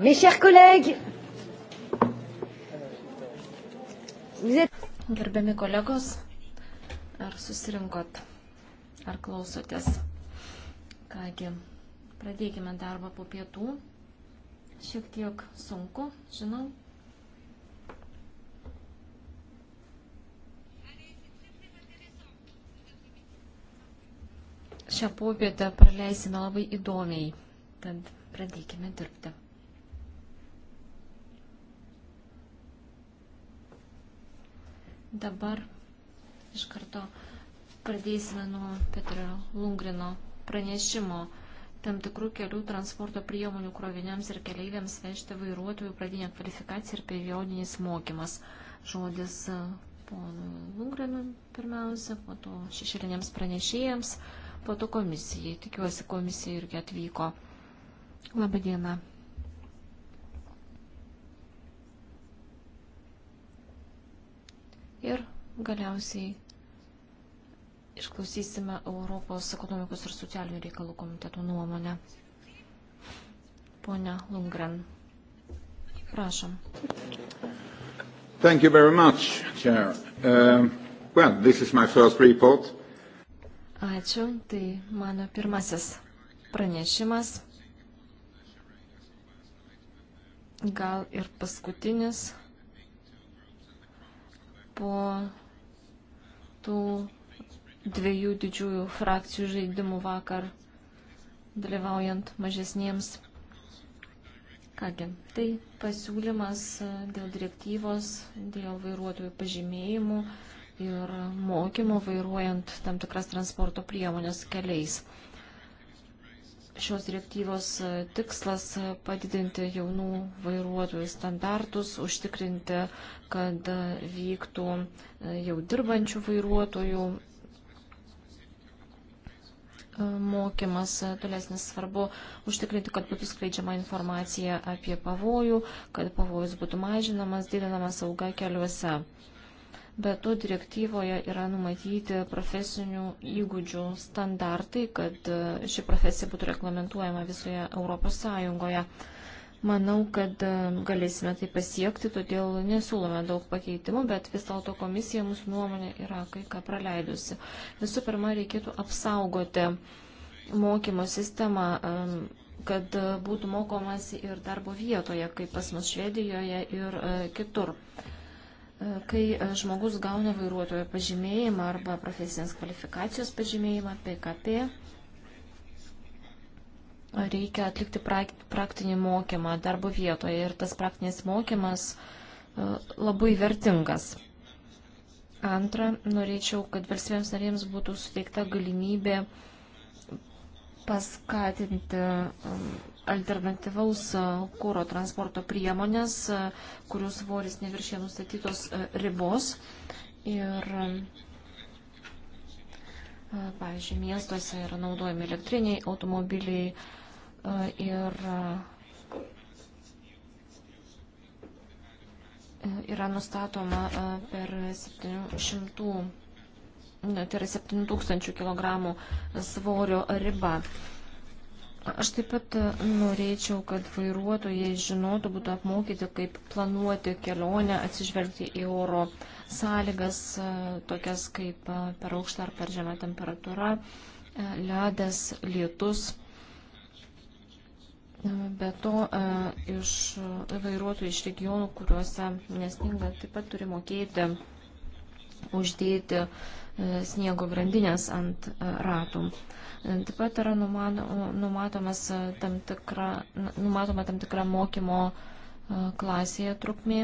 Mes chers collègues, vous êtes. Gerbiami kolegos, ar susirinkot, ar klausotės? Kągi, pradėkime darbą po pietų. Šiek tiek sunku, žinau. Šią popietę praleisime labai įdomiai, tad pradėkime dirbti. Dabar iš karto pradėsime nuo Petro Lungrino pranešimo tam tikrų kelių transporto priemonių kroviniams ir keleiviams vežti vairuotojų pradinę kvalifikaciją ir periodinis mokymas. Žodis e, ponui Lungrinui pirmiausia, po to šešėliniams pranešėjams, po to komisijai. Tikiuosi, komisija irgi atvyko. Labą dieną. ir galiausiai išklausysime Europos ekonomikos ir socialinių reikalų komiteto nuomonę. Pone Lungren, prašom. Thank you very much, Chair. Uh, well, this is my first report. Ačiū, tai mano pirmasis pranešimas. Gal ir paskutinis po tų dviejų didžiųjų frakcijų žaidimų vakar dalyvaujant mažesniems. Kągi, tai pasiūlymas dėl direktyvos, dėl vairuotojų pažymėjimų ir mokymo vairuojant tam tikras transporto priemonės keliais. Šios direktyvos e, tikslas e, padidinti jaunų vairuotojų standartus, užtikrinti, kad e, vyktų jau dirbančių vairuotojų mokymas tolesnis svarbu užtikrinti, kad būtų skleidžiama informacija apie pavojų, kad pavojus būtų mažinamas, didinama sauga keliuose. Be to direktyvoje yra numatyti profesinių įgūdžių standartai, kad e, ši profesija būtų reglamentuojama visoje Europos Sąjungoje. Manau, kad e, galėsime tai pasiekti, todėl nesiūlome daug pakeitimų, bet vis dėlto komisija mūsų nuomonė yra kai ką praleidusi. Visų pirma, reikėtų apsaugoti mokymo sistemą, kad e, būtų mokomasi ir darbo vietoje, kaip pas mus Švedijoje ir kitur. Kai e, žmogus gauna vairuotojo pažymėjimą arba profesinės kvalifikacijos pažymėjimą, PKP, reikia atlikti praktinį mokymą darbo vietoje ir tas praktinis mokymas e, labai vertingas. Antra, norėčiau, kad valstybėms narėms būtų suteikta galimybė paskatinti alternatyvaus e, kūro transporto priemonės, e, kurių svoris neviršė nustatytos e, ribos. Ir, pavyzdžiui, miestuose yra naudojami elektriniai automobiliai ir yra nustatoma per 700 tai yra 7000 kg svorio riba. Aš taip pat e, norėčiau, kad vairuotojai žinotų, būtų apmokyti, kaip planuoti kelionę, atsižvelgti į oro sąlygas, e, tokias kaip e, per aukštą ar per žemą temperatūrą, ledas, lietus. Be to, iš vairuotojų iš regionų, kuriuose nesninga, taip pat turi mokėti uždėti uh, E, sniego grandinės ant e, ratų. E, taip pat yra numatomas tam tikra, numatoma tam tikra mokymo klasėje trukmė.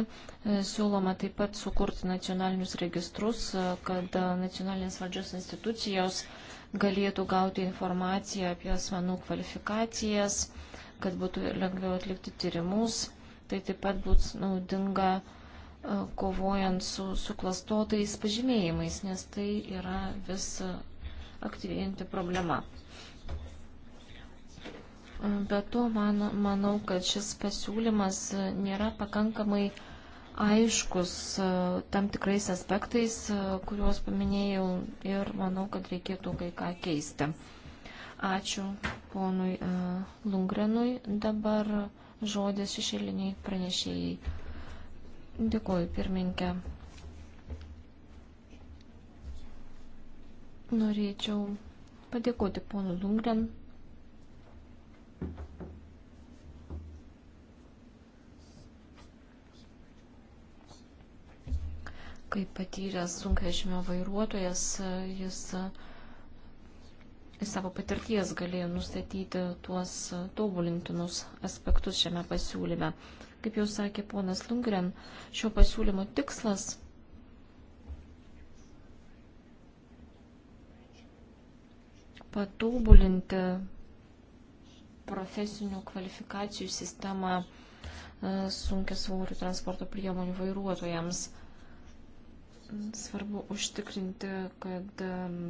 Siūloma taip pat sukurti nacionalinius registrus, kad nacionalinės valdžios institucijos galėtų gauti informaciją apie asmenų kvalifikacijas, kad būtų lengviau atlikti tyrimus. Tai taip pat būtų naudinga uh, E, kovojant su, su klastotais pažymėjimais, nes tai yra vis aktyvėjanti problema. Be to, man, manau, kad šis pasiūlymas nėra pakankamai aiškus e, tam tikrais aspektais, e, kuriuos paminėjau ir manau, kad reikėtų kai ką keisti. Ačiū ponui Lungrenui. Dabar žodis šešėliniai pranešėjai. Dėkuoju, pirmininkė. Norėčiau padėkoti ponu Lungren. Kaip patyręs sunkvežimio vairuotojas, jis uh, iš savo patirties galėjo nustatyti tuos tobulintinus aspektus šiame pasiūlyme. Kaip jau sakė ponas Lungren, šio pasiūlymo tikslas patobulinti profesinių kvalifikacijų sistemą e, sunkia svorių transporto priemonių vairuotojams. Svarbu užtikrinti, kad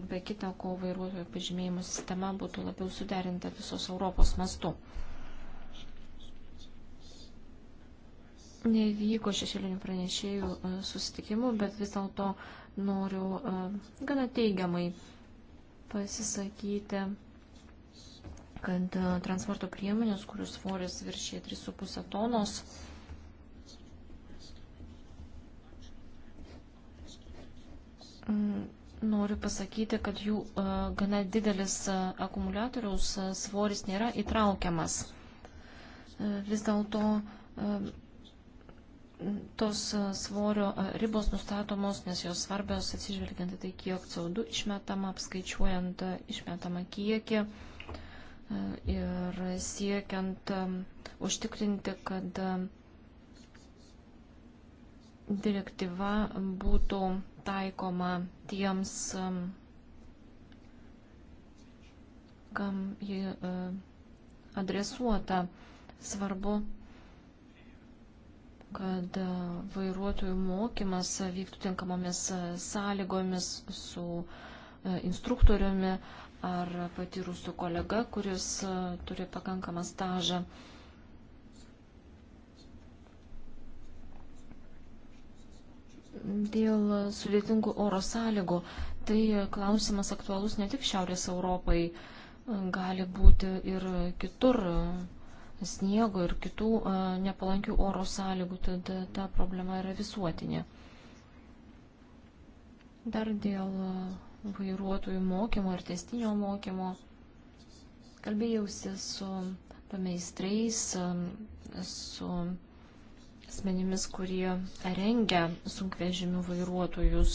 be kita ko vairuotojo pažymėjimo sistema būtų labiau suderinta visos Europos mastu. Nevyko šešėlinių pranešėjų e, susitikimų, bet vis dėlto noriu e, gana teigiamai pasisakyti, kad e, transporto priemonės, kurių svoris viršė 3,5 tonos, Mm, noriu pasakyti, kad jų e, gana didelis e, akumuliatoriaus e, svoris nėra įtraukiamas. Vis dėlto tos svorio ribos nustatomos, nes jos svarbios atsižvelgiant į tai, kiek CO2 išmetama, apskaičiuojant išmetamą kiekį ir siekiant užtikrinti, kad direktyva būtų taikoma tiems, um, kam ji uh, adresuota. Svarbu, kad uh, vairuotojų mokymas vyktų tinkamomis uh, sąlygomis su instruktoriumi ar patyrusiu kolega, kuris turi pakankamą stažą. Dėl sudėtingų oro sąlygų, tai klausimas aktualus ne tik Šiaurės Europai, gali būti ir kitur sniego ir kitų e, nepalankių oro sąlygų, tad ta problema yra visuotinė. Dar dėl vairuotojų mokymo ir testinio mokymo kalbėjausi su pameistrais, e, su asmenimis, kurie rengia sunkvežimių vairuotojus.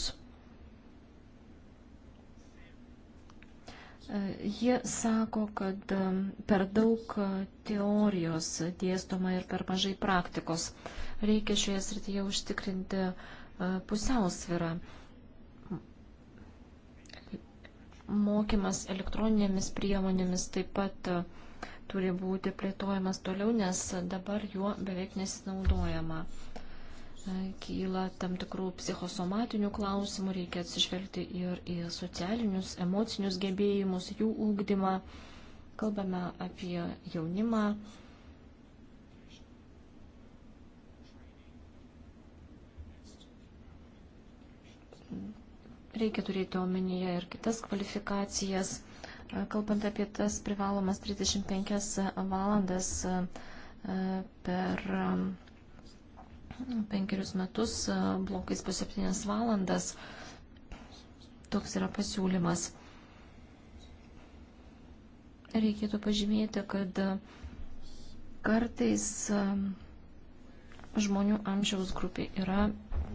E, jie sako, kad e, per daug teorijos dėstoma ir per mažai praktikos. Reikia šioje srityje užtikrinti e, pusiausvirą. Mokymas elektroninėmis priemonėmis taip pat uh, turi būti plėtojamas toliau, nes dabar juo beveik nesinaudojama. Kyla tam tikrų psichosomatinių klausimų, reikia atsižvelgti ir į socialinius, emocinius gebėjimus, jų ūkdymą. Kalbame apie jaunimą. Reikia turėti omenyje ir kitas kvalifikacijas Kalbant apie tas privalomas 35 valandas e, per e, penkerius metus e, blokais po septynias valandas. Toks yra pasiūlymas. Reikėtų pažymėti, kad kartais žmonių amžiaus grupė yra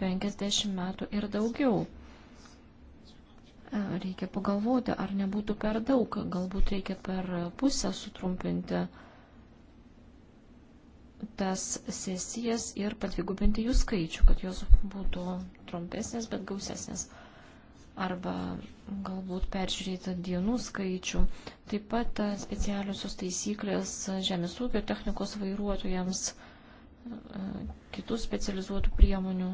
50 metų ir daugiau. Reikia pagalvoti, ar nebūtų per daug, galbūt reikia per pusę sutrumpinti tas sesijas ir padvigubinti jų skaičių, kad jos būtų trumpesnės, bet gausesnės. Arba galbūt peržiūrėti dienų skaičių. Taip pat specialiusios taisyklės žemės ūkio technikos vairuotojams, kitų specializuotų priemonių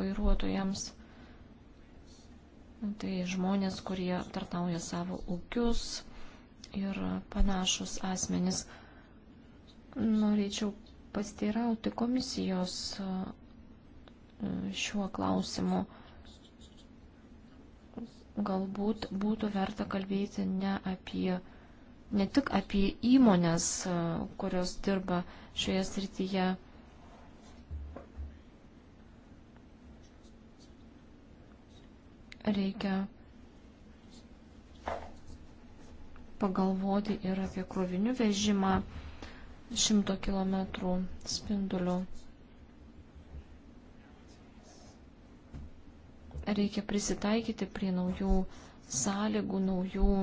vairuotojams. Tai žmonės, kurie tartauja savo ūkius ir panašus asmenys. Norėčiau pasteirauti komisijos e, šiuo klausimu. Galbūt būtų verta kalbėti ne, apie, ne tik apie įmonės, e, kurios dirba šioje srityje Reikia pagalvoti ir apie krovinių vežimą 100 km spinduliu. Reikia prisitaikyti prie naujų sąlygų, naujų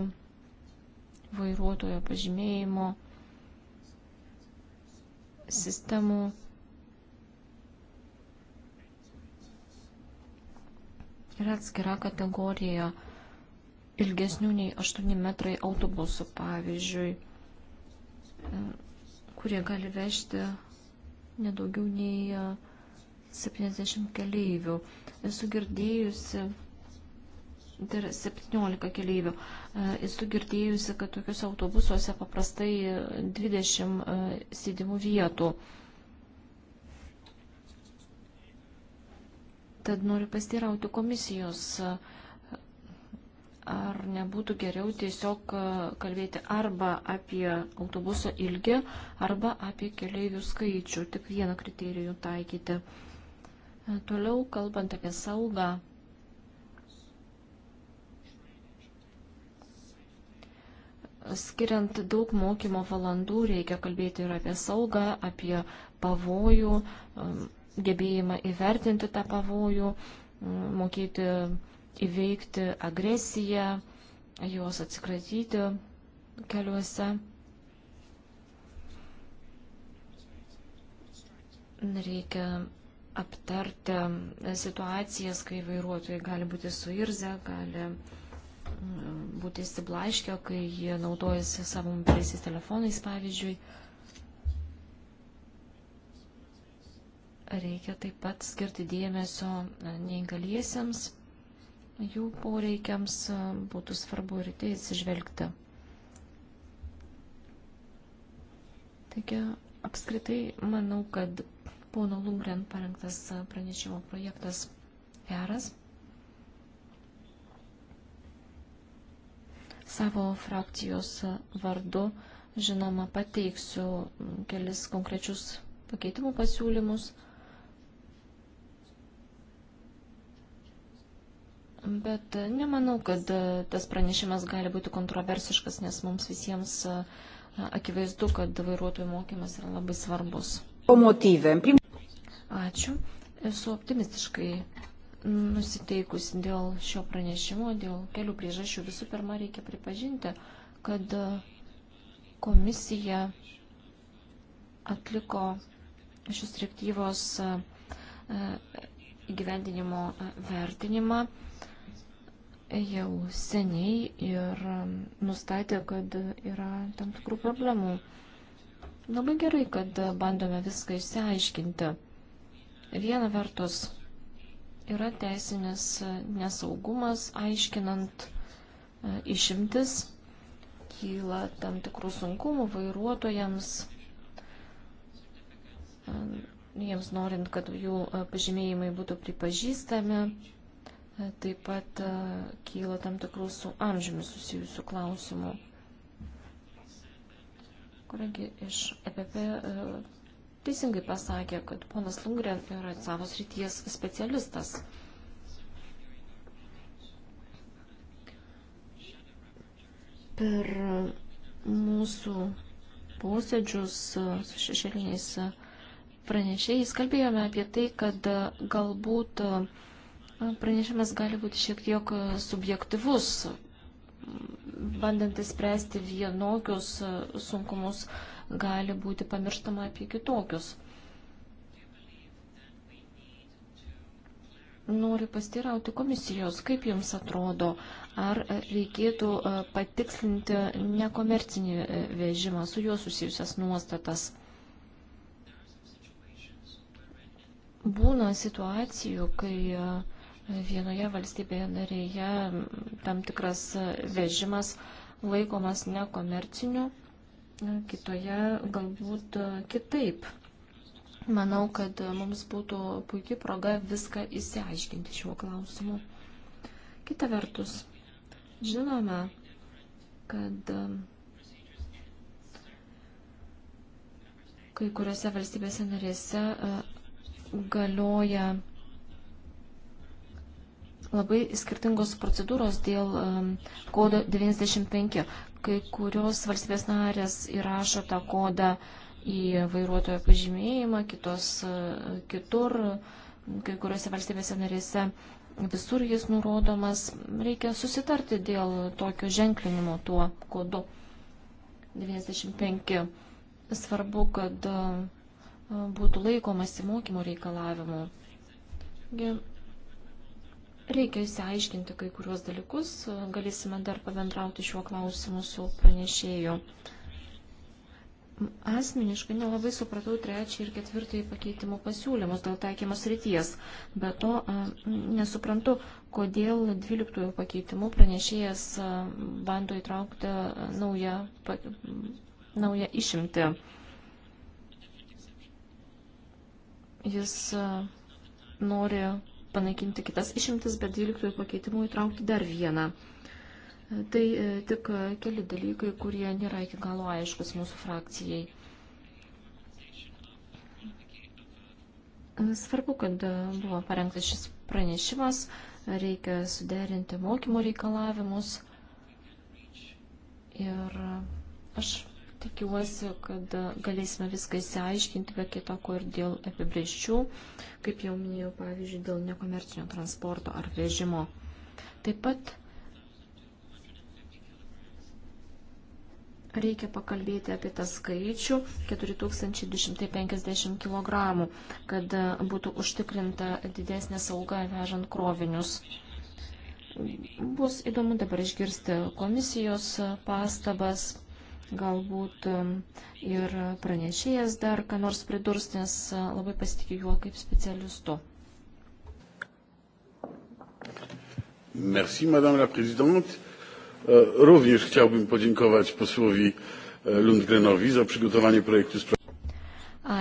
vairuotojo pažymėjimo sistemų Yra atskira kategorija ilgesnių nei 8 metrai autobusų, pavyzdžiui, kurie gali vežti nedaugiau nei 70 e, keleivių. Esu girdėjusi, tai yra 17 keleivių, e, esu girdėjusi, kad tokiuose autobusuose paprastai 20 e, sėdimų vietų. E, Tad noriu pastirauti komisijos, ar nebūtų geriau tiesiog e, kalbėti arba apie autobuso ilgį, arba apie keleivių skaičių, tik vieną kriterijų taikyti. E, toliau, kalbant apie saugą, skiriant daug mokymo valandų, reikia kalbėti ir apie saugą, apie pavojų, e, gebėjimą įvertinti tą pavojų, mm, mokėti įveikti agresiją, jos atsikratyti keliuose. Reikia aptarti situacijas, kai vairuotojai gali būti suirzę, gali mm, būti įsiblaškę, kai jie naudojasi savo mobiliaisiais telefonais, pavyzdžiui. Reikia taip pat skirti dėmesio e, neįgaliesiems, jų poreikiams e, būtų svarbu ir tai atsižvelgti. Taigi, apskritai, manau, kad pono Lungren parengtas e, pranešimo projektas geras. Savo frakcijos vardu, žinoma, pateiksiu kelis konkrečius pakeitimų pasiūlymus. Bet e, nemanau, kad e, tas pranešimas gali būti kontroversiškas, nes mums visiems e, akivaizdu, kad vairuotojų mokymas yra labai svarbus. Ačiū. Esu optimistiškai nusiteikusi dėl šio pranešimo, dėl kelių priežasčių. Visų pirma, reikia pripažinti, kad komisija atliko šios direktyvos įgyvendinimo vertinimą jau seniai ir um, nustatė, kad yra tam tikrų problemų. Labai gerai, kad bandome viską išsiaiškinti. Viena vertus yra teisinis nesaugumas, aiškinant e, išimtis, kyla tam tikrų sunkumų vairuotojams, e, jiems norint, kad jų e, pažymėjimai būtų pripažįstami Taip pat e, kyla tam tikrų su amžiumi susijusių klausimų. Kolegi iš EPP e, teisingai pasakė, kad ponas Lungren yra savo srities specialistas. Per mūsų posėdžius e, su šešėliniais pranešėjais kalbėjome apie tai, kad galbūt uh, pranešimas gali būti šiek tiek e, subjektivus, bandant įspręsti vienokius e, sunkumus, gali būti pamirštama apie kitokius. Noriu pastirauti komisijos, kaip jums atrodo, ar reikėtų e, patikslinti nekomercinį vežimą su juo susijusias nuostatas. Būna situacijų, kai uh, vienoje valstybėje narėje tam tikras vežimas laikomas nekomerciniu, kitoje galbūt kitaip. Manau, kad mums būtų puikia proga viską įsiaiškinti šiuo klausimu. Kita vertus, žinome, kad kai kuriuose valstybėse narėse galioja labai skirtingos procedūros dėl kodo 95. Kai kurios valstybės narės įrašo tą kodą į vairuotojo pažymėjimą, kitos e, kitur, kai kuriuose valstybėse narėse visur jis nurodomas. Reikia susitarti dėl tokio ženklinimo tuo kodu 95. Svarbu, kad e, būtų laikomasi mokymo reikalavimų. Reikia įsiaiškinti kai kuriuos dalykus, galėsime dar pabendrauti šiuo klausimu su pranešėju. Asmeniškai nelabai supratau trečią ir ketvirtąjį pakeitimų pasiūlymus dėl taikymos ryties, bet to nesuprantu, kodėl dvyliktųjų pakeitimų pranešėjas bando įtraukti naują, naują išimtį. Jis nori panaikinti kitas išimtis, bet 12 pakeitimų įtraukti dar vieną. Tai e, tik e, keli dalykai, kurie nėra iki galo aiškus mūsų frakcijai. Svarbu, kad e, buvo parengtas šis pranešimas, reikia suderinti mokymo reikalavimus ir aš Tikiuosi, kad galėsime viską įsiaiškinti, be kita ko ir dėl apibrieščių, kaip jau minėjau, pavyzdžiui, dėl nekomercinio transporto ar vežimo. Taip pat reikia pakalbėti apie tą skaičių 4250 kg, kad būtų užtikrinta didesnė sauga vežant krovinius. Bus įdomu dabar išgirsti komisijos pastabas Galbūt ir pranešėjas dar ką nors pridurs, nes labai pasitikiu juo kaip specialistu. Merci, Madame la Présidente. E, również chciałbym podziękować posłowi e, Lundgrenowi za przygotowanie projektu sprawozdania.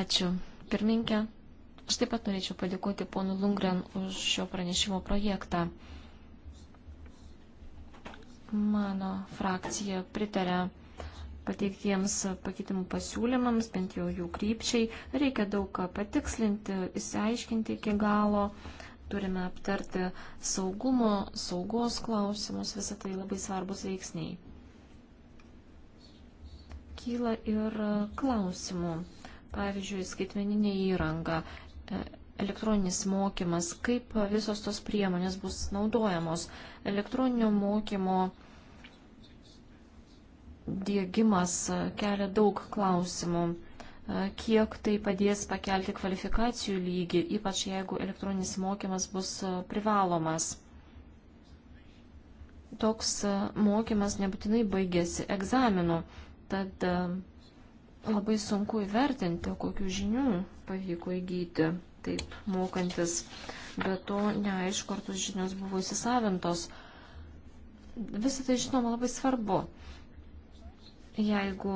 Ačiū. Pirminkė, aš taip pat norėčiau padėkoti ponu Lundgren už šio pranešimo projektą. Mano frakcija pritarė pateiktiems pakeitimų pasiūlymams, bent jau jų krypčiai. Reikia daug ką patikslinti, įsiaiškinti iki galo. Turime aptarti saugumo, saugos klausimus, visą tai labai svarbus veiksniai. Kyla ir klausimų. Pavyzdžiui, skaitmeninė įranga e, elektroninis mokymas, kaip visos tos priemonės bus naudojamos. Elektroninio mokymo dėgymas e, kelia daug klausimų. E, kiek tai padės pakelti kvalifikacijų lygį, ypač jeigu elektroninis mokymas bus e, privalomas. Toks mokymas nebūtinai baigėsi egzaminu, tad labai sunku įvertinti, kokiu žinių pavyko įgyti taip mokantis. Be to neaišku, ar tos žinios buvo įsisavintos. Visą tai žinoma labai svarbu jeigu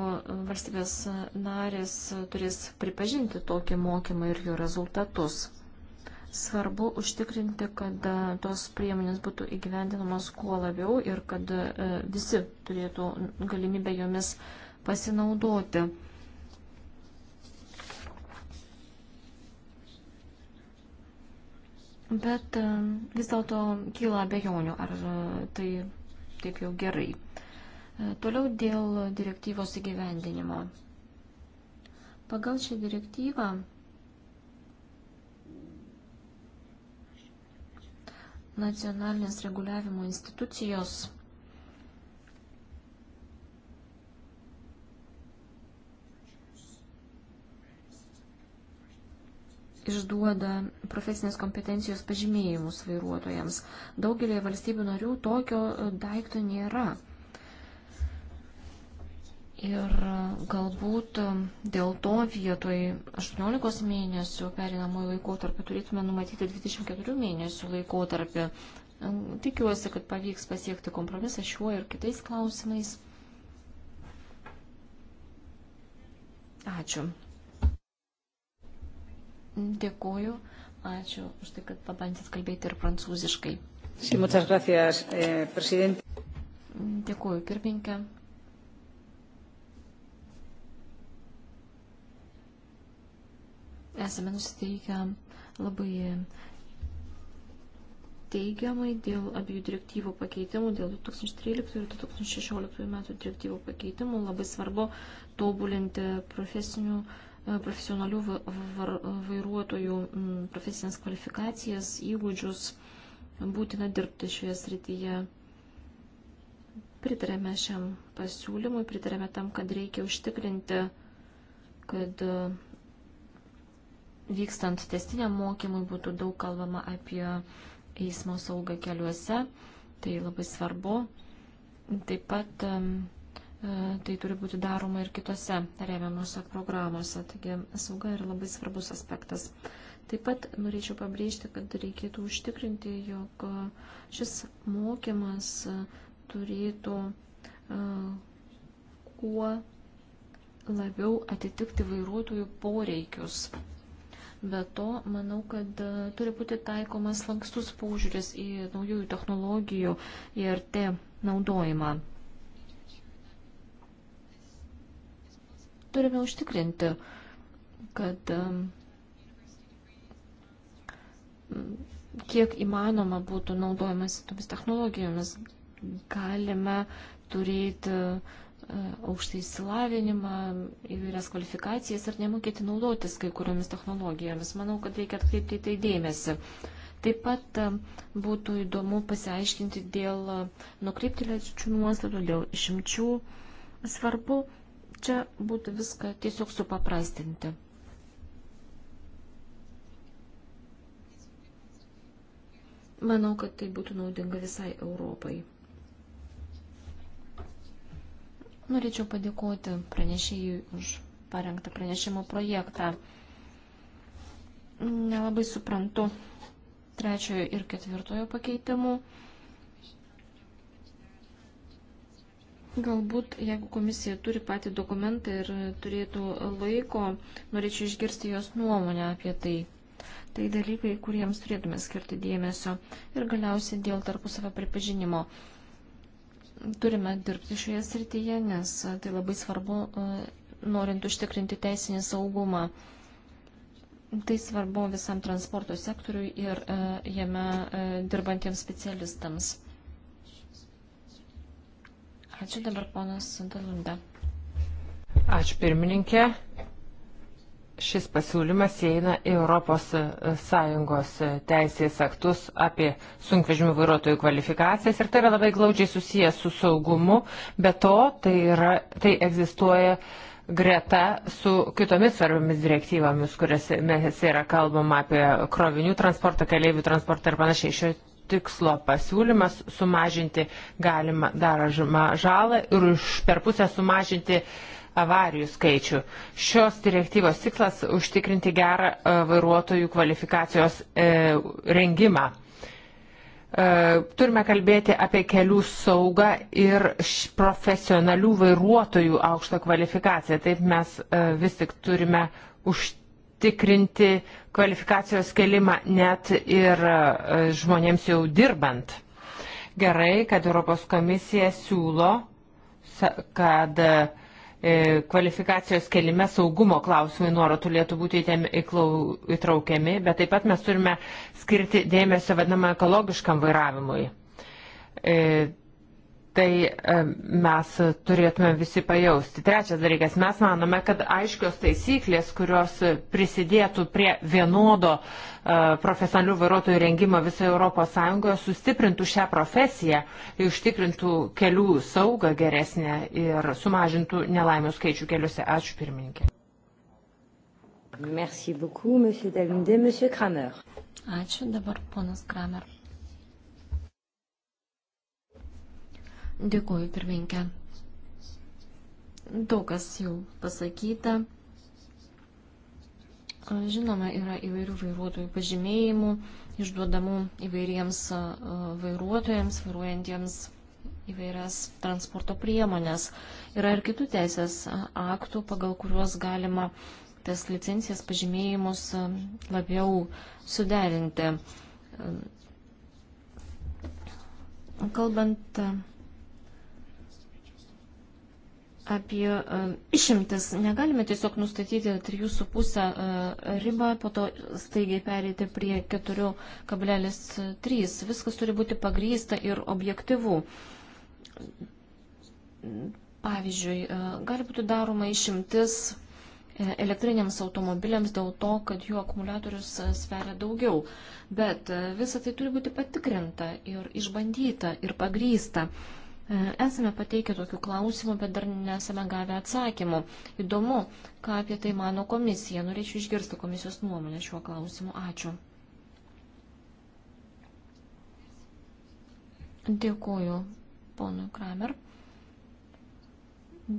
valstybės narės turės pripažinti tokį mokymą ir jo rezultatus. Svarbu užtikrinti, kad e, tos priemonės būtų įgyvendinamos kuo labiau ir kad e, visi turėtų galimybę jomis pasinaudoti. Bet e, vis dėlto kyla abejonių, ar tai taip jau gerai. E, toliau dėl direktyvos įgyvendinimo. Pagal šią direktyvą nacionalinės reguliavimo institucijos išduoda profesinės kompetencijos pažymėjimus vairuotojams. Daugelėje valstybių narių tokio daikto nėra. Ir galbūt dėl to vietoj 18 mėnesių perinamojo laikotarpio turėtume numatyti 24 mėnesių laikotarpį. Tikiuosi, kad pavyks pasiekti kompromisą šiuo ir kitais klausimais. Ačiū. Dėkuoju. Ačiū už tai, kad pabandėt kalbėti ir prancūziškai. Sí, muchas gracias, eh, presidente. Dėkuoju, pirmininkė. esame nusiteikę labai teigiamai dėl abiejų direktyvų pakeitimų, dėl 2013 ir 2016 metų direktyvų pakeitimų. Labai svarbu tobulinti profesinių e, profesionalių vairuotojų profesinės kvalifikacijas, įgūdžius, būtina dirbti šioje srityje. Pritarėme šiam pasiūlymui, pritarėme tam, kad reikia užtikrinti, kad vykstant testiniam mokymui būtų daug kalbama apie eismo saugą keliuose, tai labai svarbu. Taip pat e, tai turi būti daroma ir kitose remiamose programuose, taigi sauga yra labai svarbus aspektas. Taip pat norėčiau pabrėžti, kad reikėtų užtikrinti, jog šis mokymas turėtų e, kuo labiau atitikti vairuotojų poreikius. Be to, manau, kad e, turi būti taikomas lankstus paužiūris į naujųjų technologijų ir T naudojimą. Turime užtikrinti, kad e, kiek įmanoma būtų naudojamas tomis technologijomis, galime turėti aukštą įsilavinimą, įvairias kvalifikacijas ir nemokėti naudotis kai kuriomis technologijomis. Manau, kad reikia atkreipti į tai dėmesį. Taip pat e, būtų įdomu pasiaiškinti dėl e, nukreiptilėčių nuostatų, dėl išimčių. Svarbu čia būtų viską tiesiog supaprastinti. Manau, kad tai būtų naudinga visai Europai. Norėčiau padėkoti pranešėjui už parengtą pranešimo projektą. Nelabai suprantu trečiojo ir ketvirtojo pakeitimų. Galbūt, jeigu komisija turi patį dokumentą ir turėtų laiko, norėčiau išgirsti jos nuomonę apie tai. Tai dalykai, kuriems turėtume skirti dėmesio. Ir galiausiai dėl tarpusavio pripažinimo turime dirbti šioje srityje, nes e, tai labai svarbu, e, norint užtikrinti teisinį saugumą. Tai svarbu visam transporto sektoriui ir e, jame dirbantiems specialistams. Ačiū dabar ponas Santalunda. Ačiū pirmininkė. Šis pasiūlymas įeina į ES teisės aktus apie sunkvežimių vairuotojų kvalifikacijas ir tai yra labai glaudžiai susijęs su saugumu, bet to tai, yra, tai egzistuoja greta su kitomis svarbiomis direktyvomis, kuriuose mes yra kalbama apie krovinių transportą, keliaivių transportą ir panašiai. Šio tikslo pasiūlymas sumažinti galimą darą žalą ir už per pusę sumažinti uh, avarijų skaičių. Šios direktyvos tikslas - užtikrinti gerą e, vairuotojų kvalifikacijos e, rengimą. E, turime kalbėti apie kelių saugą ir profesionalių vairuotojų aukštą kvalifikaciją. Taip mes vis tik turime užtikrinti kvalifikacijos kelimą net ir žmonėms jau dirbant. Gerai, kad Europos komisija siūlo, kad uh, E, kvalifikacijos kelime saugumo klausimai nuoro turėtų būti įtraukiami, bet taip pat mes turime skirti dėmesio vadinamą ekologiškam vairavimui. E, tai e, mes turėtume visi pajausti. Trečias dalykas, mes manome, kad aiškios taisyklės, kurios prisidėtų prie vienodo e, profesionalių vairuotojų rengimo visoje ES, sustiprintų šią profesiją, užtikrintų kelių saugą geresnę ir sumažintų nelaimių skaičių keliuose. Ačiū pirmininkė. Merci beaucoup, monsieur Davinde, monsieur Kramer. Ačiū dabar, ponas Kramer. Dėkuoju, pirminkė. Daug kas jau pasakyta. Žinoma, yra įvairių vairuotojų pažymėjimų, išduodamų įvairiems vairuotojams, vairuojantiems įvairias transporto priemonės. Yra ir kitų teisės aktų, pagal kuriuos galima tas licencijas pažymėjimus labiau suderinti. Kalbant apie e, išimtis. Negalime tiesiog nustatyti 3,5 e, ribą, po to staigiai pereiti prie 4,3. Viskas turi būti pagrysta ir objektivu. Pavyzdžiui, e, gali būti daroma išimtis elektriniams automobiliams dėl to, kad jų akumuliatorius sveria daugiau. Bet visa tai turi būti patikrinta ir išbandyta ir pagrysta. E, esame pateikę tokių klausimų, bet dar nesame gavę atsakymų. Įdomu, ką apie tai mano komisija. Norėčiau išgirsti komisijos nuomonę šiuo klausimu. Ačiū. Dėkuoju ponui Kramer.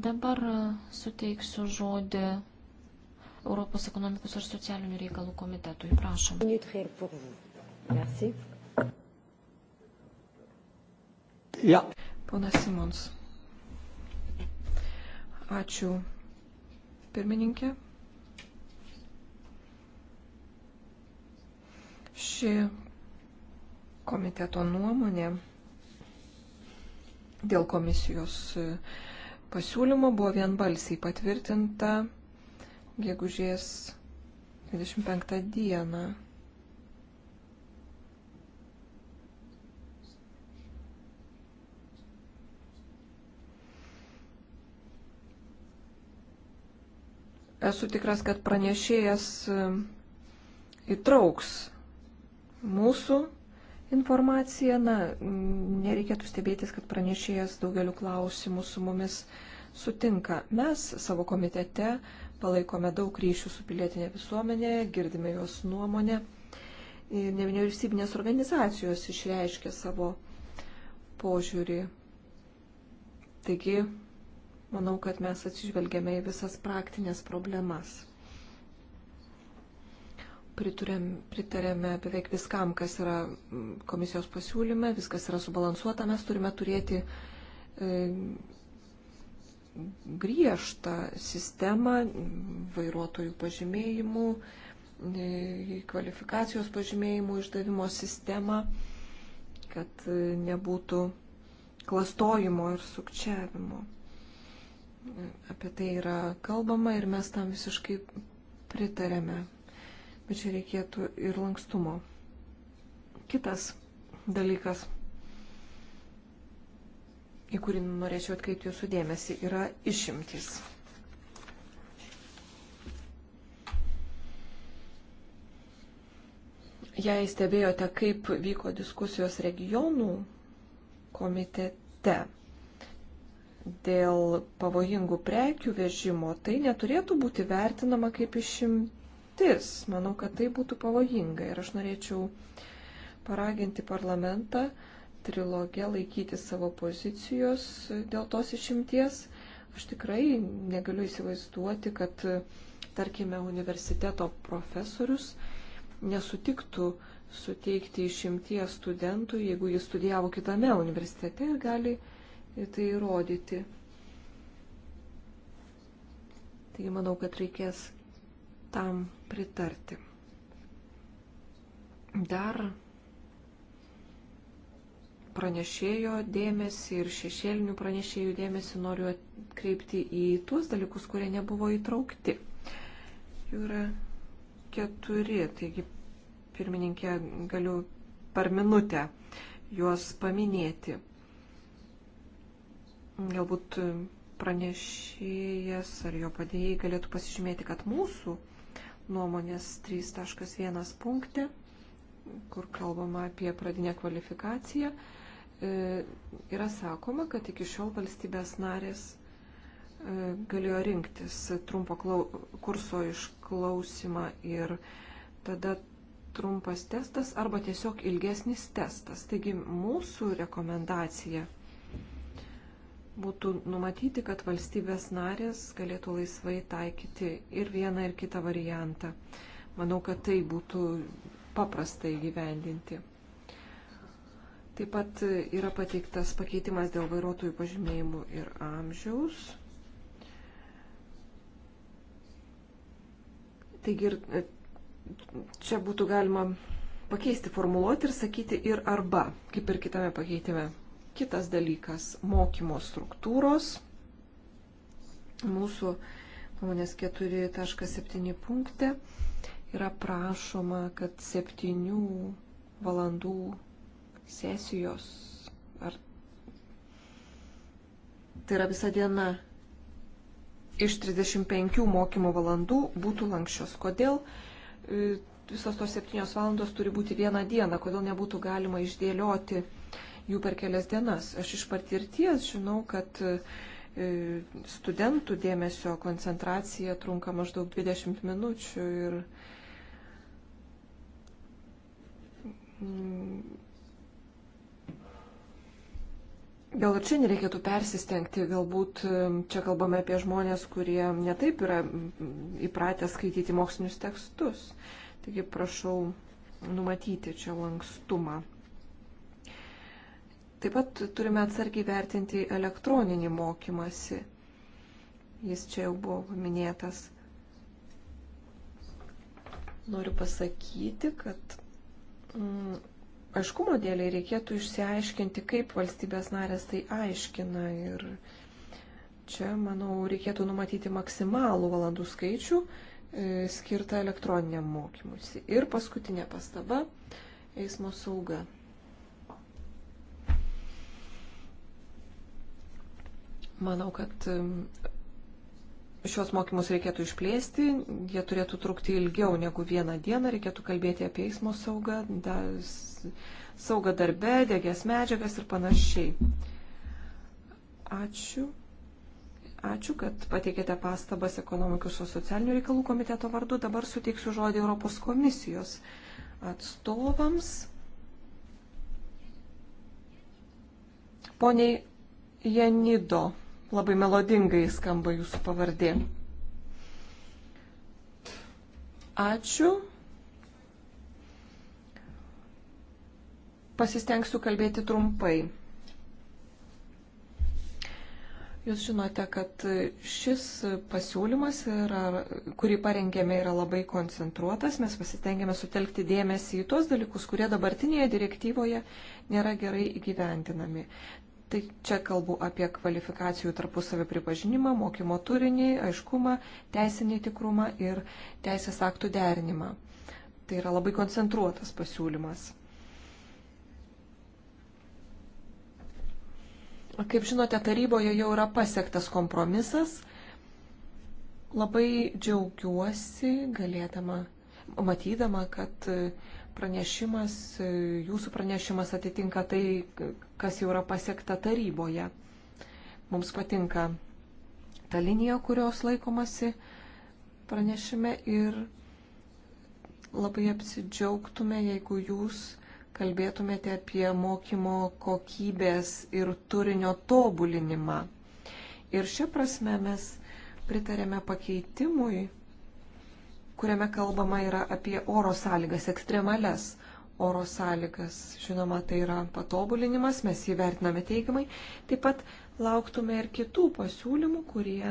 Dabar suteiksiu žodį Europos ekonomikos ir socialinių reikalų komitetui. Prašom. Ja. Ponas Simons. Ačiū, pirmininkė. Ši komiteto nuomonė dėl komisijos pasiūlymo buvo vienbalsiai patvirtinta gegužės 25 dieną. esu tikras, kad pranešėjas e, įtrauks mūsų informaciją. Na, nereikėtų stebėtis, kad pranešėjas daugeliu klausimų su mumis sutinka. Mes savo komitete palaikome daug ryšių su pilietinė visuomenė, girdime jos nuomonę. Ir e, nevyriausybinės organizacijos išreiškė savo požiūrį. Taigi, Manau, kad mes atsižvelgiame į visas praktinės problemas. Priturėm, pritarėme beveik viskam, kas yra mm, komisijos pasiūlyme, viskas yra subalansuota, mes turime turėti e, griežtą sistemą vairuotojų pažymėjimų, e, kvalifikacijos pažymėjimų išdavimo sistemą, kad e, nebūtų klastojimo ir sukčiavimo apie tai yra kalbama ir mes tam visiškai pritarėme. Bet čia reikėtų ir lankstumo. Kitas dalykas, į kurį norėčiau atkreipti jūsų dėmesį, yra išimtis. Jei stebėjote, kaip vyko diskusijos regionų komitete, dėl pavojingų prekių vežimo, tai neturėtų būti vertinama kaip išimtis. Manau, kad tai būtų pavojinga ir aš norėčiau paraginti parlamentą trilogė laikyti savo pozicijos dėl tos išimties. Aš tikrai negaliu įsivaizduoti, kad, tarkime, universiteto profesorius nesutiktų suteikti išimties studentui, jeigu jis studijavo kitame universitete ir gali uh, tai įrodyti. Taigi manau, kad reikės tam pritarti. Dar pranešėjo dėmesį ir šešėlinių pranešėjų dėmesį noriu atkreipti į tuos dalykus, kurie nebuvo įtraukti. Jų yra keturi, taigi pirmininkė galiu per minutę juos paminėti. Galbūt pranešėjas ar jo padėjai galėtų pasižymėti, kad mūsų nuomonės 3.1 punkte, kur kalbama apie pradinę kvalifikaciją, e, yra sakoma, kad iki šiol valstybės narės e, galėjo rinktis trumpo kurso išklausimą ir tada trumpas testas arba tiesiog ilgesnis testas. Taigi mūsų rekomendacija – būtų numatyti, kad valstybės narės galėtų laisvai taikyti ir vieną ir kitą variantą. Manau, kad tai būtų paprasta įgyvendinti. Taip pat yra pateiktas pakeitimas dėl vairuotojų pažymėjimų ir amžiaus. Taigi ir e, čia būtų galima pakeisti formuluoti ir sakyti ir arba, kaip ir kitame pakeitime. Kitas dalykas - mokymo struktūros. Mūsų nuomonės 4.7 punkte yra prašoma, kad 7 valandų sesijos ar tai yra visa diena iš 35 mokymo valandų būtų lankščios. Kodėl e, visos tos 7 valandos turi būti vieną dieną, kodėl nebūtų galima išdėlioti jų per kelias dienas. Aš iš patirties žinau, kad e, studentų dėmesio koncentracija trunka maždaug 20 minučių ir mm, Gal ir čia nereikėtų persistengti, galbūt e, čia kalbame apie žmonės, kurie netaip yra mm, įpratę skaityti mokslinius tekstus. Taigi prašau numatyti čia lankstumą. Taip pat turime atsargiai vertinti elektroninį mokymasi. Jis čia jau buvo paminėtas. Noriu pasakyti, kad mm, aiškumo dėliai reikėtų išsiaiškinti, kaip valstybės narės tai aiškina. Ir čia, manau, reikėtų numatyti maksimalų valandų skaičių e, skirtą elektroniniam mokymusi. Ir paskutinė pastaba - eismo sauga. Manau, kad šios mokymus reikėtų išplėsti, jie turėtų trukti ilgiau negu vieną dieną, reikėtų kalbėti apie eismo saugą, da, saugą darbe, dėgės medžiagas ir panašiai. Ačiū. Ačiū, kad pateikėte pastabas ekonomikos ir socialinių reikalų komiteto vardu. Dabar suteiksiu žodį Europos komisijos atstovams. Poniai Janido. Labai melodingai skamba jūsų pavardė. Ačiū. Pasistengsiu kalbėti trumpai. Jūs žinote, kad šis pasiūlymas, yra, kurį parengėme, yra labai koncentruotas. Mes pasitengėme sutelkti dėmesį į tuos dalykus, kurie dabartinėje direktyvoje nėra gerai įgyvendinami. Tai čia kalbu apie kvalifikacijų tarpusavį pripažinimą, mokymo turinį, aiškumą, teisinį tikrumą ir teisės aktų derinimą. Tai yra labai koncentruotas pasiūlymas. Kaip žinote, taryboje jau yra pasiektas kompromisas. Labai džiaugiuosi galėdama, matydama, kad uh, pranešimas, jūsų pranešimas atitinka tai, kas jau yra pasiekta taryboje. Mums patinka ta linija, kurios laikomasi pranešime ir labai apsidžiaugtume, jeigu jūs kalbėtumėte apie mokymo kokybės ir turinio tobulinimą. Ir šią prasme mes pritarėme pakeitimui kuriame kalbama yra apie oro sąlygas, ekstremales oro sąlygas. Žinoma, tai yra patobulinimas, mes jį vertiname teigiamai. Taip pat lauktume ir kitų pasiūlymų, kurie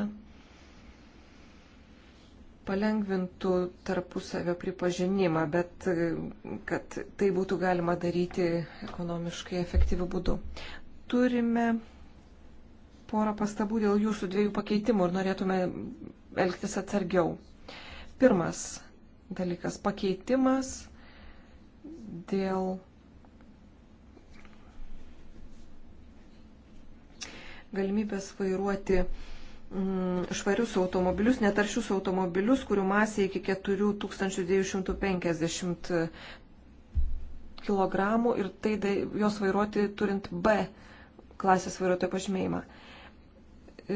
palengvintų tarpusavio pripažinimą, bet e, kad tai būtų galima daryti ekonomiškai efektyviu būdu. Turime porą pastabų dėl jūsų dviejų pakeitimų ir norėtume elgtis atsargiau. Pirmas dalykas - pakeitimas dėl galimybės vairuoti mm, švarius automobilius, netaršius automobilius, kurių masė iki 4250 kg ir tai da, jos vairuoti turint B klasės vairuotojo pažymėjimą.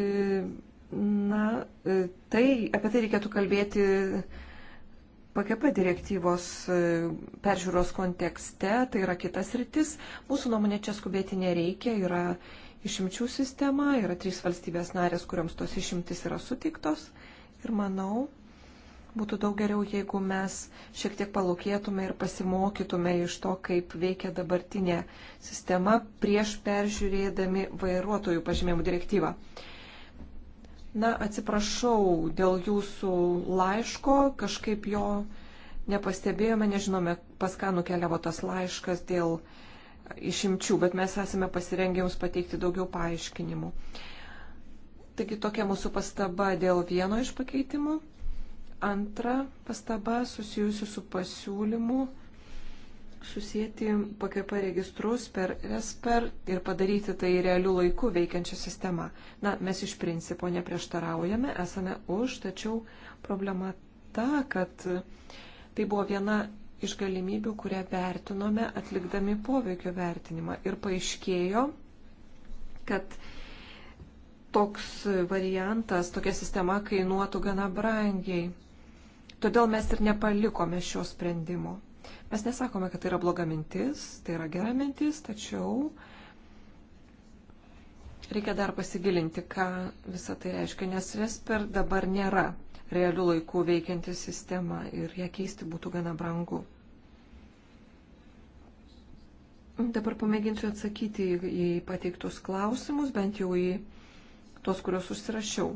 E, Na, tai apie tai reikėtų kalbėti PKP direktyvos e, peržiūros kontekste, tai yra kitas rytis. Mūsų nuomonė čia skubėti nereikia, yra išimčių sistema, yra trys valstybės narės, kuriams tos išimtis yra sutiktos. Ir manau, būtų daug geriau, jeigu mes šiek tiek palaukėtume ir pasimokytume iš to, kaip veikia dabartinė sistema prieš peržiūrėdami vairuotojų pažymėjimų direktyvą. Na, atsiprašau dėl jūsų laiško, kažkaip jo nepastebėjome, nežinome, pas ką nukeliavo tas laiškas dėl išimčių, bet mes esame pasirengę jums pateikti daugiau paaiškinimų. Taigi tokia mūsų pastaba dėl vieno iš pakeitimų. Antra pastaba susijusi su pasiūlymu susijęti PKP registrus per RESPER ir padaryti tai realių laikų veikiančią sistemą. Na, mes iš principo neprieštaraujame, esame už, tačiau problema ta, kad tai buvo viena iš galimybių, kurią vertinome atlikdami poveikio vertinimą. Ir paaiškėjo, kad toks variantas, tokia sistema kainuotų gana brangiai. Todėl mes ir nepalikome šio sprendimo. Mes nesakome, kad tai yra bloga mintis, tai yra gera mintis, tačiau reikia dar pasigilinti, ką visą tai reiškia, nes Vesper dabar nėra realių laikų veikianti sistema ir ją keisti būtų gana brangu. Dabar pamėginsiu atsakyti į pateiktus klausimus, bent jau į tos, kuriuos užsirašiau.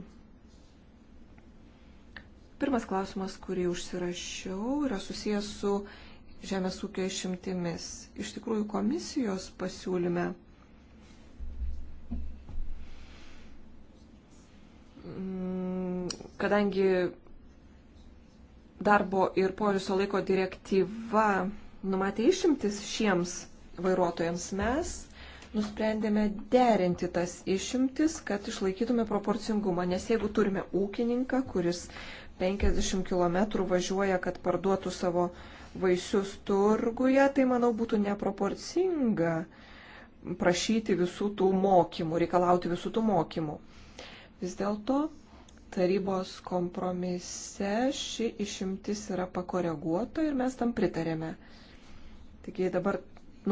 Pirmas klausimas, kurį užsirašiau, yra susijęs su žemės ūkio išimtimis. Iš tikrųjų, komisijos pasiūlyme mm, kadangi darbo ir poilsio laiko direktyva numatė išimtis šiems vairuotojams, mes nusprendėme derinti tas išimtis, kad išlaikytume proporcingumą. Nes jeigu turime ūkininką, kuris 50 km važiuoja, kad parduotų savo uh, vaisius turguje, tai manau būtų neproporcinga prašyti visų tų mokymų, reikalauti visų tų mokymų. Vis dėlto tarybos kompromise ši išimtis yra pakoreguota ir mes tam pritarėme. Taigi dabar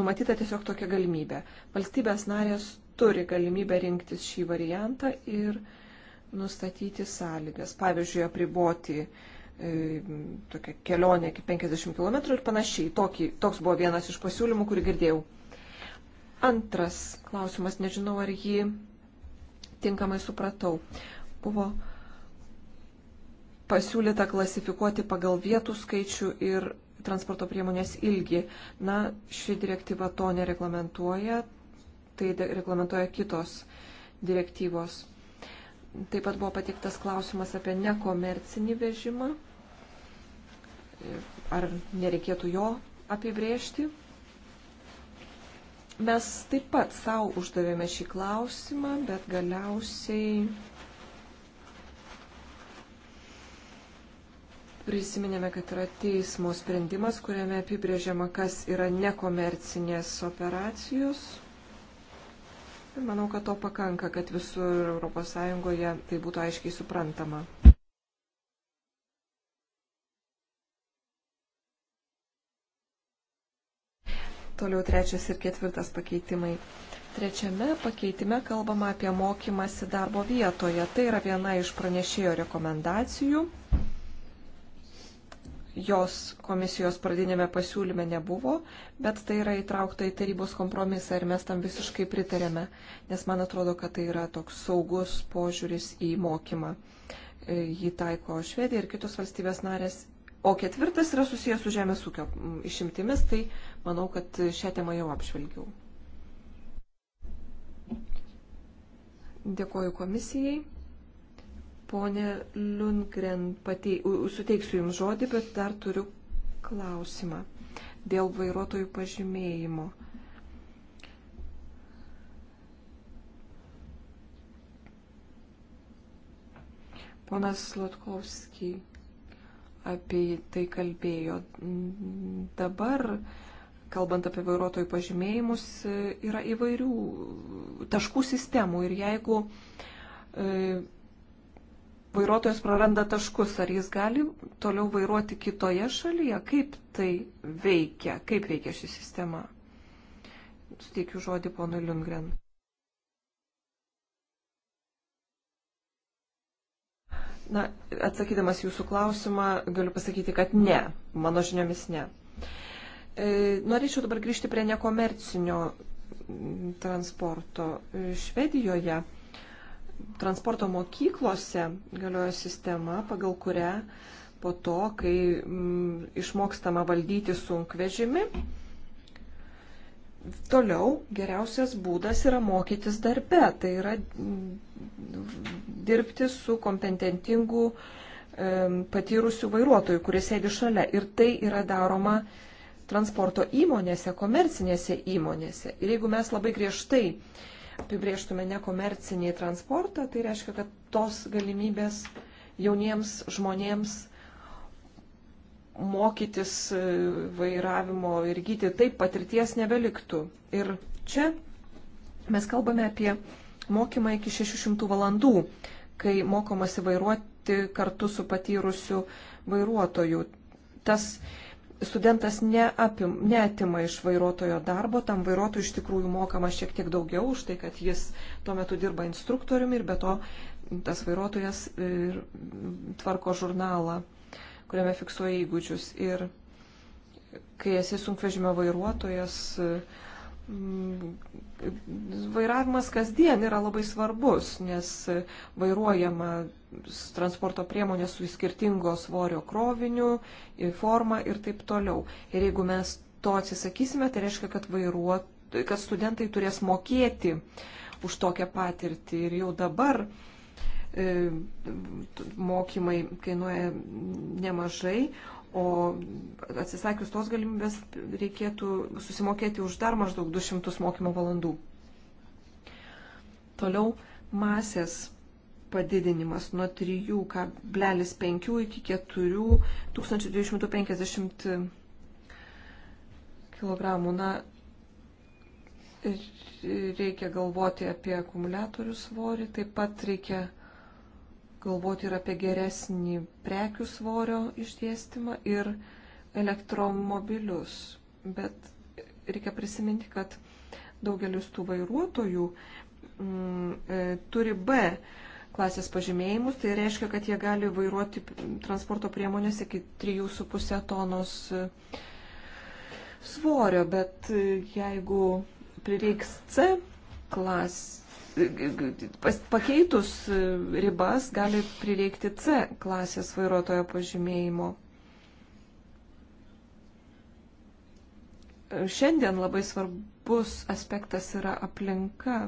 numatyta tiesiog tokia galimybė. Valstybės narės turi galimybę rinktis šį variantą ir nustatyti sąlygas. Pavyzdžiui, apriboti uh, E, tokia kelionė iki 50 km ir panašiai. Tokį, toks buvo vienas iš pasiūlymų, kurį girdėjau. Antras klausimas, nežinau ar jį tinkamai supratau. Buvo pasiūlyta klasifikuoti pagal vietų skaičių ir transporto priemonės ilgį. Na, ši direktyva to nereglamentuoja, tai reglamentuoja kitos direktyvos. Taip pat buvo patiktas klausimas apie nekomercinį vežimą. Ar nereikėtų jo apibrėžti? Mes taip pat savo uždavėme šį klausimą, bet galiausiai prisiminėme, kad yra teismo sprendimas, kuriame apibrėžiama, kas yra nekomercinės operacijos. Ir manau, kad to pakanka, kad visur ES tai būtų aiškiai suprantama. Toliau trečias ir ketvirtas pakeitimai. Trečiame pakeitime kalbama apie mokymasi darbo vietoje. Tai yra viena iš pranešėjo rekomendacijų. Jos komisijos pradinėme pasiūlyme nebuvo, bet tai yra įtraukta į tarybos kompromisą ir mes tam visiškai pritarėme, nes man atrodo, kad tai yra toks saugus požiūris į mokymą. E, jį taiko Švedija ir kitos valstybės narės O ketvirtas yra susijęs su žemės ūkio išimtimis, tai Manau, kad šią temą jau apžvelgiau. Dėkoju komisijai. Pone Lundgren, patei, suteiksiu Jums žodį, bet dar turiu klausimą dėl vairuotojų pažymėjimo. Ponas Slotkovskiai apie tai kalbėjo. Dabar kalbant apie vairuotojų pažymėjimus, e, yra įvairių taškų sistemų ir jeigu e, vairuotojas praranda taškus, ar jis gali toliau vairuoti kitoje šalyje, kaip tai veikia, kaip veikia ši sistema. Suteikiu žodį ponui Lundgren. Na, atsakydamas jūsų klausimą, galiu pasakyti, kad ne, mano žiniomis ne. Uh, E, norėčiau dabar grįžti prie nekomercinio transporto. Švedijoje transporto mokyklose galioja sistema, pagal kurią po to, kai mm, išmokstama valdyti sunkvežimi, toliau geriausias būdas yra mokytis darbe, tai yra mm, dirbti su kompetentingu patyrusių vairuotojų, kuris sėdi šalia. Ir tai yra daroma transporto įmonėse, komercinėse įmonėse. Ir jeigu mes labai griežtai apibrieštume nekomercinį transportą, tai reiškia, kad tos galimybės jauniems žmonėms mokytis e, vairavimo ir gyti taip patirties nebeliktų. Ir čia mes kalbame apie mokymą iki 600 valandų, kai mokomasi vairuoti kartu su patyrusiu vairuotoju. Tas studentas neapim, neatima iš vairuotojo darbo, tam vairuotojui iš tikrųjų mokama šiek tiek daugiau už tai, kad jis tuo metu dirba instruktoriumi ir be to tas vairuotojas ir tvarko žurnalą, kuriame fiksuoja įgūdžius. Ir kai esi sunkvežimio vairuotojas, mm, vairavimas kasdien yra labai svarbus, nes vairuojama transporto priemonės su skirtingo svorio kroviniu, forma ir taip toliau. Ir jeigu mes to atsisakysime, tai reiškia, kad, vairuot, kad studentai turės mokėti už tokią patirtį. Ir jau dabar e, mokymai kainuoja nemažai, o atsisakius tos galimybės reikėtų susimokėti už dar maždaug 200 mokymo valandų. Toliau masės padidinimas nuo 3,5 iki 4250 kg. Na, reikia galvoti apie akumuliatorių svorį, taip pat reikia galvoti ir apie geresnį prekių svorio išdėstymą ir elektromobilius. Bet reikia prisiminti, kad daugelis tų vairuotojų mm, e, turi B klasės pažymėjimus, tai reiškia, kad jie gali vairuoti transporto priemonės iki 3,5 tonos e, svorio, bet e, jeigu prireiks C klas, e, pakeitus ribas, gali prireikti C klasės vairuotojo pažymėjimo. Šiandien labai svarbus aspektas yra aplinka.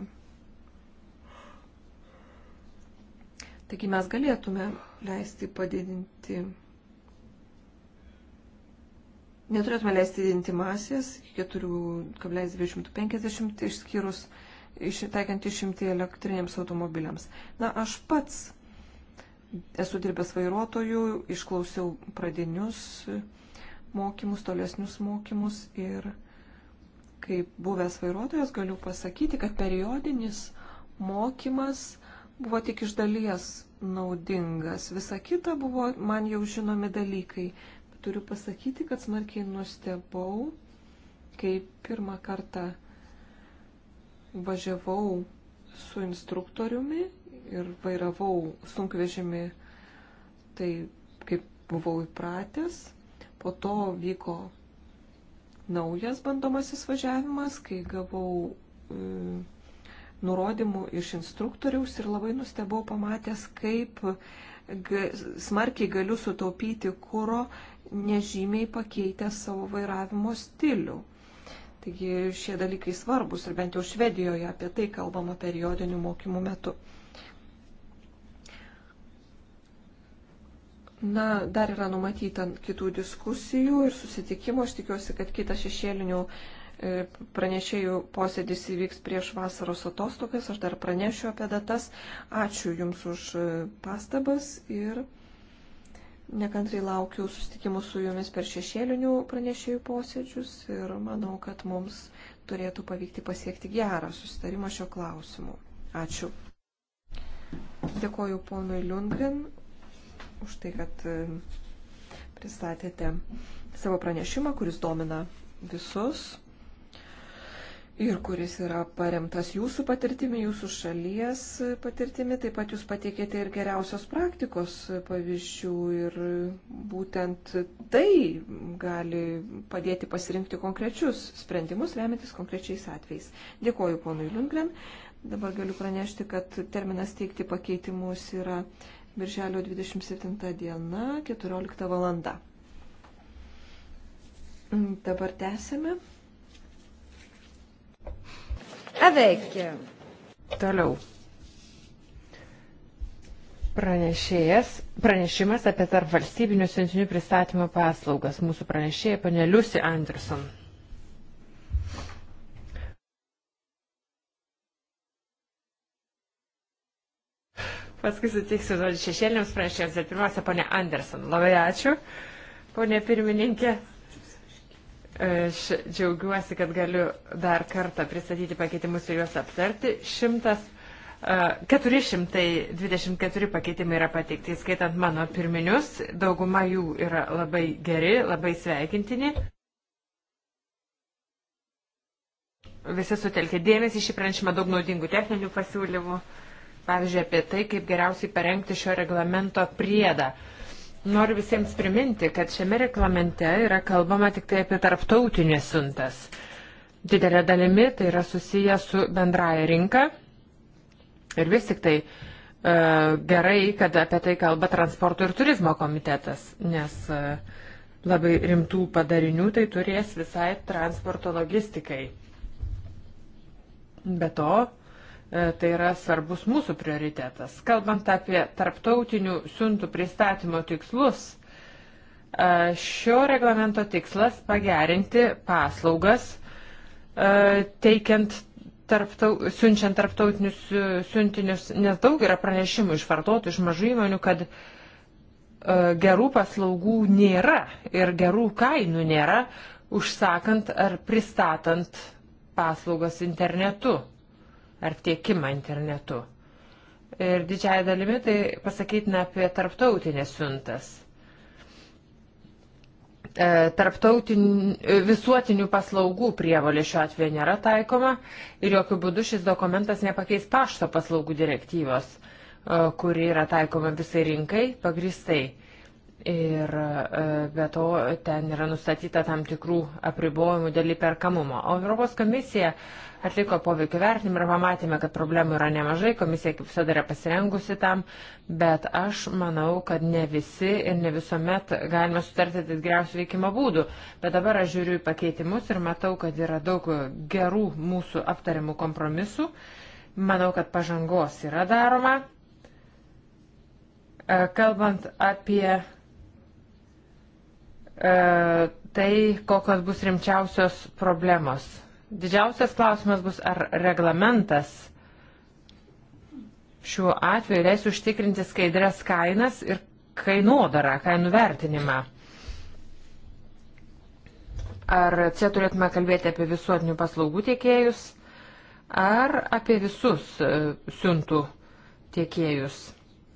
Taigi mes galėtume leisti padidinti, neturėtume leisti didinti masės iki 4,250 išskyrus ištaikant išimti elektriniams automobiliams. Na, aš pats esu dirbęs vairuotojų, išklausiau pradinius mokymus, tolesnius mokymus ir kaip buvęs vairuotojas galiu pasakyti, kad periodinis mokymas – buvo tik iš dalies naudingas. Visa kita buvo man jau žinomi dalykai. Turiu pasakyti, kad smarkiai nustebau, kai pirmą kartą važiavau su instruktoriumi ir vairavau sunkvežimį, tai kaip buvau įpratęs. Po to vyko naujas bandomasis važiavimas, kai gavau e, nurodymų iš instruktoriaus ir labai nustebau pamatęs, kaip smarkiai galiu sutaupyti kūro, nežymiai pakeitę savo vairavimo stilių. Taigi šie dalykai svarbus ir bent jau Švedijoje apie tai kalbama periodinių mokymų metu. Na, dar yra numatyta kitų diskusijų ir susitikimų. Aš tikiuosi, kad kitas šešėlinių E, pranešėjų posėdis įvyks prieš vasaros atostogas, aš dar pranešiu apie datas. Ačiū Jums už e, pastabas ir nekantrai laukiu susitikimų su Jumis per šešėlinių pranešėjų posėdžius ir manau, kad mums turėtų pavykti pasiekti gerą susitarimą šio klausimu. Ačiū. Dėkoju ponui Lundgren už tai, kad e, pristatėte savo pranešimą, kuris domina visus ir kuris yra paremtas jūsų patirtimi, jūsų šalies patirtimi. Taip pat jūs pateikėte ir geriausios praktikos pavyzdžių ir būtent tai gali padėti pasirinkti konkrečius sprendimus, remiantis konkrečiais atvejais. Dėkoju ponui Lundgren. Dabar galiu pranešti, kad terminas teikti pakeitimus yra birželio 27 diena, 14 valanda. Dabar tęsime. Avec. Toliau. Pranešėjas, pranešimas apie tarp valstybinių siuntinių pristatymo paslaugas. Mūsų pranešėja panė Liusi Anderson. Paskui sutiksiu žodžiu šešėliniams pranešėjams, bet pirmiausia, ponė Anderson. Labai ačiū, ponė pirmininkė. Aš džiaugiuosi, kad galiu dar kartą pristatyti pakeitimus ir juos aptarti. 100, 424 pakeitimai yra pateikti, skaitant mano pirminius. Dauguma jų yra labai geri, labai sveikintini. Visi sutelkė dėmesį šį pranešimą daug naudingų techninių pasiūlymų, pavyzdžiui, apie tai, kaip geriausiai parengti šio reglamento priedą. Uh, Noriu visiems priminti, kad šiame reglamente yra kalbama tik tai apie tarptautinės siuntas. Didelė dalimi tai yra susiję su bendraja rinka. Ir vis tik tai e, gerai, kad apie tai kalba transporto ir turizmo komitetas, nes e, labai rimtų padarinių tai turės visai transporto logistikai. Be to, E, tai yra svarbus mūsų prioritetas. Kalbant apie tarptautinių siuntų pristatymo tikslus, e, šio reglamento tikslas pagerinti paslaugas, e, teikiant tarptau, siunčiant tarptautinius siuntinius, nes daug yra pranešimų iš vartotojų, iš mažų įmonių, kad gerų paslaugų nėra ir gerų kainų nėra, užsakant ar pristatant paslaugas internetu ar tiekimą internetu. Ir didžiai dalimi tai pasakytina apie tarptautinės siuntas. E, Tarptautinių visuotinių paslaugų prievalė šiuo atveju nėra taikoma ir jokių būdų šis dokumentas nepakeis pašto paslaugų direktyvos, e, kuri yra taikoma visai rinkai pagristai. Ir e, be to ten yra nustatyta tam tikrų apribojimų dėl įperkamumo. O Europos komisija atliko poveikio vertinimą ir pamatėme, kad problemų yra nemažai, komisija kaip visada yra pasirengusi tam, bet aš manau, kad ne visi ir ne visuomet galime sutarti dėl geriausių veikimo būdų. Bet dabar aš žiūriu į pakeitimus ir matau, kad yra daug gerų mūsų aptariamų kompromisų. Manau, kad pažangos yra daroma. E, kalbant apie E, tai, kokios bus rimčiausios problemos. Didžiausias klausimas bus, ar reglamentas šiuo atveju leis užtikrinti skaidrės kainas ir kainodarą, kainų vertinimą. Ar čia turėtume kalbėti apie visuotinių paslaugų tiekėjus, ar apie visus e, siuntų tiekėjus.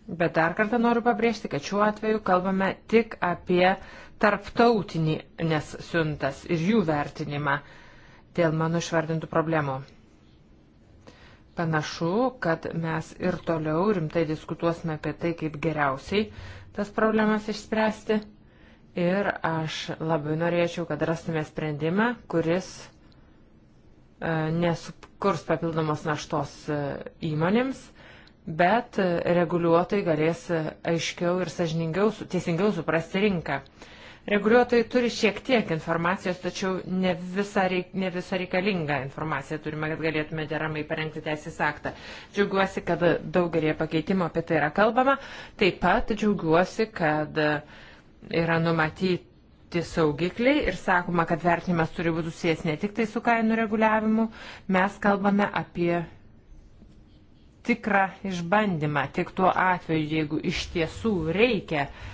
Bet dar kartą noriu pabrėžti, kad šiuo atveju kalbame tik apie uh, tarptautinį nes siuntas ir jų vertinimą dėl mano išvardintų problemų. Panašu, kad mes ir toliau rimtai diskutuosime apie tai, kaip geriausiai tas problemas išspręsti. Ir aš labai norėčiau, kad rastume sprendimą, kuris e, nesukurs papildomos naštos e, įmonėms, bet e, reguliuotojai galės aiškiau ir sažiningiau, teisingiau suprasti rinką. Reguliuotojai turi šiek tiek informacijos, tačiau ne visą, reik, ne visą reikalingą informaciją turime, kad galėtume deramai parengti teisės aktą. Džiaugiuosi, kad daugelį pakeitimų apie tai yra kalbama. Taip pat džiaugiuosi, kad yra numatyti saugikliai ir sakoma, kad vertinimas turi būti susijęs ne tik tai su kainų reguliavimu. Mes kalbame apie tikrą išbandymą, tik tuo atveju, jeigu iš tiesų reikia uh,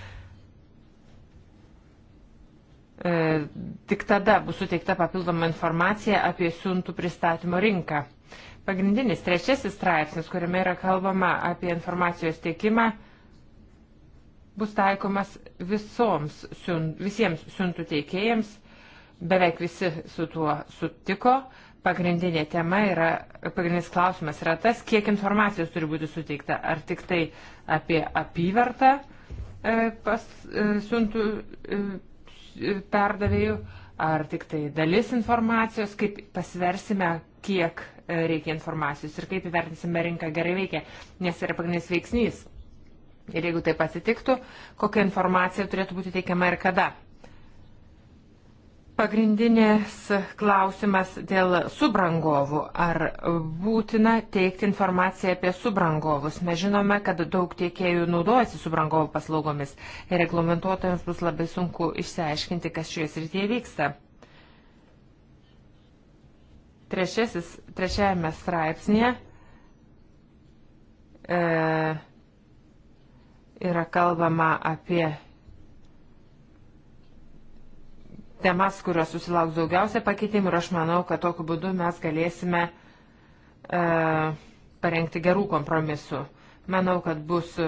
E, tik tada bus suteikta papildoma informacija apie siuntų pristatymo rinką. Pagrindinis trečiasis straipsnis, kuriame yra kalbama apie informacijos tiekimą, bus taikomas visoms, visiems siuntų teikėjams. Beveik visi su tuo sutiko. Pagrindinė tema yra, pagrindinis klausimas yra tas, kiek informacijos turi būti suteikta. Ar tik tai apie apyvartą e, pas e, siuntų perdavėjų, ar tik tai dalis informacijos, kaip pasversime, kiek e, reikia informacijos ir kaip įvertinsime rinką gerai veikia, nes tai yra pagrindinis veiksnys. Ir jeigu tai pasitiktų, kokia informacija turėtų būti teikiama ir kada. Pagrindinės klausimas dėl subrangovų. Ar būtina teikti informaciją apie subrangovus? Mes žinome, kad daug tiekėjų naudojasi subrangovų paslaugomis ir reglamentuotojams bus labai sunku išsiaiškinti, kas šioje srityje vyksta. Trečiasis, trečiajame straipsnėje e, yra kalbama apie temas, kurios susilauks daugiausia pakeitimų ir aš manau, kad tokiu būdu mes galėsime e, parengti gerų kompromisų. Manau, kad bus e,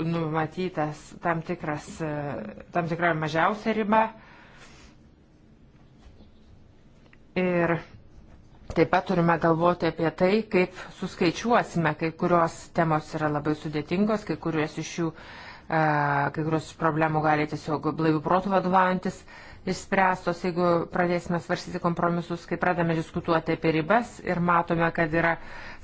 numatytas tam, tikras, e, tam tikra mažiausia riba. Ir taip pat turime galvoti apie tai, kaip suskaičiuosime, kai kurios temos yra labai sudėtingos, kai kurios iš jų, e, kai kurios problemų gali tiesiog blaivių protų vadovaujantis išspręstos, jeigu pradėsime svarstyti kompromisus, kai pradame diskutuoti apie ribas ir matome, kad yra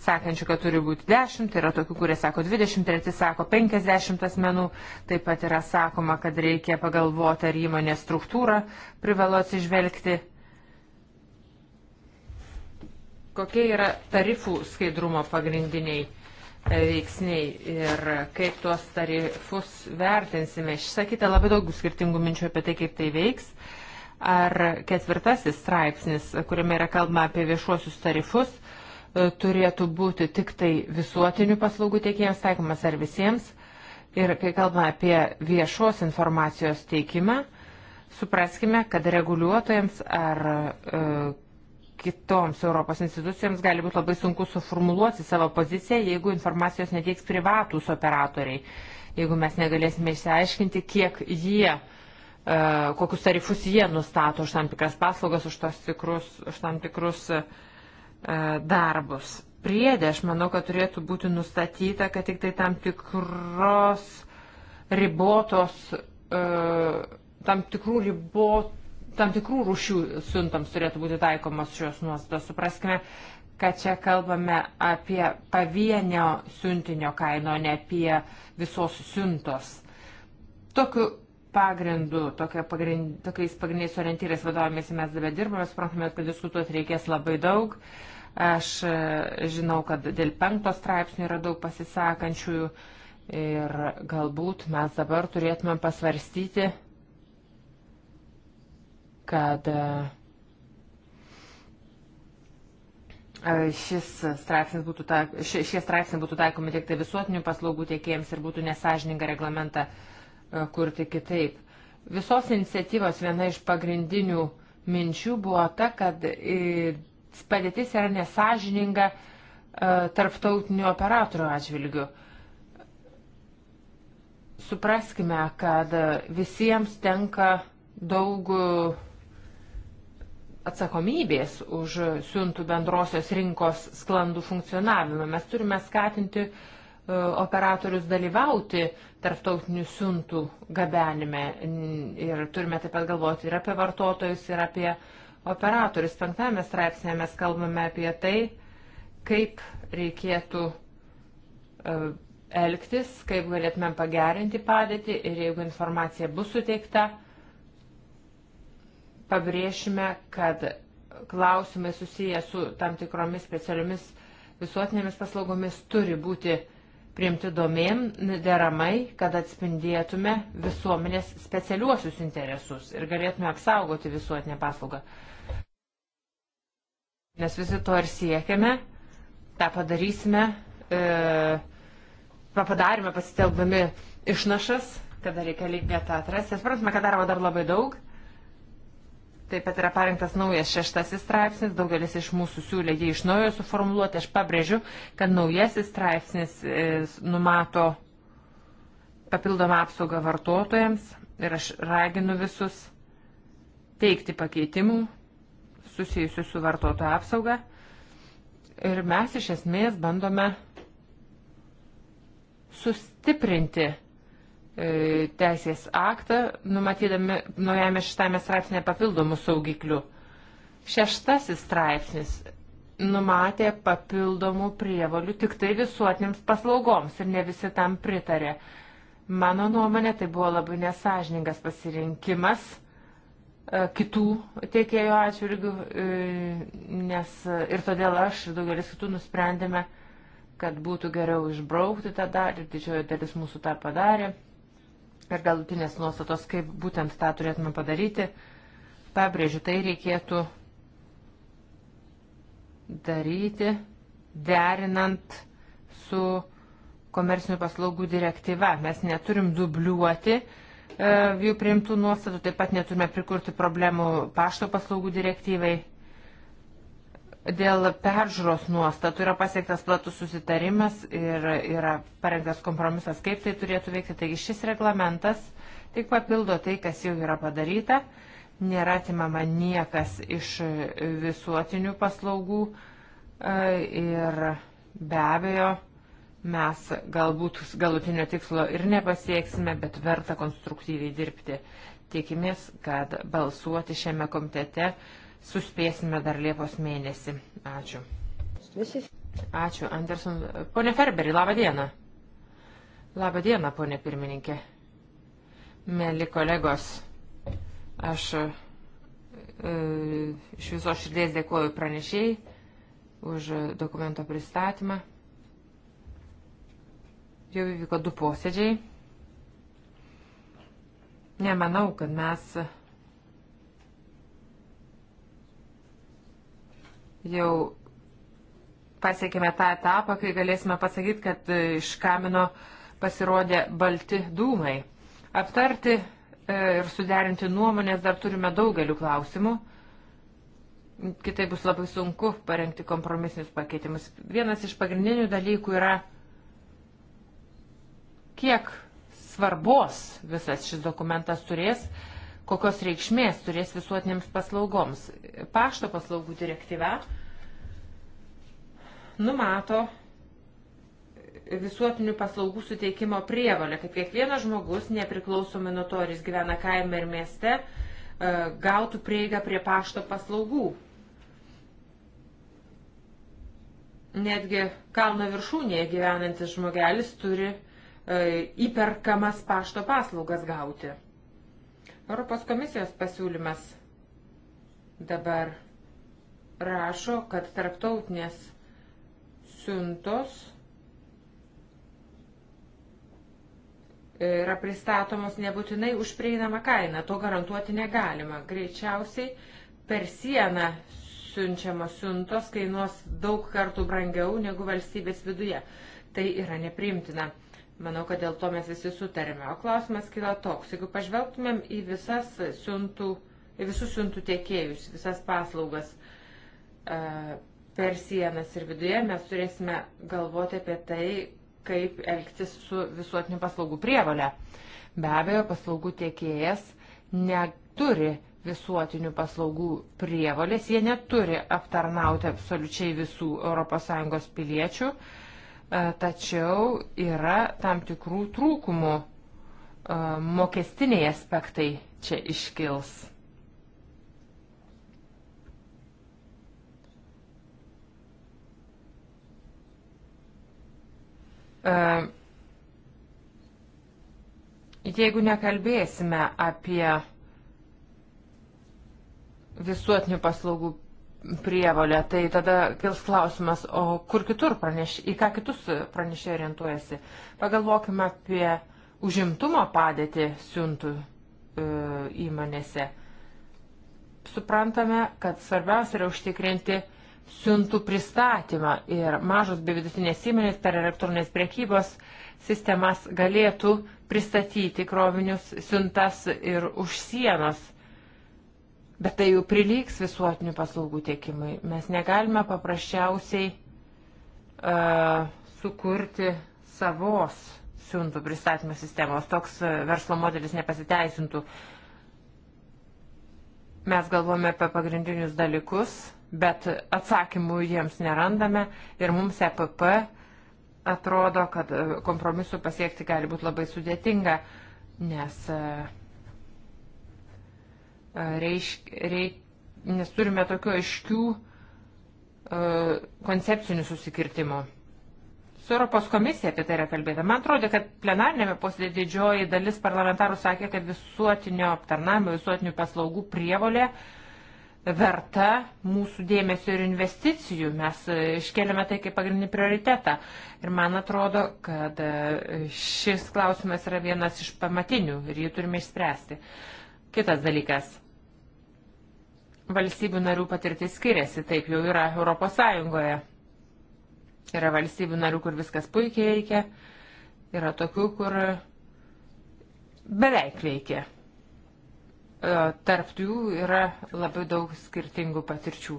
sakančių, kad turi būti 10, yra tokių, kurie sako 20, treti sako 50 asmenų, taip pat yra sakoma, kad reikia pagalvoti, ar įmonės struktūrą privalo atsižvelgti. Kokie yra tarifų skaidrumo pagrindiniai? veiksniai ir kaip tuos tarifus vertinsime. Išsakyta labai daug skirtingų minčių apie tai, kaip tai veiks. Ar ketvirtasis straipsnis, kuriame yra kalbama apie viešuosius tarifus, e, turėtų būti tik tai visuotinių paslaugų tiekėjams taikomas ar visiems. Ir kai kalbame apie viešos informacijos teikimą, supraskime, kad reguliuotojams ar e, kitoms Europos institucijoms gali būti labai sunku suformuluoti savo poziciją, jeigu informacijos neteiks privatūs operatoriai. Jeigu mes negalėsime išsiaiškinti, kiek jie, e, kokius tarifus jie nustato už tam tikras paslaugas, už, tikrus, už tam tikrus e, darbus. Priedė, aš manau, kad turėtų būti nustatyta, kad tik tai tam tikros ribotos, e, tam tikrų ribotų tam tikrų rūšių siuntams turėtų būti taikomos šios nuostatos. Supraskime, kad čia kalbame apie pavienio siuntinio kainą, o ne apie visos siuntos. Tokiu pagrindu, tokia pagrind, tokiais pagrindiniais orientyrais vadovėmės mes dabar dirbame, suprantame, kad diskutuoti reikės labai daug. Aš e, žinau, kad dėl penkto straipsnio yra daug pasisakančiųjų ir galbūt mes dabar turėtume pasvarstyti, kad e, e, šis straipsnis būtų, ta, šie, šie straipsniai būtų taikomi tik tai visuotinių paslaugų tiekėjams ir būtų nesažininga reglamentą e, kurti kitaip. Visos iniciatyvos viena iš pagrindinių minčių buvo ta, kad padėtis yra nesažininga tarptautinių operatorių atžvilgių. Supraskime, kad visiems tenka daug atsakomybės už siuntų bendrosios rinkos sklandų funkcionavimą. Mes turime skatinti e, operatorius dalyvauti tarptautinių siuntų gabenime ir turime taip pat galvoti ir apie vartotojus, ir apie operatorius. Penktame straipsnėje mes kalbame apie tai, kaip reikėtų e, elgtis, kaip galėtumėm pagerinti padėtį ir jeigu informacija bus suteikta, pabrėšime, kad klausimai susiję su tam tikromis specialiomis visuotinėmis paslaugomis turi būti priimti domėm deramai, kad atspindėtume visuomenės specialiuosius interesus ir galėtume apsaugoti visuotinę paslaugą. Nes visi to ir siekiame, tą padarysime, e, padarėme pasitelkdami išnašas, kada reikalinga tą atrasti. Suprantame, kad darbo dar labai daug Taip pat yra parengtas naujas šeštasis straipsnis, daugelis iš mūsų siūlė jį iš naujo suformuluoti. Aš pabrėžiu, kad naujasis straipsnis e, numato papildomą apsaugą vartotojams ir aš raginu visus teikti pakeitimų susijusių su vartotojo apsauga. Ir mes iš esmės bandome sustiprinti E, teisės aktą, numatydami naujame šeštame straipsnėje papildomų saugiklių. Šeštasis straipsnis numatė papildomų prievalių tik tai visuotiniams paslaugoms ir ne visi tam pritarė. Mano nuomonė, tai buvo labai nesažiningas pasirinkimas e, kitų tiekėjo atžvilgių, e, nes ir todėl aš ir daugelis kitų nusprendėme, kad būtų geriau išbraukti tą dalį ir didžioji dalis mūsų tą padarė per galutinės nuostatos, kaip būtent tą turėtume padaryti. Pabrėžiu, tai reikėtų daryti derinant su komersinių paslaugų direktyva. Mes neturim dubliuoti e, jų priimtų nuostatų, taip pat neturime prikurti problemų pašto paslaugų direktyvai. Dėl peržiūros nuostatų yra pasiektas platus susitarimas ir yra parengtas kompromisas, kaip tai turėtų veikti. Taigi šis reglamentas tik papildo tai, kas jau yra padaryta. Nėra atimama niekas iš visuotinių paslaugų e, ir be abejo mes galbūt galutinio tikslo ir nepasieksime, bet verta konstruktyviai dirbti. Tikimės, kad balsuoti šiame komitete suspėsime dar Liepos mėnesį. Ačiū. Ačiū, Anderson. Pone Ferberį, labą dieną. Labą dieną, ponė pirmininkė. Mėly kolegos, aš e, iš viso širdies dėkuoju pranešėjai už dokumento pristatymą. Jau įvyko du posėdžiai. Nemanau, kad mes jau pasiekėme tą etapą, kai galėsime pasakyti, kad e, iš kamino pasirodė balti dūmai. Aptarti e, ir suderinti nuomonės dar turime daugelių klausimų. Kitai bus labai sunku parengti kompromisinius pakeitimus. Vienas iš pagrindinių dalykų yra, kiek svarbos visas šis dokumentas turės kokios reikšmės turės visuotinėms paslaugoms. Pašto paslaugų direktyva numato visuotinių paslaugų suteikimo prievalę, kad kiekvienas žmogus, nepriklausomai nuo to, ar jis gyvena kaime ir mieste, e, gautų prieigą prie pašto paslaugų. Netgi kalno viršūnėje gyvenantis žmogelis turi e, įperkamas pašto paslaugas gauti. Europos komisijos pasiūlymas dabar rašo, kad tarptautinės siuntos yra pristatomos nebūtinai už prieinamą kainą. To garantuoti negalima. Greičiausiai per sieną siunčiamos siuntos kainuos daug kartų brangiau negu valstybės viduje. Tai yra nepriimtina. Manau, kad dėl to mes visi sutarėme. O klausimas kila toks. Jeigu pažvelgtumėm į, visas siuntų, į visus siuntų tiekėjus, visas paslaugas e, per sienas ir viduje, mes turėsime galvoti apie tai, kaip elgtis su visuotiniu paslaugų prievalė. Be abejo, paslaugų tiekėjas neturi visuotinių paslaugų prievalės, jie neturi aptarnauti absoliučiai visų ES piliečių. Uh, E, tačiau yra tam tikrų trūkumų. E, mokestiniai aspektai čia iškils. E, jeigu nekalbėsime apie visuotinių paslaugų prievalę, tai tada kils klausimas, o kur kitur praneš, į ką kitus pranešė orientuojasi. Pagalvokime apie užimtumo padėtį siuntų e, įmonėse. Suprantame, kad svarbiausia yra užtikrinti siuntų pristatymą ir mažos bei vidutinės įmonės per elektroninės priekybos sistemas galėtų pristatyti krovinius siuntas ir už sienos Bet tai jau prilygs visuotinių paslaugų tiekimui. Mes negalime paprasčiausiai uh, sukurti savos siuntų pristatymo sistemos. Toks e, verslo modelis nepasiteisintų. Mes galvome apie pagrindinius dalykus, bet atsakymų jiems nerandame ir mums EPP atrodo, kad e, kompromisų pasiekti gali būti labai sudėtinga, nes uh, reišk, reik, nes turime tokių aiškių koncepcinių susikirtimų. Su Europos komisija apie tai yra kalbėta. Man atrodo, kad plenarnėme posėdė didžioji dalis parlamentarų sakė, kad visuotinio aptarnavimo, visuotinių paslaugų prievolė verta mūsų dėmesio ir investicijų. Mes e, iškeliame tai kaip pagrindinį prioritetą. Ir man atrodo, kad e, šis klausimas yra vienas iš pamatinių ir jį turime išspręsti. Uh, Kitas dalykas. Valstybių narių patirtis skiriasi, taip jau yra Europos Sąjungoje. Yra valstybių narių, kur viskas puikiai veikia, yra tokių, kur beveik veikia. E, tarp jų yra labai daug skirtingų patirčių.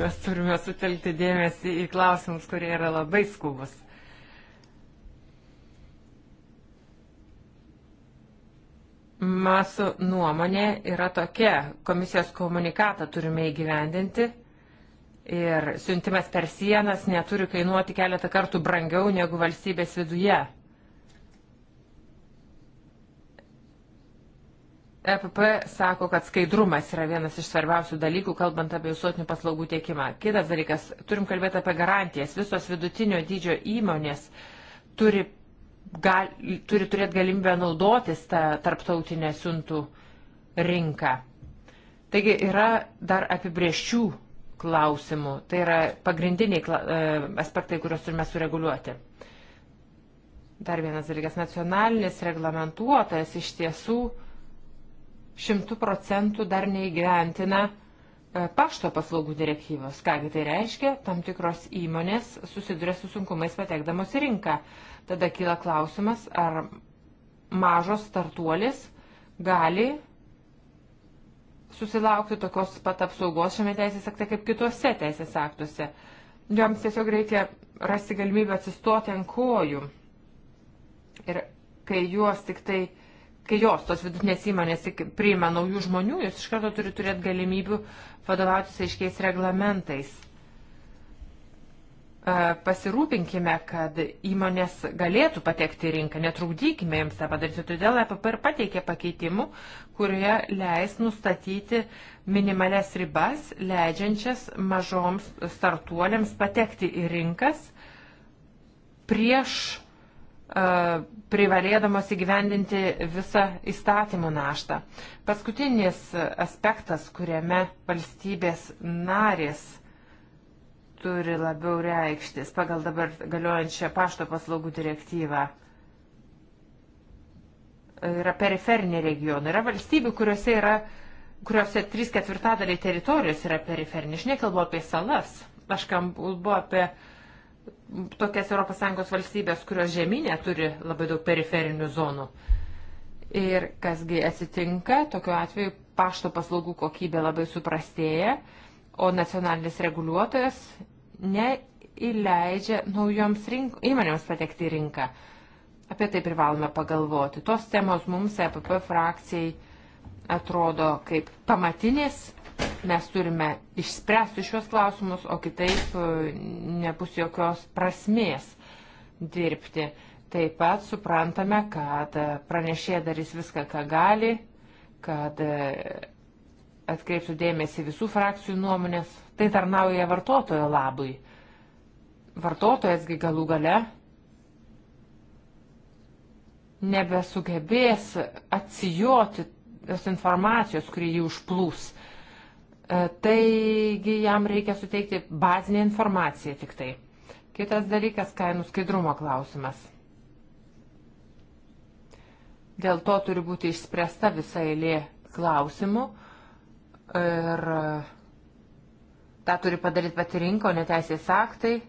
Mes turime sutelkti dėmesį į klausimus, kurie yra labai skubus. Masų nuomonė yra tokia, komisijos komunikatą turime įgyvendinti ir siuntimas per sienas neturi kainuoti keletą kartų brangiau negu valstybės viduje. EPP sako, kad skaidrumas yra vienas iš svarbiausių dalykų, kalbant apie visuotinių paslaugų tiekimą. Kitas dalykas, turim kalbėti apie garantijas. Visos vidutinio dydžio įmonės turi gal, turi turėti galimybę naudotis tą tarptautinę siuntų rinką. Taigi yra dar apibrieščių klausimų. Tai yra pagrindiniai e, aspektai, kuriuos turime sureguliuoti. Dar vienas dalykas. Nacionalinis reglamentuotojas iš tiesų šimtų procentų dar neįgyventina e, pašto paslaugų direktyvos. Kągi tai reiškia, tam tikros įmonės susiduria su sunkumais patekdamos į rinką. Uh, Tada kyla klausimas, ar mažos startuolis gali susilaukti tokios pat apsaugos šiame teisės akte kaip kituose teisės aktuose. Joms tiesiog reikia rasti galimybę atsistoti ant kojų. Ir kai juos tik tai, kai jos tos vidutinės įmonės priima naujų žmonių, jūs iš karto turi turėti galimybių vadovautis aiškiais reglamentais pasirūpinkime, kad įmonės galėtų patekti į rinką, netrukdykime jiems tą padaryti. Todėl EPP ir pateikė pakeitimų, kurie leis nustatyti minimales ribas, leidžiančias mažoms startuoliams patekti į rinkas prieš uh, privalėdamos įgyvendinti visą įstatymų naštą. Paskutinis aspektas, kuriame valstybės narės uh, turi labiau reikštis pagal dabar galiojančią pašto paslaugų direktyvą. Yra periferiniai regionai, yra valstybių, kuriuose yra kuriuose trys ketvirtadaliai teritorijos yra periferiniai. Aš nekalbu apie salas, aš kalbu apie tokias ES valstybės, kurios žemynė turi labai daug periferinių zonų. Ir kasgi atsitinka, tokiu atveju pašto paslaugų kokybė labai suprastėja, o nacionalinis reguliuotojas neįleidžia naujoms rink, įmonėms patekti į rinką. Apie tai privalome pagalvoti. Tos temos mums EPP frakcijai atrodo kaip pamatinės. Mes turime išspręsti šios klausimus, o kitaip e, nebus jokios prasmės dirbti. Taip pat suprantame, kad pranešė darys viską, ką gali, kad e, atkreipsiu dėmesį visų frakcijų nuomonės, Tai tarnauja vartotojo labui. Vartotojasgi galų gale nebesugebės atsijoti tos informacijos, kurį jį užplūs. E, taigi jam reikia suteikti bazinę informaciją tik tai. Kitas dalykas - kainų skaidrumo klausimas. Dėl to turi būti išspręsta visa eilė klausimų ir uh, tą turi padaryti pati rinko, neteisės aktai.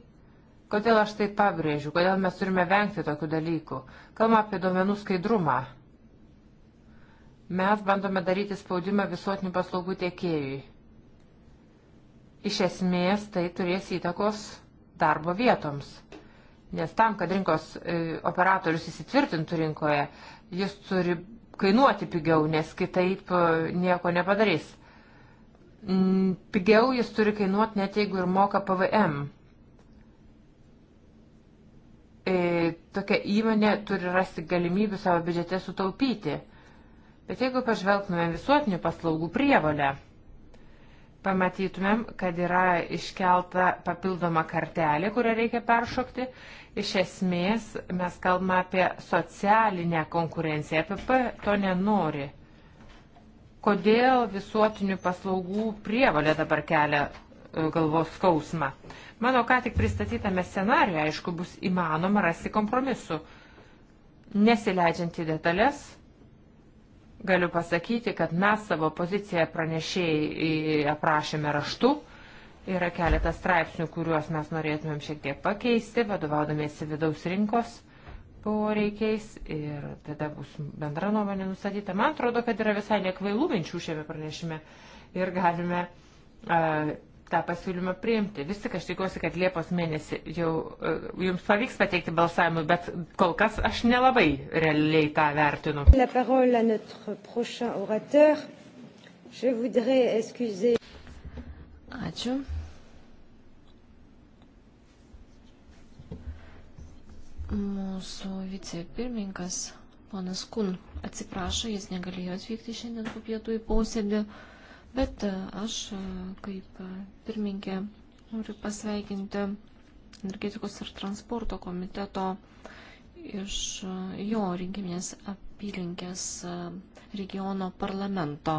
Kodėl aš tai pabrėžiu, kodėl mes turime vengti tokių dalykų? Kalbam apie duomenų skaidrumą. Mes bandome daryti spaudimą visuotinių paslaugų tiekėjui. Iš esmės tai turės įtakos darbo vietoms. Nes tam, kad rinkos e, operatorius įsitvirtintų rinkoje, jis turi kainuoti pigiau, nes kitaip e, nieko nepadarys. Mm, pigiau jis turi kainuoti net jeigu ir moka PVM. E, tokia įmonė turi rasti galimybių savo biudžete sutaupyti. Bet jeigu pažvelgtume visuotinių paslaugų prievolę, pamatytumėm, kad yra iškelta papildoma kartelė, kurią reikia peršokti. Iš esmės mes kalbame apie socialinę konkurenciją, apie P to nenori kodėl visuotinių paslaugų prievalė dabar kelia e, galvos skausmą. Mano ką tik pristatytame scenariuje, aišku, bus įmanoma rasti kompromisu. Nesileidžiant į detalės, galiu pasakyti, kad mes savo poziciją pranešėjai aprašėme raštu. Yra keletas straipsnių, kuriuos mes norėtumėm šiek tiek pakeisti, vadovaudomėsi vidaus rinkos poreikiais ir tada bus bendra nuomonė nustatyta. Man atrodo, kad yra visai nekvailų minčių šiame pranešime ir galime uh, tą pasiūlymą priimti. Vis tik aš tikiuosi, kad Liepos mėnesį jau uh, jums pavyks pateikti balsavimui, bet kol kas aš nelabai realiai tą vertinu. Ačiū. Mūsų vicepirmininkas, ponas Kun, atsiprašo, jis negalėjo atvykti šiandien po pietų į posėdį, bet e, aš e, kaip e, pirmininkė noriu pasveikinti energetikos ir transporto komiteto iš jo rinkiminės apylinkės regiono parlamento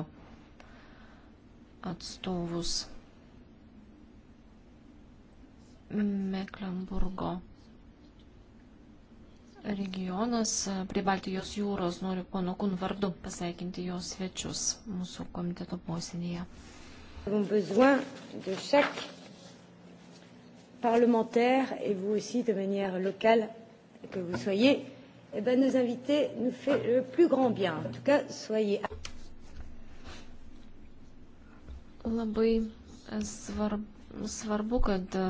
atstovus Meklenburgo regionas e, prie Baltijos jūros. Noriu pono Kun vardu pasveikinti jos svečius mūsų komiteto posėdėje. parlementaire et vous aussi de manière locale que vous soyez, eh ben, nos invités nous fait le plus grand bien. En tout cas, soyez. Labai svarb, svarbu, kad e,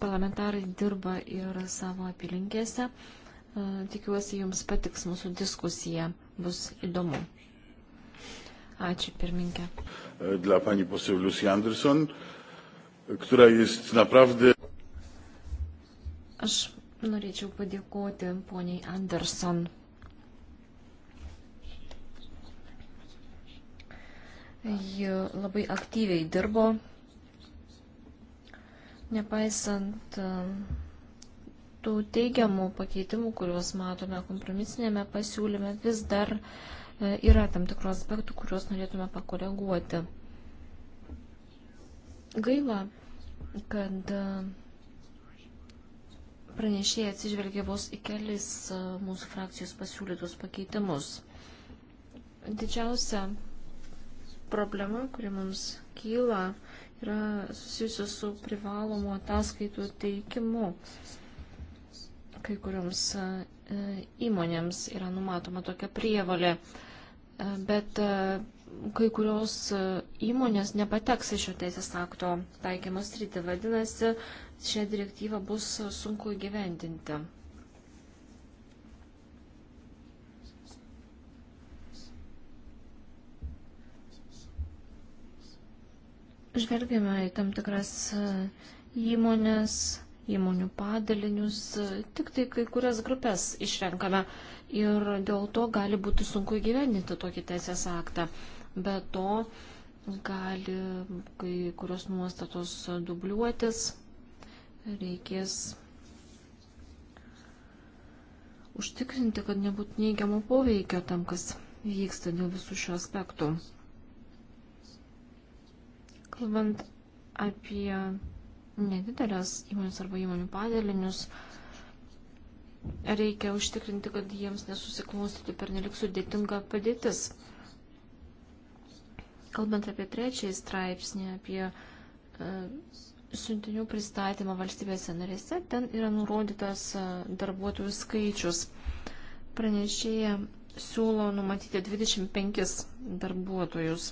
parlamentarai dirba ir savo apylinkėse. Tikiuosi, jums patiks mūsų diskusija. Bus įdomu. Ačiū, pirminkė. E, dla pani poseł Lucy Anderson, która jest naprawdę. Aš norėčiau padėkoti poniai Anderson. Ji labai aktyviai dirbo, nepaisant uh, tų teigiamų pakeitimų, kuriuos matome kompromisinėme pasiūlyme, vis dar e, yra tam tikrų aspektų, kuriuos norėtume pakoreguoti. Gaila, kad e, pranešėjai atsižvelgė vos į kelis e, mūsų frakcijos pasiūlytus pakeitimus. Didžiausia problema, kuri mums kyla, yra susijusi su privalomu ataskaitų teikimu. Kai kuriams e, įmonėms yra numatoma tokia prievalė, e, bet e, kai kurios įmonės nepateks iš šio teisės akto taikymos rytį. Vadinasi, šią direktyvą bus sunku įgyvendinti. Žvelgime į tam tikras įmonės įmonių padalinius, tik tai kai kurias grupės išrenkame ir dėl to gali būti sunku įgyvendinti tokį teisės aktą. Be to gali kai kurios nuostatos dubliuotis, reikės užtikrinti, kad nebūtų neigiamo poveikio tam, kas vyksta dėl visų šių aspektų. Kalbant apie nedidelės įmonės arba įmonių padėlinius, reikia užtikrinti, kad jiems nesusiklostytų pernelik sudėtinga padėtis. Kalbant apie trečiąjį straipsnį, apie e, siuntinių pristatymą valstybėse narėse, ten yra nurodytas e, darbuotojų skaičius. Pranešėja siūlo numatyti 25 darbuotojus.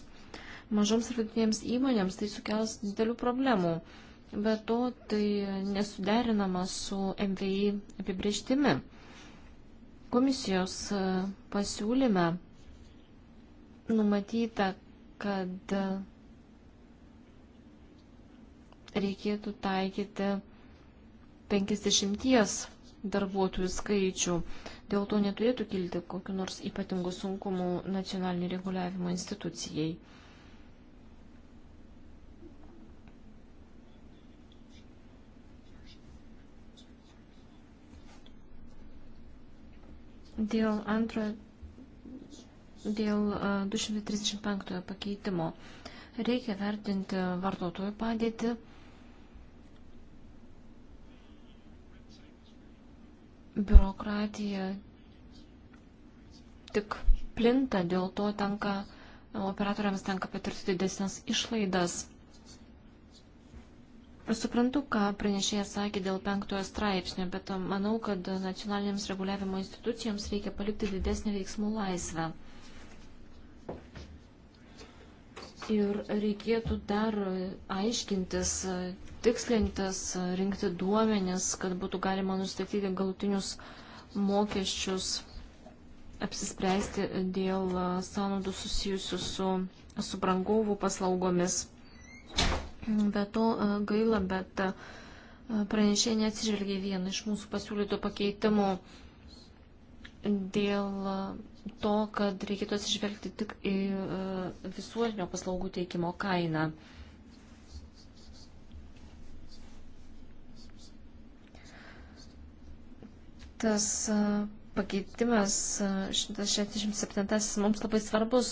Mažoms ir vidutinėms įmonėms tai sukels didelių problemų. E, Be to, tai nesuderinama su MVI apibrieštimi. Komisijos e, pasiūlyme numatyta, kad reikėtų taikyti 50 darbuotojų skaičių. Dėl to neturėtų kilti kokiu nors ypatingu sunkumu nacionalinį reguliavimo institucijai. Dėl antro, dėl 235 pakeitimo reikia vertinti vartotojų padėtį. Biurokratija tik plinta, dėl to tenka operatoriams tenka patirti didesnės išlaidas. Suprantu, ką pranešėjas sakė dėl penktojo straipsnio, bet manau, kad nacionalinėms reguliavimo institucijoms reikia palikti didesnį veiksmų laisvę. Ir reikėtų dar aiškintis, tikslintis, rinkti duomenis, kad būtų galima nustatyti galutinius mokesčius, apsispręsti dėl sąnaudų susijusių su, su brangovų paslaugomis. Be to e, gaila, bet e, pranešėjai neatsižvelgia vieną iš mūsų pasiūlytų pakeitimų dėl e, to, kad reikėtų atsižvelgti tik į visuotinio paslaugų teikimo kainą. Tas pakeitimas 167 mums labai svarbus.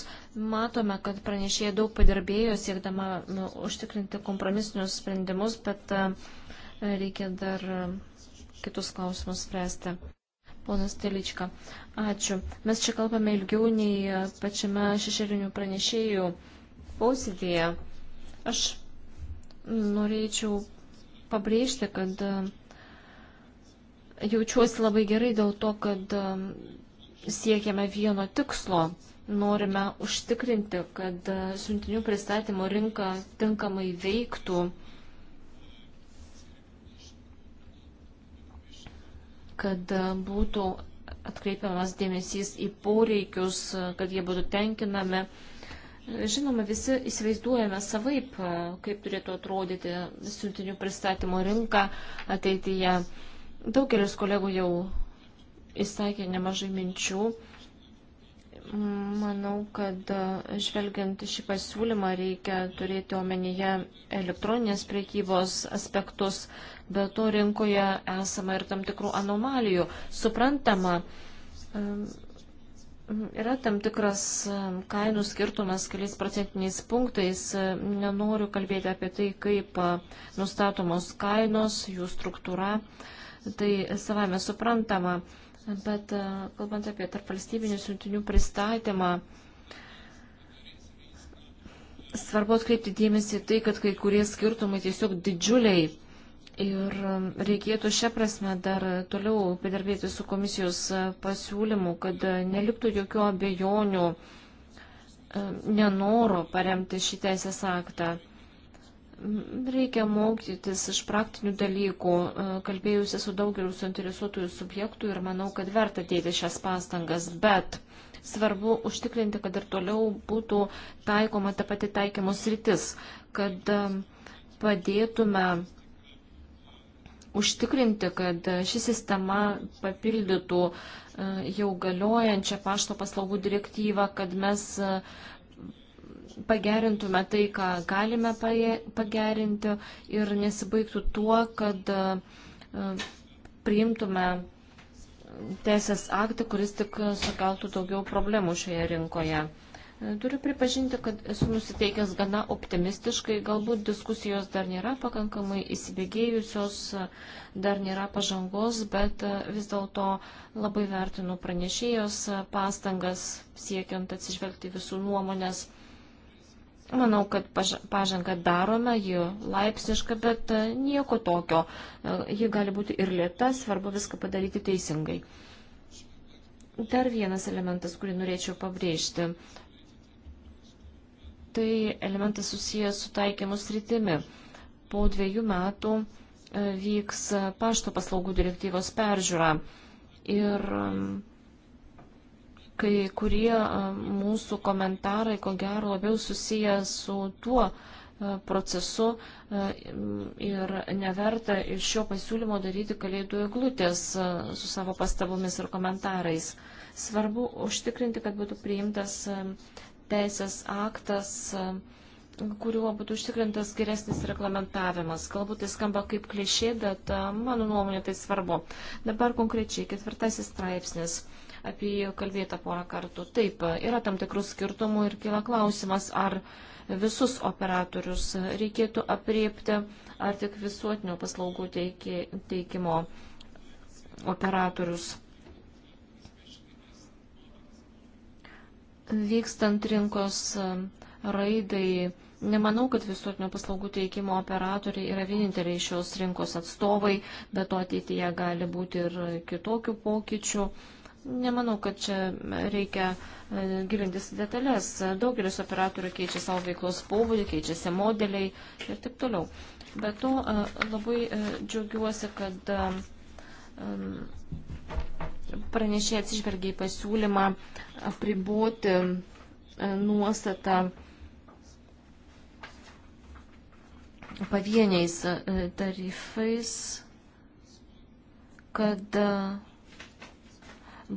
Matome, kad pranešėja daug padirbėjo siekdama nu, užtikrinti kompromisinius sprendimus, bet reikia dar kitus klausimus spręsti. Ponas Telička, ačiū. Mes čia kalbame ilgiau nei pačiame šešėlinių pranešėjų posėdėje. Aš norėčiau pabrėžti, kad Jaučiuosi labai gerai dėl to, kad um, siekiame vieno tikslo. Norime užtikrinti, kad uh, siuntinių pristatymo rinka tinkamai veiktų, kad uh, būtų atkreipiamas dėmesys į poreikius, uh, kad jie būtų tenkinami. Žinoma, visi įsivaizduojame savaip, kaip turėtų atrodyti siuntinių pristatymo rinka ateityje. Daugelis kolegų jau įsakė nemažai minčių. Manau, kad žvelgiant šį pasiūlymą reikia turėti omenyje elektroninės priekybos aspektus, bet to rinkoje esama ir tam tikrų anomalijų. Suprantama, yra tam tikras kainų skirtumas keliais procentiniais punktais. Nenoriu kalbėti apie tai, kaip nustatomos kainos, jų struktūra. Uh, tai savame suprantama. Bet e, kalbant apie tarpvalstybinių siuntinių pristatymą, svarbu atkreipti dėmesį į tai, kad kai kurie skirtumai tiesiog didžiuliai. Ir e, reikėtų šią prasme dar toliau padirbėti su komisijos e, pasiūlymu, kad neliktų jokių abejonių nenoro paremti šį teisės aktą. Reikia mokytis iš praktinių dalykų. E, kalbėjusi su daugeliu suinteresuotųjų subjektų ir manau, kad verta dėti šias pastangas, bet svarbu užtikrinti, kad ir toliau būtų taikoma ta pati taikymos rytis, kad e, padėtume užtikrinti, kad ši sistema papildytų e, jau galiojančią pašto paslaugų direktyvą, kad mes pagerintume tai, ką galime pagerinti ir nesibaigtų tuo, kad e, priimtume teisės aktą, kuris tik sukeltų daugiau problemų šioje rinkoje. E, turiu pripažinti, kad esu nusiteikęs gana optimistiškai, galbūt diskusijos dar nėra pakankamai įsibėgėjusios, dar nėra pažangos, bet e, vis dėlto labai vertinu pranešėjos pastangas siekiant atsižvelgti visų nuomonės. Manau, kad pažanga darome, ji laipsniška, bet e, nieko tokio. E, ji gali būti ir lėta, svarbu viską padaryti teisingai. Dar vienas elementas, kurį norėčiau pabrėžti. Tai elementas susijęs su taikymu sritimi. Po dviejų metų e, vyks pašto paslaugų direktyvos peržiūra. Ir Kai kurie mūsų komentarai, ko gero, labiau susiję su tuo procesu ir neverta iš šio pasiūlymo daryti kalėdų eglutės su savo pastabomis ir komentarais. Svarbu užtikrinti, kad būtų priimtas teisės aktas kuriuo būtų užtikrintas geresnis reglamentavimas. Galbūt tai skamba kaip klišė, bet mano nuomonė tai svarbu. Dabar konkrečiai ketvirtasis straipsnis apie jį kalbėta porą kartų. Taip, yra tam tikrų skirtumų ir kyla klausimas, ar visus operatorius reikėtų apriepti, ar tik visuotinio paslaugų teiki, teikimo operatorius. Vykstant rinkos raidai, Nemanau, kad visuotinio paslaugų teikimo operatoriai yra vieninteliai šios rinkos atstovai, bet to ateityje gali būti ir kitokių pokyčių. Nemanau, kad čia reikia e, gilintis detalės. Daugelis operatorių keičia savo veiklos pobūdį, keičiasi modeliai ir taip toliau. Bet to e, labai e, džiaugiuosi, kad pranešėjai atsižvelgia į pasiūlymą apriboti nuostatą pavieniais tarifais, kad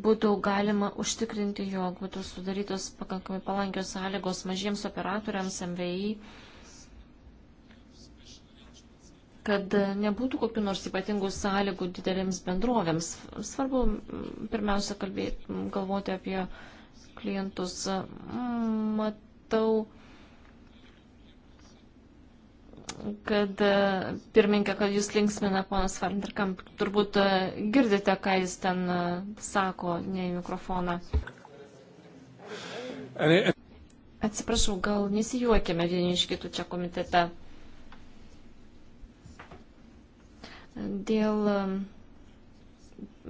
būtų galima užtikrinti, jog būtų sudarytos pakankamai palankios sąlygos mažiems operatoriams MVI, kad nebūtų kokiu nors ypatingų sąlygų didelėms bendrovėms. Svarbu mm, pirmiausia kalbėti, mm, galvoti apie klientus. Mm, matau, kad e, pirmininkė, kad jūs linksmina ponas Vanderkamp. Turbūt e, girdite, ką jis ten e, sako, ne į mikrofoną. Atsiprašau, gal nesijuokime vieni iš kitų čia komitete. Dėl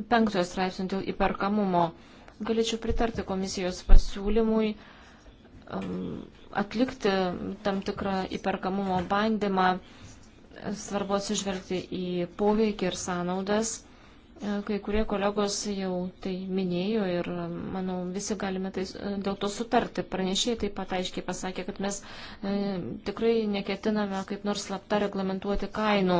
penktojo straipsnio, dėl įperkamumo, galėčiau pritarti komisijos pasiūlymui Um, atlikti tam tikrą įperkamumo bandymą, svarbu atsižvelgti į poveikį ir sąnaudas. E, kai kurie kolegos jau tai minėjo ir, manau, visi galime tai, dėl to sutarti. Pranešėjai taip pat aiškiai pasakė, kad mes e, tikrai neketiname kaip nors slapta reglamentuoti kainų.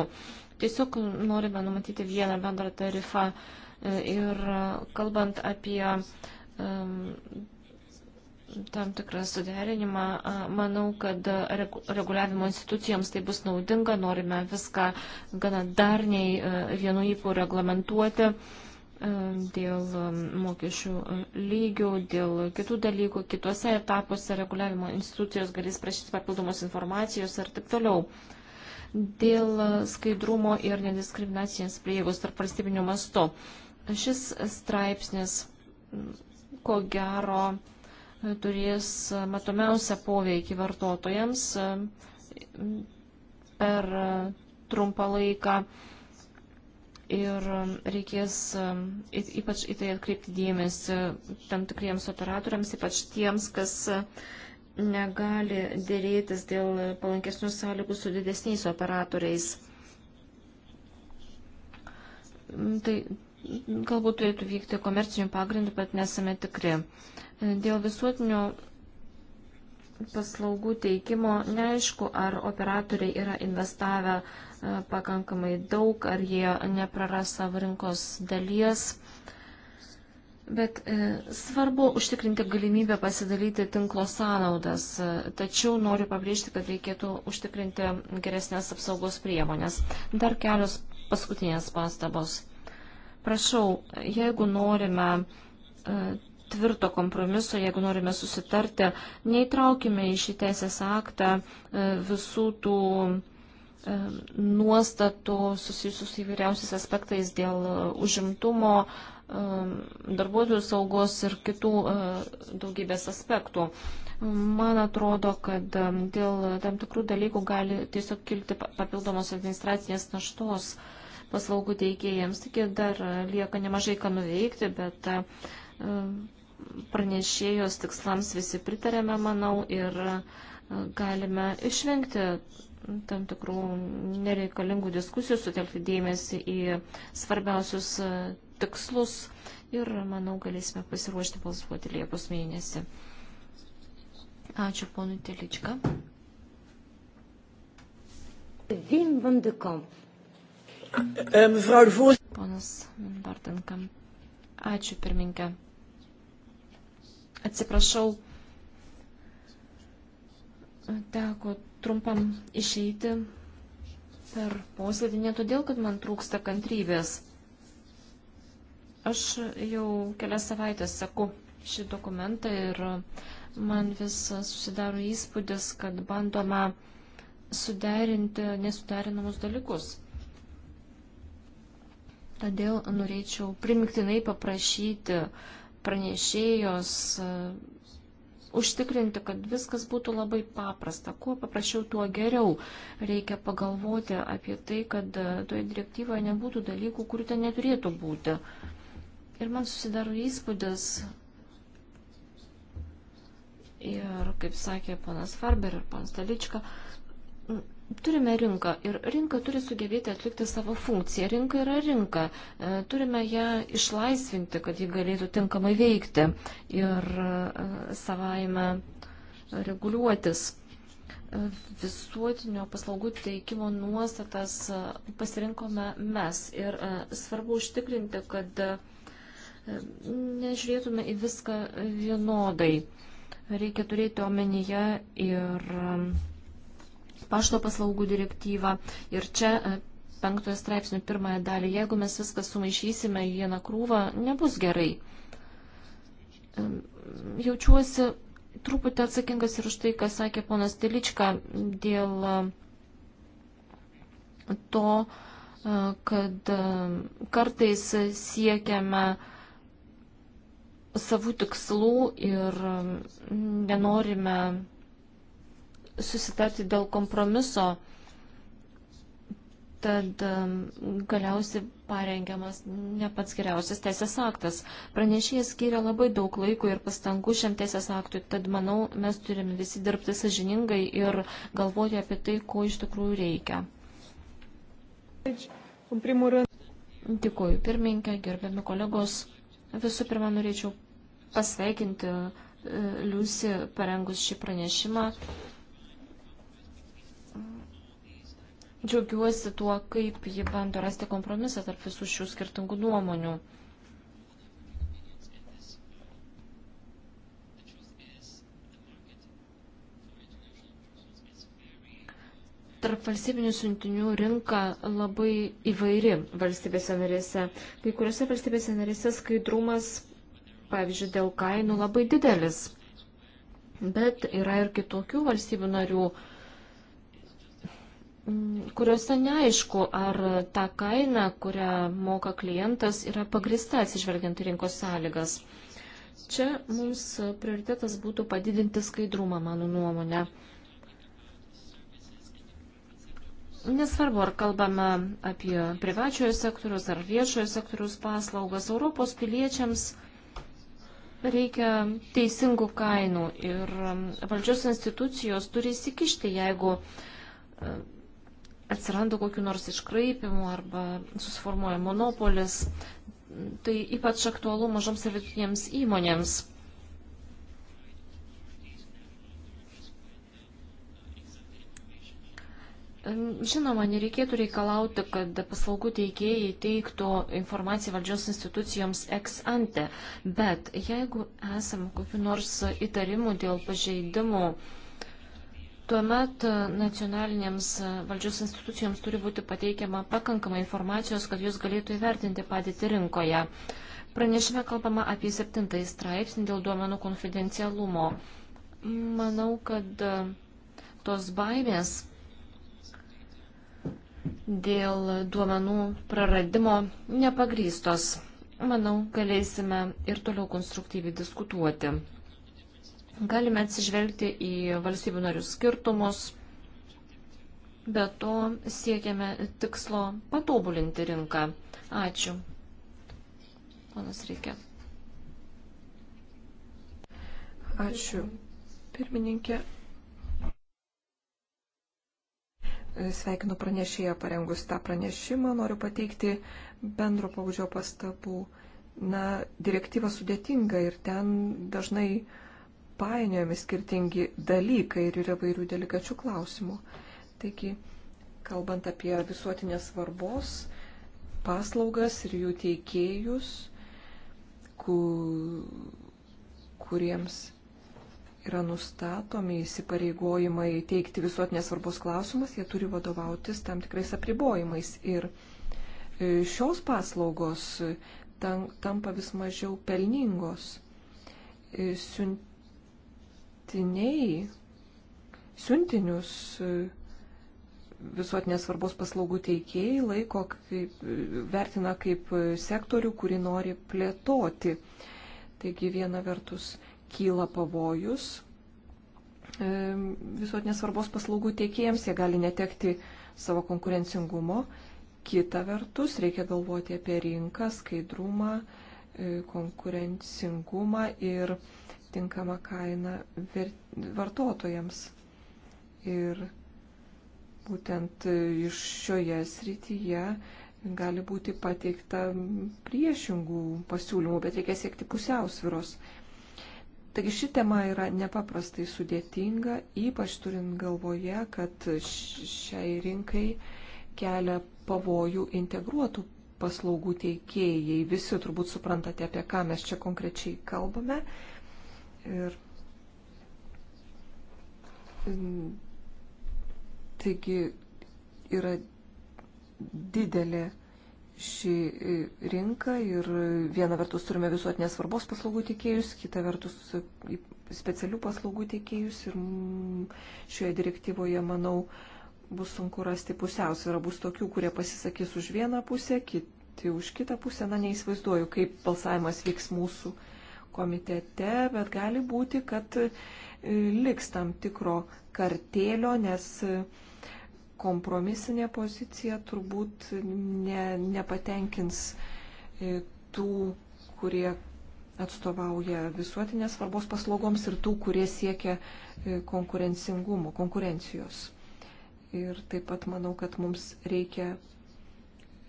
Tiesiog norime numatyti vieną bendrą tarifą. E, ir kalbant apie e, tam tikrą suderinimą. Manau, kad reguliavimo institucijoms tai bus naudinga, norime viską gana darniai vienu įpū reglamentuoti dėl mokesčių lygių, dėl kitų dalykų. Kituose etapuose reguliavimo institucijos galės prašyti papildomos informacijos ir taip toliau. Dėl skaidrumo ir nediskriminacinės prieigos tarp valstybinių mastų. Šis straipsnis, ko gero, turės e, matomiausią poveikį vartotojams e, per e, trumpą laiką ir reikės ypač į tai atkreipti dėmesį tam tikriems operatoriams, ypač tiems, kas negali dėrėtis dėl palankesnių sąlygų su didesniais operatoriais. Tai galbūt turėtų vykti komercinių pagrindų, bet nesame tikri. Dėl visuotinių paslaugų teikimo neaišku, ar operatoriai yra investavę e, pakankamai daug, ar jie nepraras savo rinkos dalies. Bet e, svarbu užtikrinti galimybę pasidalyti tinklo sąnaudas, e, tačiau noriu pabrėžti, kad reikėtų užtikrinti geresnės apsaugos priemonės. Dar kelios paskutinės pastabos. E, Prašau, jeigu norime e, tvirto kompromiso, jeigu norime susitarti, neįtraukime į šį teisės aktą e, visų tų e, nuostatų susijusių su įvairiausiais aspektais dėl užimtumo, darbuotojų saugos ir kitų daugybės aspektų. Man atrodo, kad dėl tam tikrų dalykų gali tiesiog kilti papildomos administracinės naštos paslaugų teikėjams. Taigi dar lieka nemažai ką nuveikti, bet e, pranešėjos tikslams visi pritarėme, manau, ir e, galime išvengti tam tikrų nereikalingų diskusijų, sutelkti dėmesį į svarbiausius e, tikslus ir, manau, galėsime pasiruošti balsuoti Liepos mėnesį. Ačiū ponui Teličką. Vim van de Kamp. E, Ponas Bartankam. Ačiū, pirminkė. Atsiprašau, teko trumpam išeiti per posėdį ne todėl, kad man trūksta kantrybės. Aš jau kelias savaitės seku šį dokumentą ir man vis susidaro įspūdis, kad bandoma suderinti nesuderinamus dalykus. Todėl norėčiau primiktinai paprašyti pranešėjos e, užtikrinti, kad viskas būtų labai paprasta. Kuo paprasčiau, tuo geriau. Reikia pagalvoti apie tai, kad e, toje direktyvoje nebūtų dalykų, kurių ten neturėtų būti. Ir man susidaro įspūdis, ir kaip sakė ponas Farber ir ponas Talička, turime rinką ir rinka turi sugebėti atlikti savo funkciją. Rinka yra rinka. E, turime ją išlaisvinti, kad ji galėtų tinkamai veikti ir e, savaime reguliuotis. E, visuotinio paslaugų teikimo nuostatas pasirinkome mes ir svarbu užtikrinti, kad nežiūrėtume į viską vienodai. Reikia turėti omenyje ir pašto paslaugų direktyvą. Ir čia e, penktojo straipsnio pirmąją dalį, jeigu mes viską sumaišysime į vieną krūvą, nebus gerai. Jaučiuosi truputį atsakingas ir už tai, ką sakė ponas Telička dėl e, to, e, kad kartais siekiame savų tikslų ir nenorime susitarti dėl kompromiso. Tad um, galiausiai parengiamas ne pats geriausias teisės aktas. Pranešėjas skiria labai daug laiko ir pastangų šiam teisės aktui, tad manau, mes turime visi dirbti sažiningai ir galvoti apie tai, ko iš tikrųjų reikia. Dėkuoju, pirmininkė, gerbiami kolegos. Visų pirma, norėčiau pasveikinti e, Liusi parengus šį pranešimą. Džiaugiuosi tuo, kaip ji bando rasti kompromisą tarp visų šių skirtingų nuomonių. tarp valstybinių siuntinių rinka labai įvairi valstybėse narėse. Kai kuriuose valstybėse narėse skaidrumas, pavyzdžiui, dėl kainų labai didelis. Bet yra ir kitokių valstybių narių, Mm, kuriuose neaišku, ar ta kaina, kurią moka klientas, yra pagrista atsižvelgiant į rinkos sąlygas. Čia mums prioritetas būtų padidinti skaidrumą, mano nuomonė. Nesvarbu, ar kalbame apie privačiojo sektorius ar viešojo sektorius paslaugas, Europos piliečiams reikia teisingų kainų ir valdžios institucijos turi įsikišti, jeigu atsiranda kokiu nors iškraipimu arba susiformuoja monopolis. Tai ypač aktualu mažoms ir vidutinėms įmonėms. Žinoma, nereikėtų reikalauti, kad paslaugų teikėjai teiktų informaciją valdžios institucijoms ex ante, bet jeigu esame kokiu nors įtarimu dėl pažeidimų, Tuomet nacionalinėms valdžios institucijoms turi būti pateikiama pakankamai informacijos, kad jūs galėtų įvertinti padėtį rinkoje. Pranešime kalbama apie septintąjį straipsnį dėl duomenų konfidencialumo. Manau, kad e, tos baimės dėl duomenų praradimo nepagrystos. Manau, galėsime ir toliau konstruktyviai diskutuoti. Galime atsižvelgti į valstybių narių skirtumus, bet to siekiame tikslo patobulinti rinką. Ačiū. Ponas Reikia. Ačiū. Pirmininkė. Sveikinu pranešėją parengus tą pranešimą, noriu pateikti bendro pavyzdžio pastabų. Na, direktyva sudėtinga ir ten dažnai uh, painiojami skirtingi dalykai ir yra vairių delikačių klausimų. Taigi, kalbant apie visuotinės svarbos paslaugas ir jų teikėjus, ku, kuriems yra nustatomi įsipareigojimai teikti visuotinės svarbos klausimus, jie turi vadovautis tam tikrais apribojimais. Ir e, šios paslaugos tampa vis mažiau pelningos. E, Siunt siuntiniai, siuntinius e, visuotinės svarbos paslaugų teikėjai laiko, kaip, e, vertina kaip e, sektorių, kurį nori plėtoti. Taigi viena vertus kyla pavojus visuotinės svarbos paslaugų teikėjams, jie gali netekti savo konkurencingumo. Kita vertus, reikia galvoti apie rinką, skaidrumą, konkurencingumą ir tinkamą kainą vartotojams. Ir būtent iš šioje srityje gali būti pateikta priešingų pasiūlymų, bet reikia siekti pusiausviros. Taigi ši tema yra nepaprastai sudėtinga, ypač turint galvoje, kad šiai rinkai kelia pavojų integruotų paslaugų teikėjai. Visi turbūt suprantate, apie ką mes čia konkrečiai kalbame. Ir mm, taigi yra didelė šį e, rinką ir viena vertus turime visuotinės svarbos paslaugų teikėjus, kita vertus e, specialių paslaugų teikėjus ir mm, šioje direktyvoje, manau, bus sunku rasti pusiausvyrą. Bus tokių, kurie pasisakys už vieną pusę, kiti už kitą pusę. Na, neįsivaizduoju, kaip balsavimas vyks mūsų komitete, bet gali būti, kad e, liks tam tikro kartėlio, nes e, kompromisinė pozicija turbūt ne, nepatenkins e, tų, kurie atstovauja visuotinės svarbos paslaugoms ir tų, kurie siekia konkurencingumo, konkurencijos. Ir taip pat manau, kad mums reikia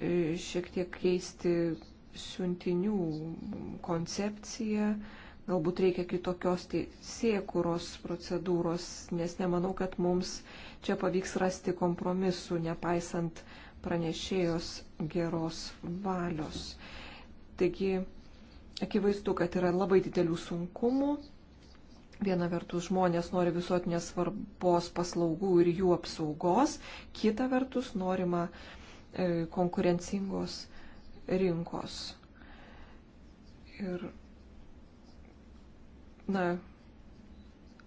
šiek tiek keisti siuntinių koncepciją, galbūt reikia kitokios teisėkuros procedūros, nes nemanau, kad mums čia pavyks rasti kompromisų, nepaisant pranešėjos geros valios. Taigi, akivaizdu, kad yra labai didelių sunkumų. Viena vertus žmonės nori visuotinės svarbos paslaugų ir jų apsaugos, kita vertus norima e, konkurencingos rinkos. Ir, na,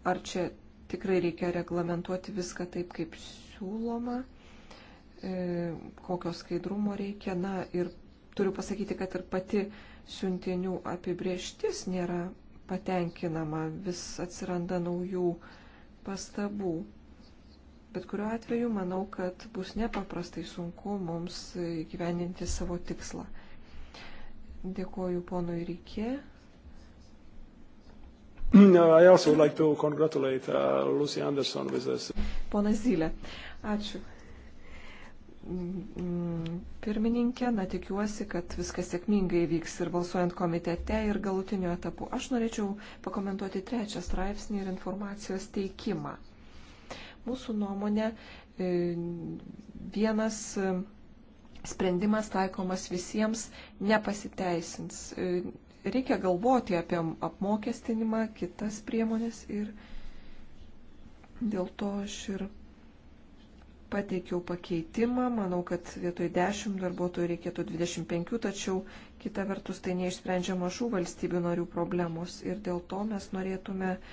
ar čia tikrai reikia reglamentuoti viską taip, kaip siūloma, e, kokio skaidrumo reikia, na, ir turiu pasakyti, kad ir pati siuntinių apibrieštis nėra patenkinama, vis atsiranda naujų pastabų. Bet kuriuo atveju manau, kad bus nepaprastai sunku mums gyveninti savo tikslą. Dėkuoju ponui Rykė. Like uh, Ponas Zylė, ačiū mm, mm, pirmininkė, na tikiuosi, kad viskas sėkmingai vyks ir balsuojant komitete, ir galutiniu etapu. Aš norėčiau pakomentuoti trečią straipsnį ir informacijos teikimą. Mūsų nuomonė e, vienas e, sprendimas taikomas visiems nepasiteisins. E, reikia galvoti apie apmokestinimą, kitas priemonės ir dėl to aš ir pateikiau pakeitimą. Manau, kad vietoj 10 darbuotojų reikėtų 25, tačiau kita vertus tai neišsprendžia mažų valstybių narių problemos ir dėl to mes norėtume uh,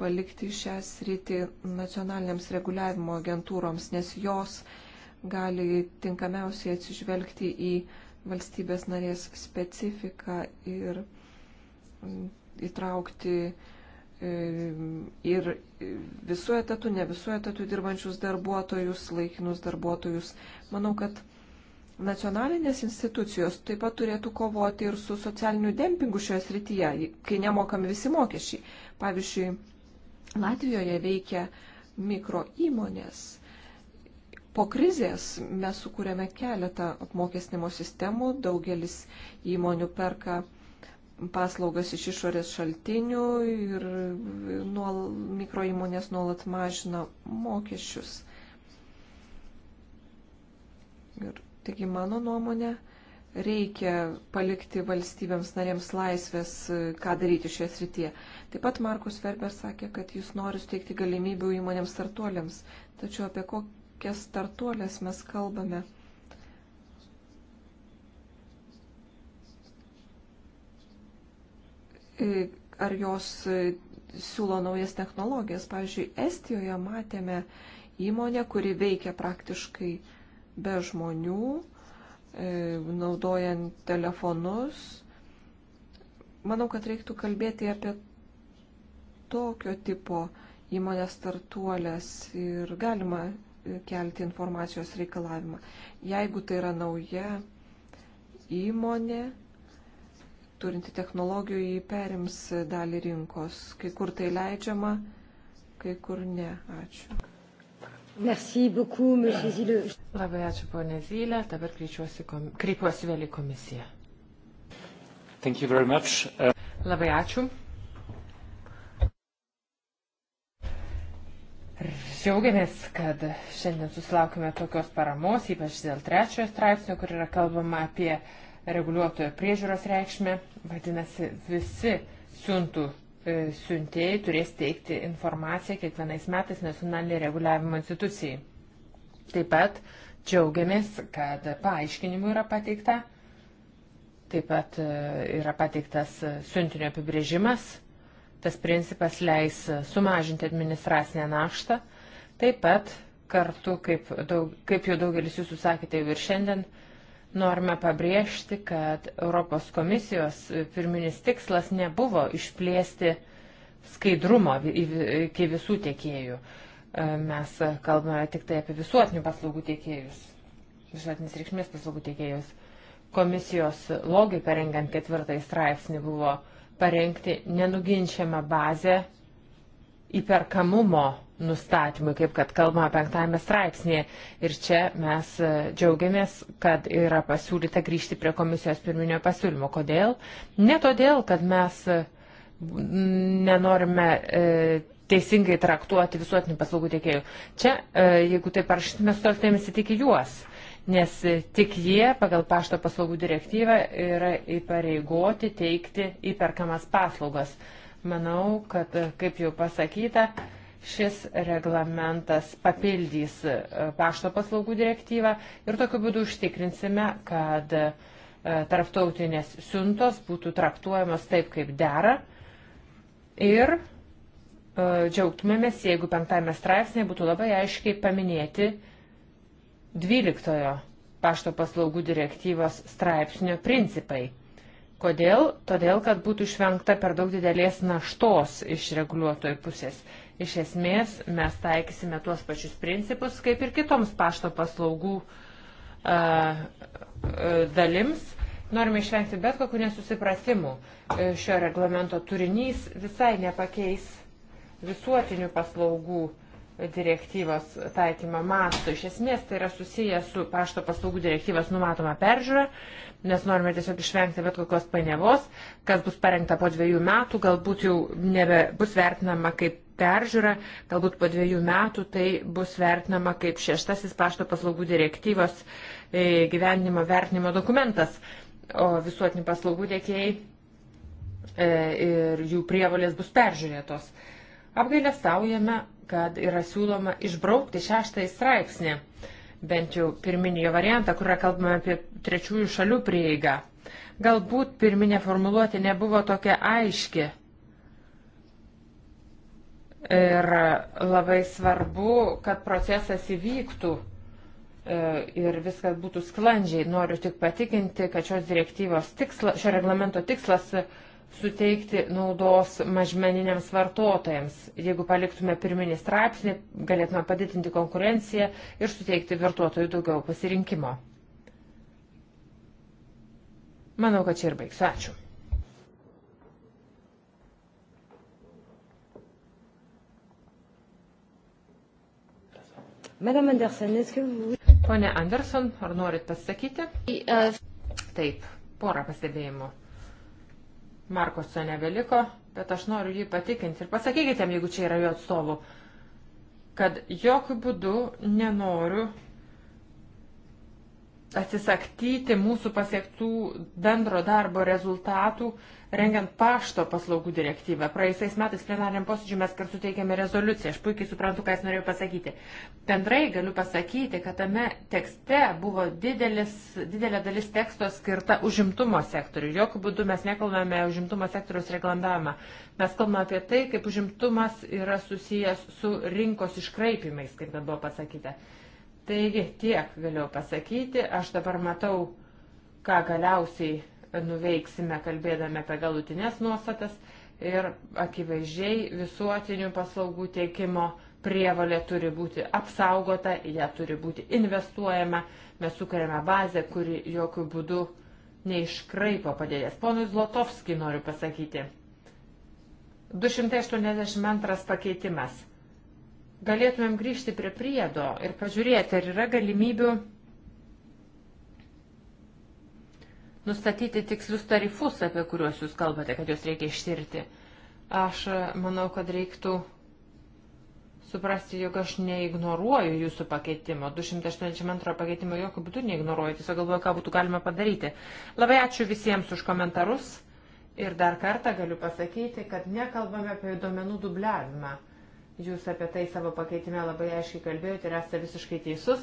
palikti šią sritį nacionaliniams reguliavimo agentūroms, nes jos gali tinkamiausiai atsižvelgti į valstybės narės specifiką ir mm, įtraukti e, ir visų etatų, ne visų etatų dirbančius darbuotojus, laikinus darbuotojus. Manau, kad nacionalinės institucijos taip pat turėtų kovoti ir su socialiniu dempingu šioje srityje, kai nemokami visi mokesčiai. Pavyzdžiui, Latvijoje veikia mikro įmonės. Po krizės mes sukūrėme keletą apmokestinimo sistemų, daugelis įmonių perka paslaugas iš išorės šaltinių ir nuol, mikro įmonės nuolat mažina mokesčius. Ir taigi mano nuomonė, reikia palikti valstybėms narėms laisvės, e, ką daryti šioje srityje. Taip pat Markus Ferber sakė, kad jis nori suteikti galimybių įmonėms startuoliams. Tačiau apie kokias startuolės mes kalbame? E, ar jos e, siūlo naujas technologijas? Pavyzdžiui, Estijoje matėme įmonę, kuri veikia praktiškai be žmonių E, naudojant telefonus. Manau, kad reiktų kalbėti apie tokio tipo įmonės startuolės ir galima kelti informacijos reikalavimą. Jeigu tai yra nauja įmonė, turinti technologijų, jį perims dalį rinkos. Kai kur tai leidžiama, kai kur ne. Ačiū. Merci beaucoup, monsieur Zylė. Labai ačiū, ponė Zylė. Dabar kom... kreipiuosi vėl į komisiją. Thank you very much. Uh... Labai ačiū. Džiaugiamės, kad šiandien susilaukime tokios paramos, ypač dėl trečiojo straipsnio, kur yra kalbama apie reguliuotojo priežiūros reikšmę. Vadinasi, visi siuntų E, siuntėjai turės teikti informaciją kiekvienais metais nacionaliniai reguliavimo institucijai. Taip pat džiaugiamės, kad paaiškinimų yra pateikta, taip pat e, yra pateiktas siuntinio apibrėžimas, tas principas leis sumažinti administracinę naštą, taip pat kartu, kaip, daug, kaip jau daugelis jūsų sakėte jau ir šiandien, Norime pabrėžti, kad Europos komisijos pirminis tikslas nebuvo išplėsti skaidrumo iki visų tiekėjų. E, mes kalbame tik tai apie visuotinių paslaugų tiekėjus, visuotinės reikšmės paslaugų tiekėjus. Komisijos logika rengiant ketvirtąjį straipsnį buvo parengti nenuginčiamą bazę įperkamumo nustatymui, kaip kad kalbama penktame straipsnėje. Ir čia mes e, džiaugiamės, kad yra pasiūlyta grįžti prie komisijos pirminio pasiūlymo. Kodėl? Ne todėl, kad mes e, nenorime e, teisingai traktuoti visuotinių paslaugų tiekėjų. Čia, jeigu tai parašytume, stoltėmės tik juos nes tik jie pagal pašto paslaugų direktyvą yra įpareigoti teikti įperkamas paslaugas. Manau, kad, kaip jau pasakyta, Šis reglamentas papildys e, pašto paslaugų direktyvą ir tokiu būdu užtikrinsime, kad e, tarptautinės siuntos būtų traktuojamos taip, kaip dera. Ir e, džiaugtumėmės, jeigu penktame straipsnėje būtų labai aiškiai paminėti 12 pašto paslaugų direktyvos straipsnio principai. Kodėl? Todėl, kad būtų išvengta per daug didelės naštos iš reguliuotojų pusės. Iš esmės mes taikysime tuos pačius principus kaip ir kitoms pašto paslaugų uh, dalims. Norime išvengti bet kokių nesusipratimų. E, šio reglamento turinys visai nepakeis visuotinių paslaugų direktyvos taikymą masto. Iš esmės tai yra susiję su pašto paslaugų direktyvos numatoma peržiūra, nes norime tiesiog išvengti bet kokios painiavos, kas bus parengta po dviejų metų, galbūt jau nebebus vertinama kaip peržiūrą, galbūt po dviejų metų tai bus vertinama kaip šeštasis pašto paslaugų direktyvos e, gyvenimo vertinimo dokumentas, o visuotinių paslaugų tiekėjai e, ir jų prievalės bus peržiūrėtos. Apgailę staujame, kad yra siūloma išbraukti šeštąjį straipsnį, bent jau pirminį jo variantą, kur yra kalbama apie trečiųjų šalių prieigą. Galbūt pirminė formuluotė nebuvo tokia aiški Ir labai svarbu, kad procesas įvyktų e, ir viskas būtų sklandžiai. Noriu tik patikinti, kad šios direktyvos tikslas, šio reglamento tikslas suteikti naudos mažmeniniams vartotojams. Jeigu paliktume pirminį straipsnį, galėtume padidinti konkurenciją ir suteikti vartotojų daugiau pasirinkimo. Manau, kad čia ir baigsiu. Ačiū. Madame Anderson, est-ce que vous... Pone Anderson, ar norit pasakyti? Euh, Taip, porą pastebėjimų. Markoso nebeliko, bet aš noriu jį patikinti. Ir pasakykite jam, jeigu čia yra jo atstovų, kad jokių būdų nenoriu atsisaktyti mūsų pasiektų bendro darbo rezultatų, rengiant pašto paslaugų direktyvą. Praėjusiais metais plenariniam posėdžiui mes kartu teikėme rezoliuciją. Aš puikiai suprantu, ką jis norėjo pasakyti. Bendrai galiu pasakyti, kad tame tekste buvo didelis, didelė dalis teksto skirta užimtumo sektoriui. Jokių būdų mes nekalbame užimtumo sektoriaus reglamentavimą. Mes kalbame apie tai, kaip užimtumas yra susijęs su rinkos iškraipimais, kaip buvo pasakyta. Taigi tiek galiu pasakyti. Aš dabar matau, ką galiausiai nuveiksime kalbėdami apie galutinės nuostatas ir akivaizdžiai visuotinių paslaugų teikimo prievalė turi būti apsaugota, ją turi būti investuojama, mes sukūrėme bazę, kuri jokių būdų neiškraipo padėties. Ponui Zlotovskijui noriu pasakyti. 282 pakeitimas galėtumėm grįžti prie priedo ir pažiūrėti, ar yra galimybių nustatyti tikslius tarifus, apie kuriuos jūs kalbate, kad juos reikia ištirti. Aš manau, kad reiktų suprasti, jog aš neignoruoju jūsų pakeitimo. 282 pakeitimo jokių būdų neignoruoju, tiesiog galvoju, ką būtų galima padaryti. Labai ačiū visiems už komentarus ir dar kartą galiu pasakyti, kad nekalbame apie duomenų dubliavimą. Jūs apie tai savo pakeitime labai aiškiai kalbėjote ir esate visiškai teisus.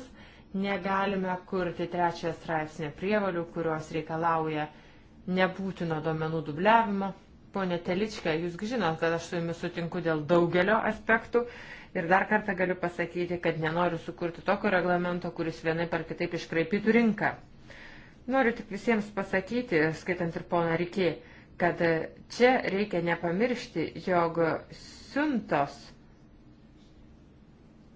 Negalime kurti trečią straipsnį prievalių, kurios reikalauja nebūtino duomenų dubliavimo. Pone Teličke, jūsgi žinot, kad aš su jumis sutinku dėl daugelio aspektų ir dar kartą galiu pasakyti, kad nenoriu sukurti tokio reglamento, kuris vienai par kitaip iškraipytų rinką. Noriu tik visiems pasakyti, skaitant ir poną Rikį, kad čia reikia nepamiršti, jog siuntos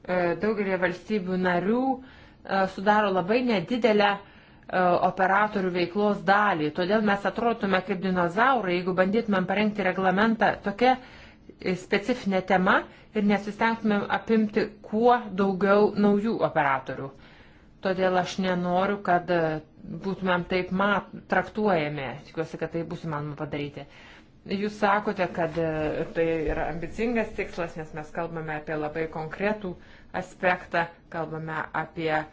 E, daugelį valstybių narių e, sudaro labai nedidelę e, operatorių veiklos dalį. Todėl mes atrodytume kaip dinozaurai, jeigu bandytumėm parengti reglamentą tokia specifinė tema ir nesistengtumėm apimti kuo daugiau naujų operatorių. Todėl aš nenoriu, kad būtumėm taip mat, traktuojami. Tikiuosi, kad tai bus įmanoma padaryti. Uh, Jūs sakote, kad e, tai yra ambicingas tikslas, nes mes kalbame apie labai konkretų aspektą, kalbame apie e,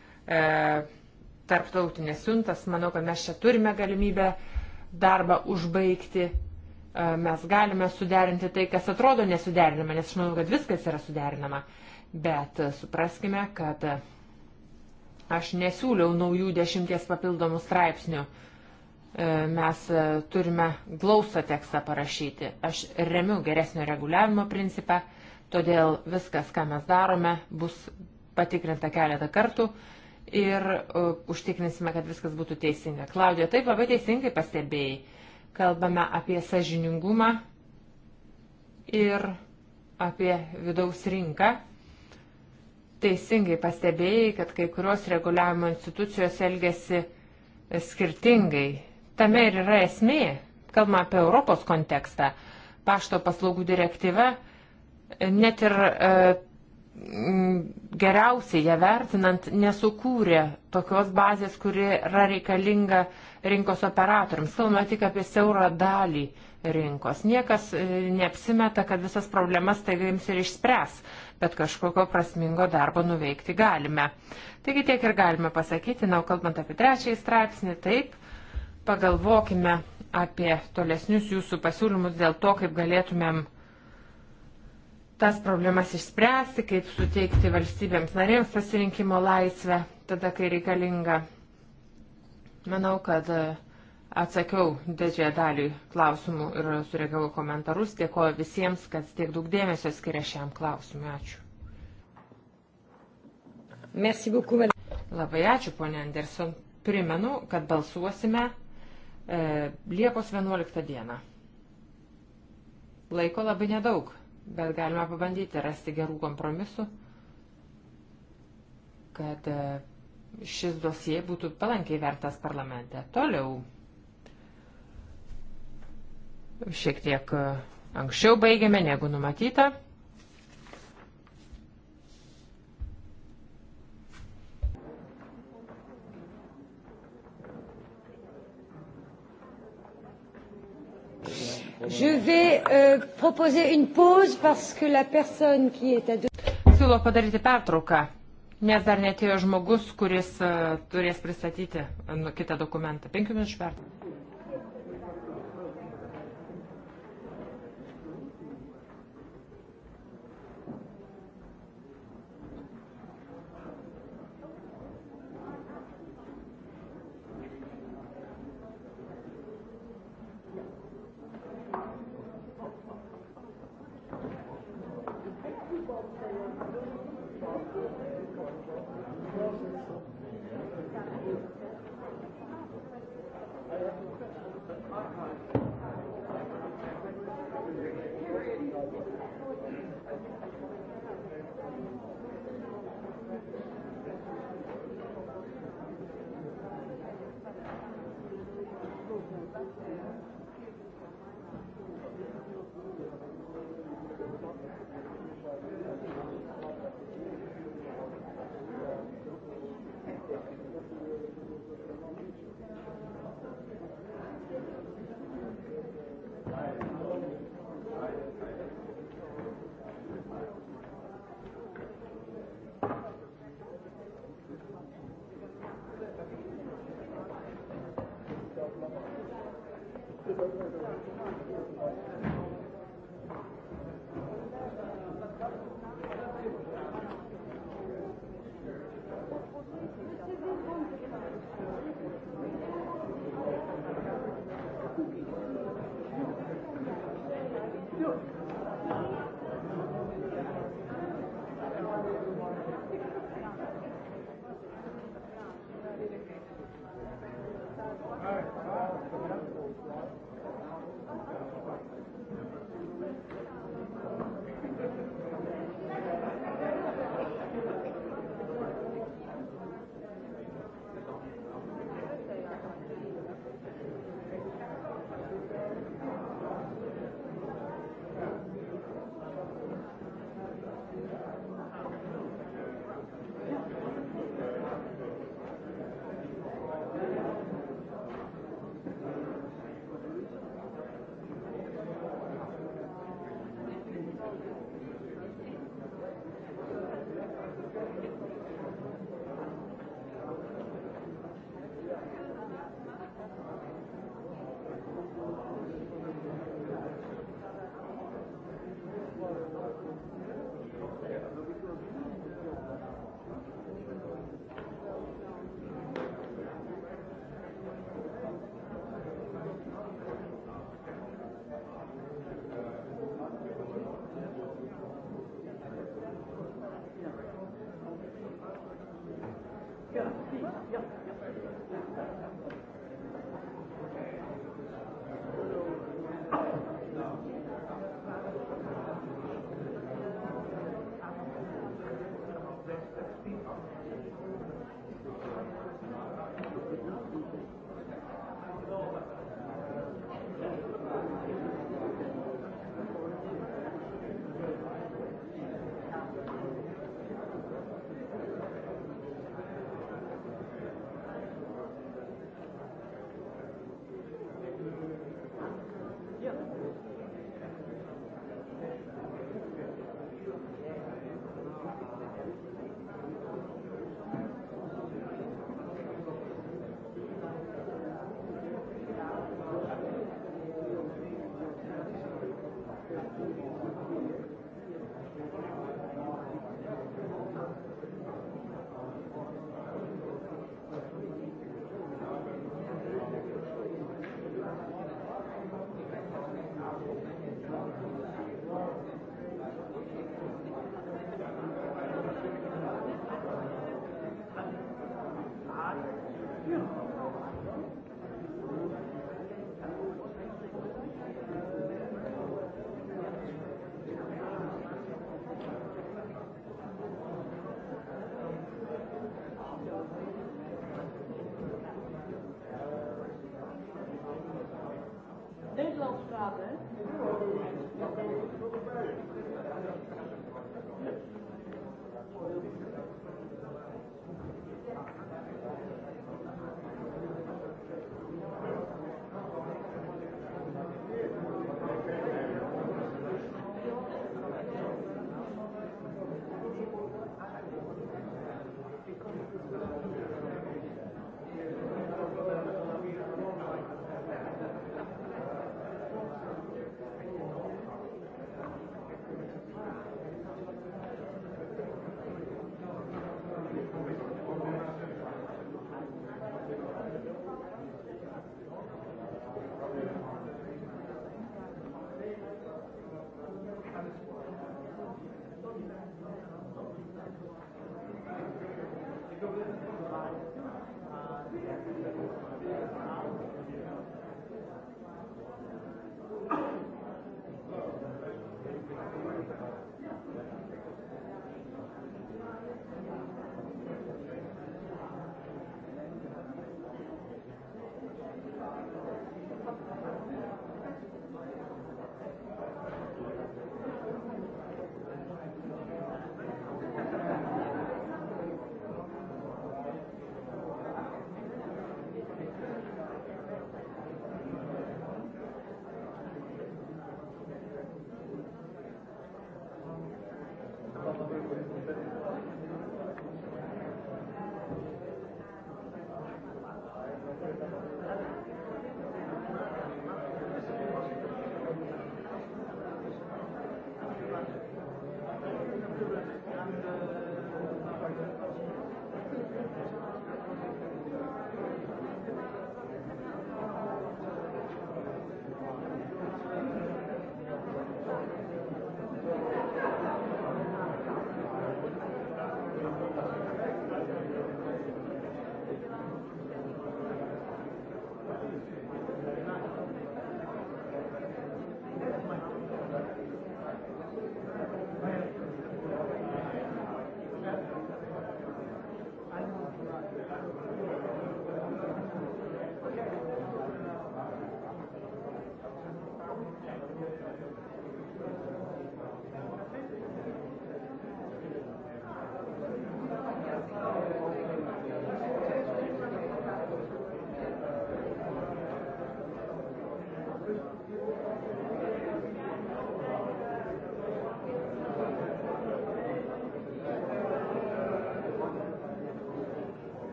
tarptautinės siuntas. Manau, kad mes čia turime galimybę darbą užbaigti. E, mes galime suderinti tai, kas atrodo nesuderinama, nes aš manau, kad viskas yra suderinama. Bet e, supraskime, kad e, aš nesiūliau naujų dešimties papildomų straipsnių. E, E, mes e, turime glaustą tekstą parašyti. Aš remiu geresnio reguliavimo principą, todėl viskas, ką mes darome, bus patikrinta keletą kartų ir e, užtikrinsime, kad viskas būtų teisinga. Klaudija, taip labai teisingai pastebėjai. Kalbame apie sažiningumą ir apie vidaus rinką. Teisingai pastebėjai, kad kai kurios reguliavimo institucijos elgesi skirtingai Tame ir yra esmė, kalbama apie Europos kontekstą, pašto paslaugų direktyva, net ir e, geriausiai ją vertinant nesukūrė tokios bazės, kuri yra reikalinga rinkos operatoriams. Kalbame tik apie siaurą dalį rinkos. Niekas e, neapsimeta, kad visas problemas taigi jums ir išspręs, bet kažkokio prasmingo darbo nuveikti galime. Taigi tiek ir galime pasakyti, na, kalbant apie trečiąjį straipsnį, taip, Pagalvokime apie tolesnius jūsų pasiūlymus dėl to, kaip galėtumėm tas problemas išspręsti, kaip suteikti valstybėms narėms pasirinkimo laisvę, tada, kai reikalinga. Manau, kad e, atsakiau didžiąją dalį klausimų ir sureagavau komentarus. Dėkoju visiems, kad tiek daug dėmesio skiria šiam klausimui. Ačiū. Merci beaucoup, Labai ačiū, ponė Anderson. Primenu, kad balsuosime E, Liepos 11 dieną. Laiko labai nedaug, bet galime pabandyti rasti gerų kompromisų, kad e, šis dosie būtų palankiai vertas parlamente. Toliau šiek tiek e, anksčiau baigėme negu numatyta. Je vais euh, proposer une pause parce que la personne qui est à deux... Siūlo padaryti pertrauką, nes dar netėjo žmogus, kuris uh, turės pristatyti uh, kitą dokumentą. Penkių minučių pertrauką.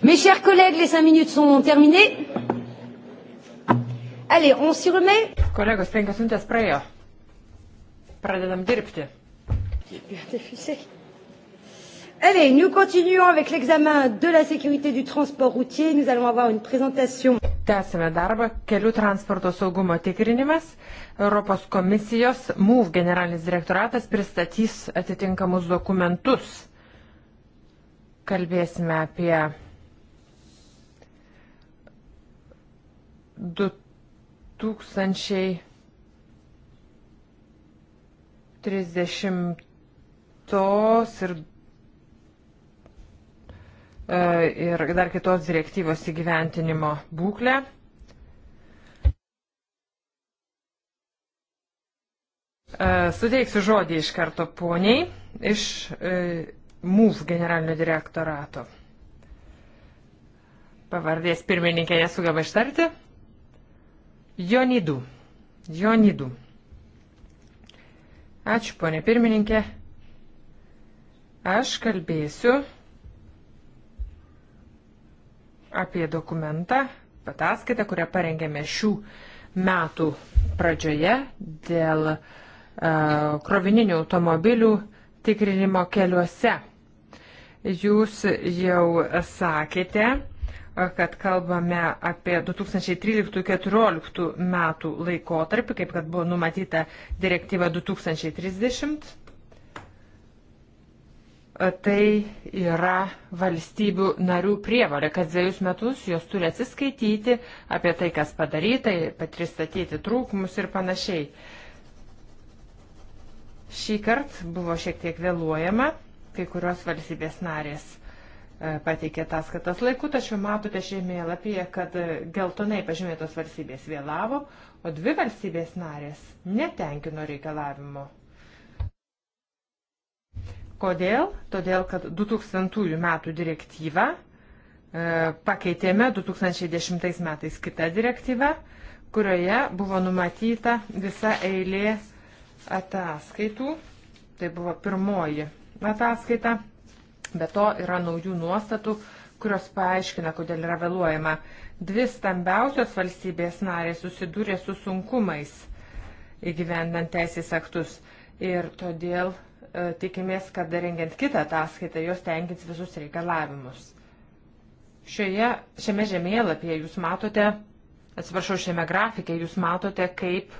Mes chers collègues, les cinq minutes sont terminées. Allez, on s'y remet. Kolegos, penkios minutės praėjo. Pradedam dirbti. Allez, nous continuons avec l'examen de la sécurité du transport routier. Nous allons avoir une présentation. Tęsime darbą. Kelių transporto saugumo tikrinimas. Europos komisijos MUV generalinis direktoratas pristatys atitinkamus dokumentus. Kalbėsime apie 2030 ir, e, ir dar kitos direktyvos įgyventinimo būklę. E, suteiksiu žodį iš karto poniai iš e, MUF generalinio direktorato. Pavardės pirmininkė nesugeba ištarti. Jonidų. Jonidų. Ačiū, ponė pirmininkė. Aš kalbėsiu apie dokumentą, ataskaitą, kurią parengėme šių metų pradžioje dėl uh, krovininių automobilių tikrinimo keliuose. Jūs jau sakėte, kad kalbame apie 2013-2014 metų laikotarpį, kaip kad buvo numatyta direktyva 2030. Tai yra valstybių narių prievalė, kad dviejus metus jos turi atsiskaityti apie tai, kas padaryta, patristatyti trūkumus ir panašiai. Šį kartą buvo šiek tiek vėluojama, kai kurios valstybės narės E, pateikė ataskaitas laiku, tačiau matote žemėlapyje, kad geltonai pažymėtos valstybės vėlavo, o dvi valstybės narės netenkino reikalavimo. Kodėl? Todėl, kad 2000 metų direktyvą e, pakeitėme 2010 metais kitą direktyvą, kurioje buvo numatyta visa eilė ataskaitų. Tai buvo pirmoji ataskaita Be to yra naujų nuostatų, kurios paaiškina, kodėl yra vėluojama. Dvi stambiausios valstybės narės susidūrė su sunkumais įgyvendant teisės aktus ir todėl e, tikimės, kad rengiant kitą ataskaitą jos tenkins visus reikalavimus. Šioje, šiame žemėlapyje jūs matote, atsiprašau, šiame grafikė jūs matote, kaip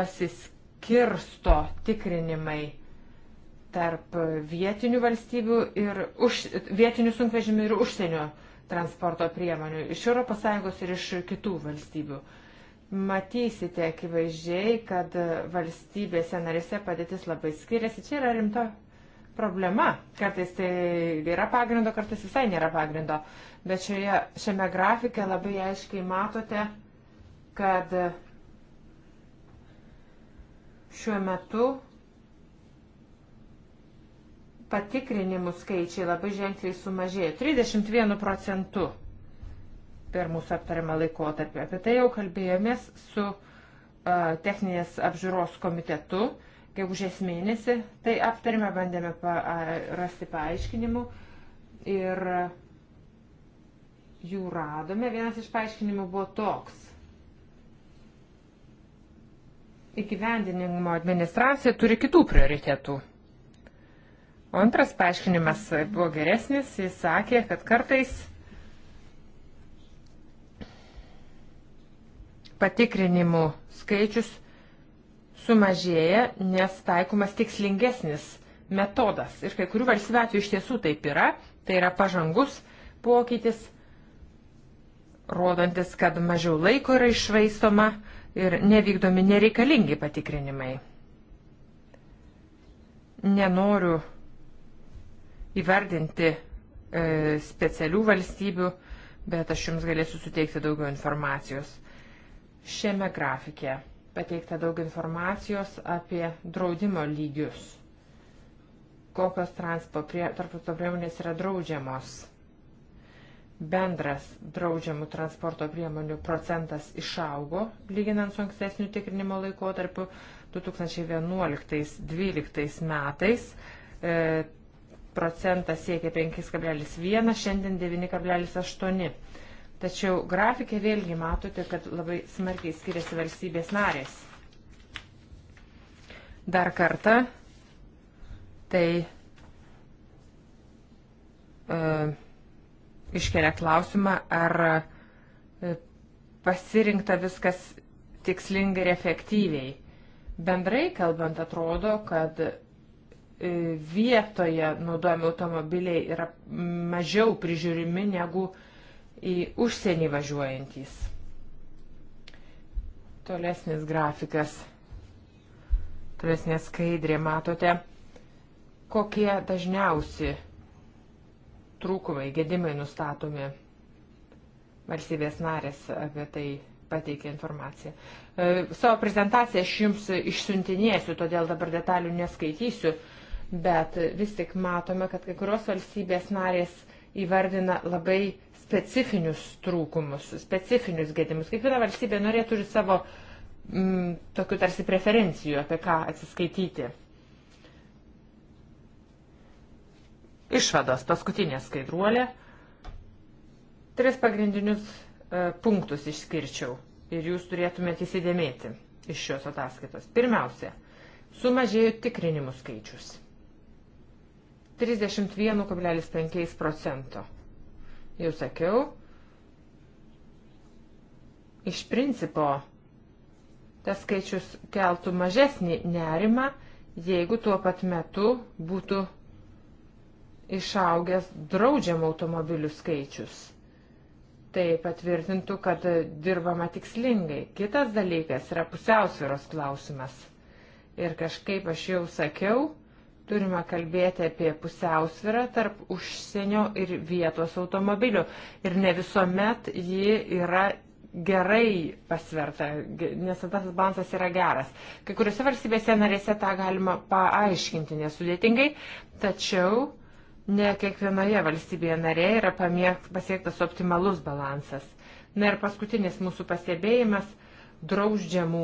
pasiskirsto tikrinimai tarp vietinių valstybių ir už, vietinių sunkvežimių ir užsienio transporto priemonių iš ES ir iš kitų valstybių. Matysite akivaizdžiai, kad valstybėse narėse padėtis labai skiriasi. Čia yra rimta problema. Kartais tai yra pagrindo, kartais visai nėra pagrindo. Bet šioje, šiame grafike labai aiškiai matote, kad šiuo metu patikrinimų skaičiai labai ženkliai sumažėjo - 31 procentu per mūsų aptariamą laikotarpį. Apie tai jau kalbėjomės su uh, techninės apžiūros komitetu, gegužės mėnesį tai aptarėme, bandėme pa, a, rasti paaiškinimų ir jų radome. Vienas iš paaiškinimų buvo toks. Įgyvendinimo administracija turi kitų prioritetų. O antras paaiškinimas buvo geresnis, jis sakė, kad kartais patikrinimų skaičius sumažėja, nes taikomas tikslingesnis metodas. Ir kai kurių valstybių atveju iš tiesų taip yra, tai yra pažangus pokytis, rodantis, kad mažiau laiko yra išvaistoma ir nevykdomi nereikalingi patikrinimai. Nenoriu įvardinti e, specialių valstybių, bet aš jums galėsiu suteikti daugiau informacijos. Šiame grafikė pateikta daug informacijos apie draudimo lygius, kokios transporto prie, priemonės yra draudžiamos. Bendras draudžiamų transporto priemonių procentas išaugo, lyginant su ankstesniu tikrinimo laikotarpiu 2011-2012 metais. E, procentas siekia 5,1, šiandien 9,8. Tačiau grafikė vėlgi matote, kad labai smarkiai skiriasi valstybės narės. Dar kartą, tai e, iškelia klausimą, ar e, pasirinkta viskas tikslingai ir efektyviai. Bendrai kalbant, atrodo, kad E, vietoje naudojami automobiliai yra mažiau prižiūrimi negu į užsienį važiuojantys. Tolesnis grafikas, tolesnė skaidrė, matote, kokie dažniausi trūkumai, gedimai nustatomi valstybės narės apie tai pateikė informaciją. E, savo prezentaciją aš jums išsiuntinėsiu, todėl dabar detalių neskaitysiu. E, bet vis tik matome, kad kai kurios valstybės narės įvardina labai specifinius trūkumus, specifinius gedimus. Kiekviena valstybė norė turi savo mm, tokių tarsi preferencijų, apie ką atsiskaityti. Išvados, paskutinė skaidruolė. Tris pagrindinius e, punktus išskirčiau ir jūs turėtumėte įsidėmėti iš šios ataskaitos. Pirmiausia, sumažėjo tikrinimų skaičius. 31,5 procento. Jau sakiau, iš principo tas skaičius keltų mažesnį nerimą, jeigu tuo pat metu būtų išaugęs draudžiamų automobilių skaičius. Tai patvirtintų, kad dirbama tikslingai. Kitas dalykas yra pusiausvėros klausimas. Ir kažkaip aš jau sakiau, Turime kalbėti apie pusiausvirą tarp užsienio ir vietos automobilių. Ir ne visuomet ji yra gerai pasverta, nes tas balansas yra geras. Kai kuriuose valstybėse narėse tą galima paaiškinti nesudėtingai, tačiau ne kiekvienoje valstybėje narėje yra pamiek, pasiektas optimalus balansas. Na ir paskutinis mūsų pastebėjimas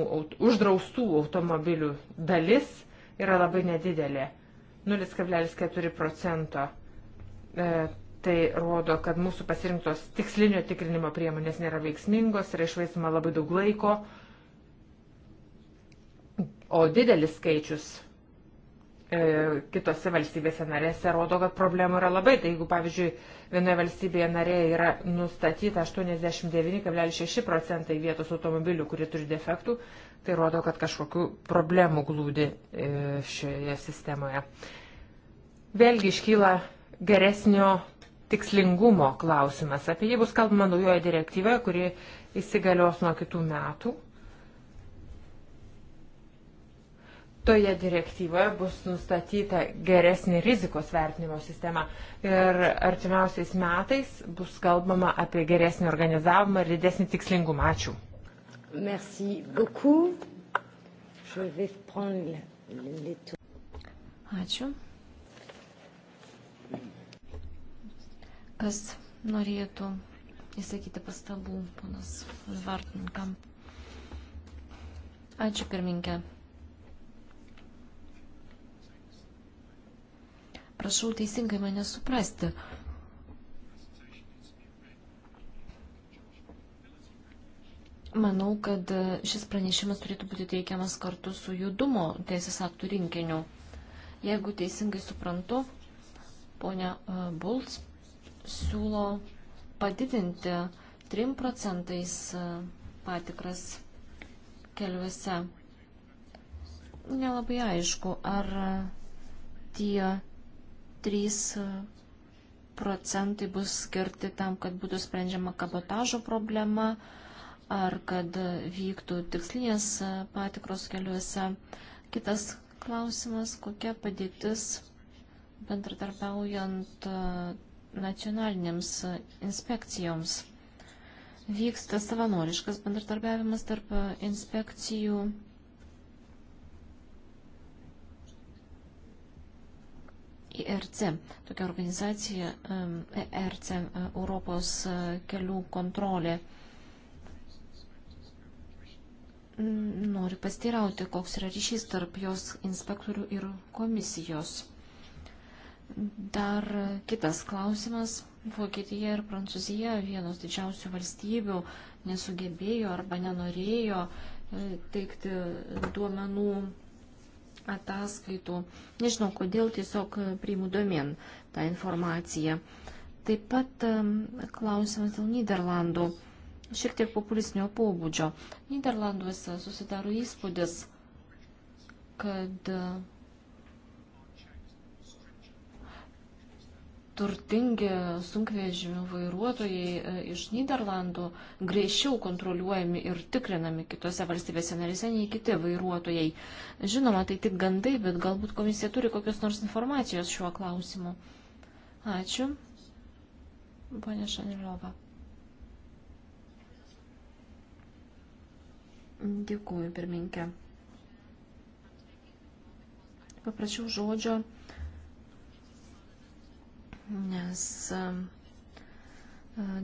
- uždraustų automobilių dalis yra labai nedidelė. 0,4 procento. E, tai rodo, kad mūsų pasirinktos tikslinio tikrinimo priemonės nėra veiksmingos, yra išvaistama labai daug laiko, o didelis skaičius E, kitose valstybėse narėse rodo, kad problemų yra labai. Tai jeigu, pavyzdžiui, vienoje valstybėje narėje yra nustatyta 89,6 procentai vietos automobilių, kurie turi defektų, tai rodo, kad kažkokių problemų glūdi e, šioje sistemoje. Vėlgi iškyla geresnio tikslingumo klausimas. Apie jį bus kalbama naujoje direktyvoje, kuri įsigalios nuo kitų metų. toje direktyvoje bus nustatyta geresnė rizikos vertinimo sistema ir artimiausiais metais bus kalbama apie geresnį organizavimą ir didesnį tikslingumą. Ačiū. Ačiū. Kas norėtų įsakyti pastabų, ponas Zvartinkamp? Ačiū pirminkė. Prašau teisingai mane suprasti. Manau, kad šis pranešimas turėtų būti teikiamas kartu su judumo teisės aktų rinkiniu. Jeigu teisingai suprantu, ponia e, Bulc siūlo padidinti 3 procentais e, patikras keliuose. Nelabai aišku, ar tie 3 e, procentai bus skirti tam, kad būtų sprendžiama kabotažo problema ar kad vyktų tikslinės e, patikros keliuose. Kitas klausimas, kokia padėtis bendradarbiaujant e, nacionalinėms inspekcijoms. Vyksta savanoriškas bendradarbiavimas tarp inspekcijų IRC. E Tokia organizacija ERC, e Europos e, kelių kontrolė. Noriu pastirauti, koks yra ryšys tarp jos inspektorių ir komisijos. Dar kitas klausimas. Vokietija ir Prancūzija, vienos didžiausių valstybių, nesugebėjo arba nenorėjo teikti duomenų ataskaitų. Nežinau, kodėl tiesiog priimu domen tą informaciją. Taip pat klausimas dėl Niderlandų. Šiek tiek populistinio pobūdžio. Niderlanduose susidaro įspūdis, kad turtingi sunkvežimių vairuotojai e, iš Niderlandų greičiau kontroliuojami ir tikrinami kitose valstybėse narėse nei kiti vairuotojai. Žinoma, tai tik gandai, bet galbūt komisija turi kokios nors informacijos šiuo klausimu. Ačiū. Pane Šanilova. Dėkuoju, pirminkė. Paprašiau žodžio nes um,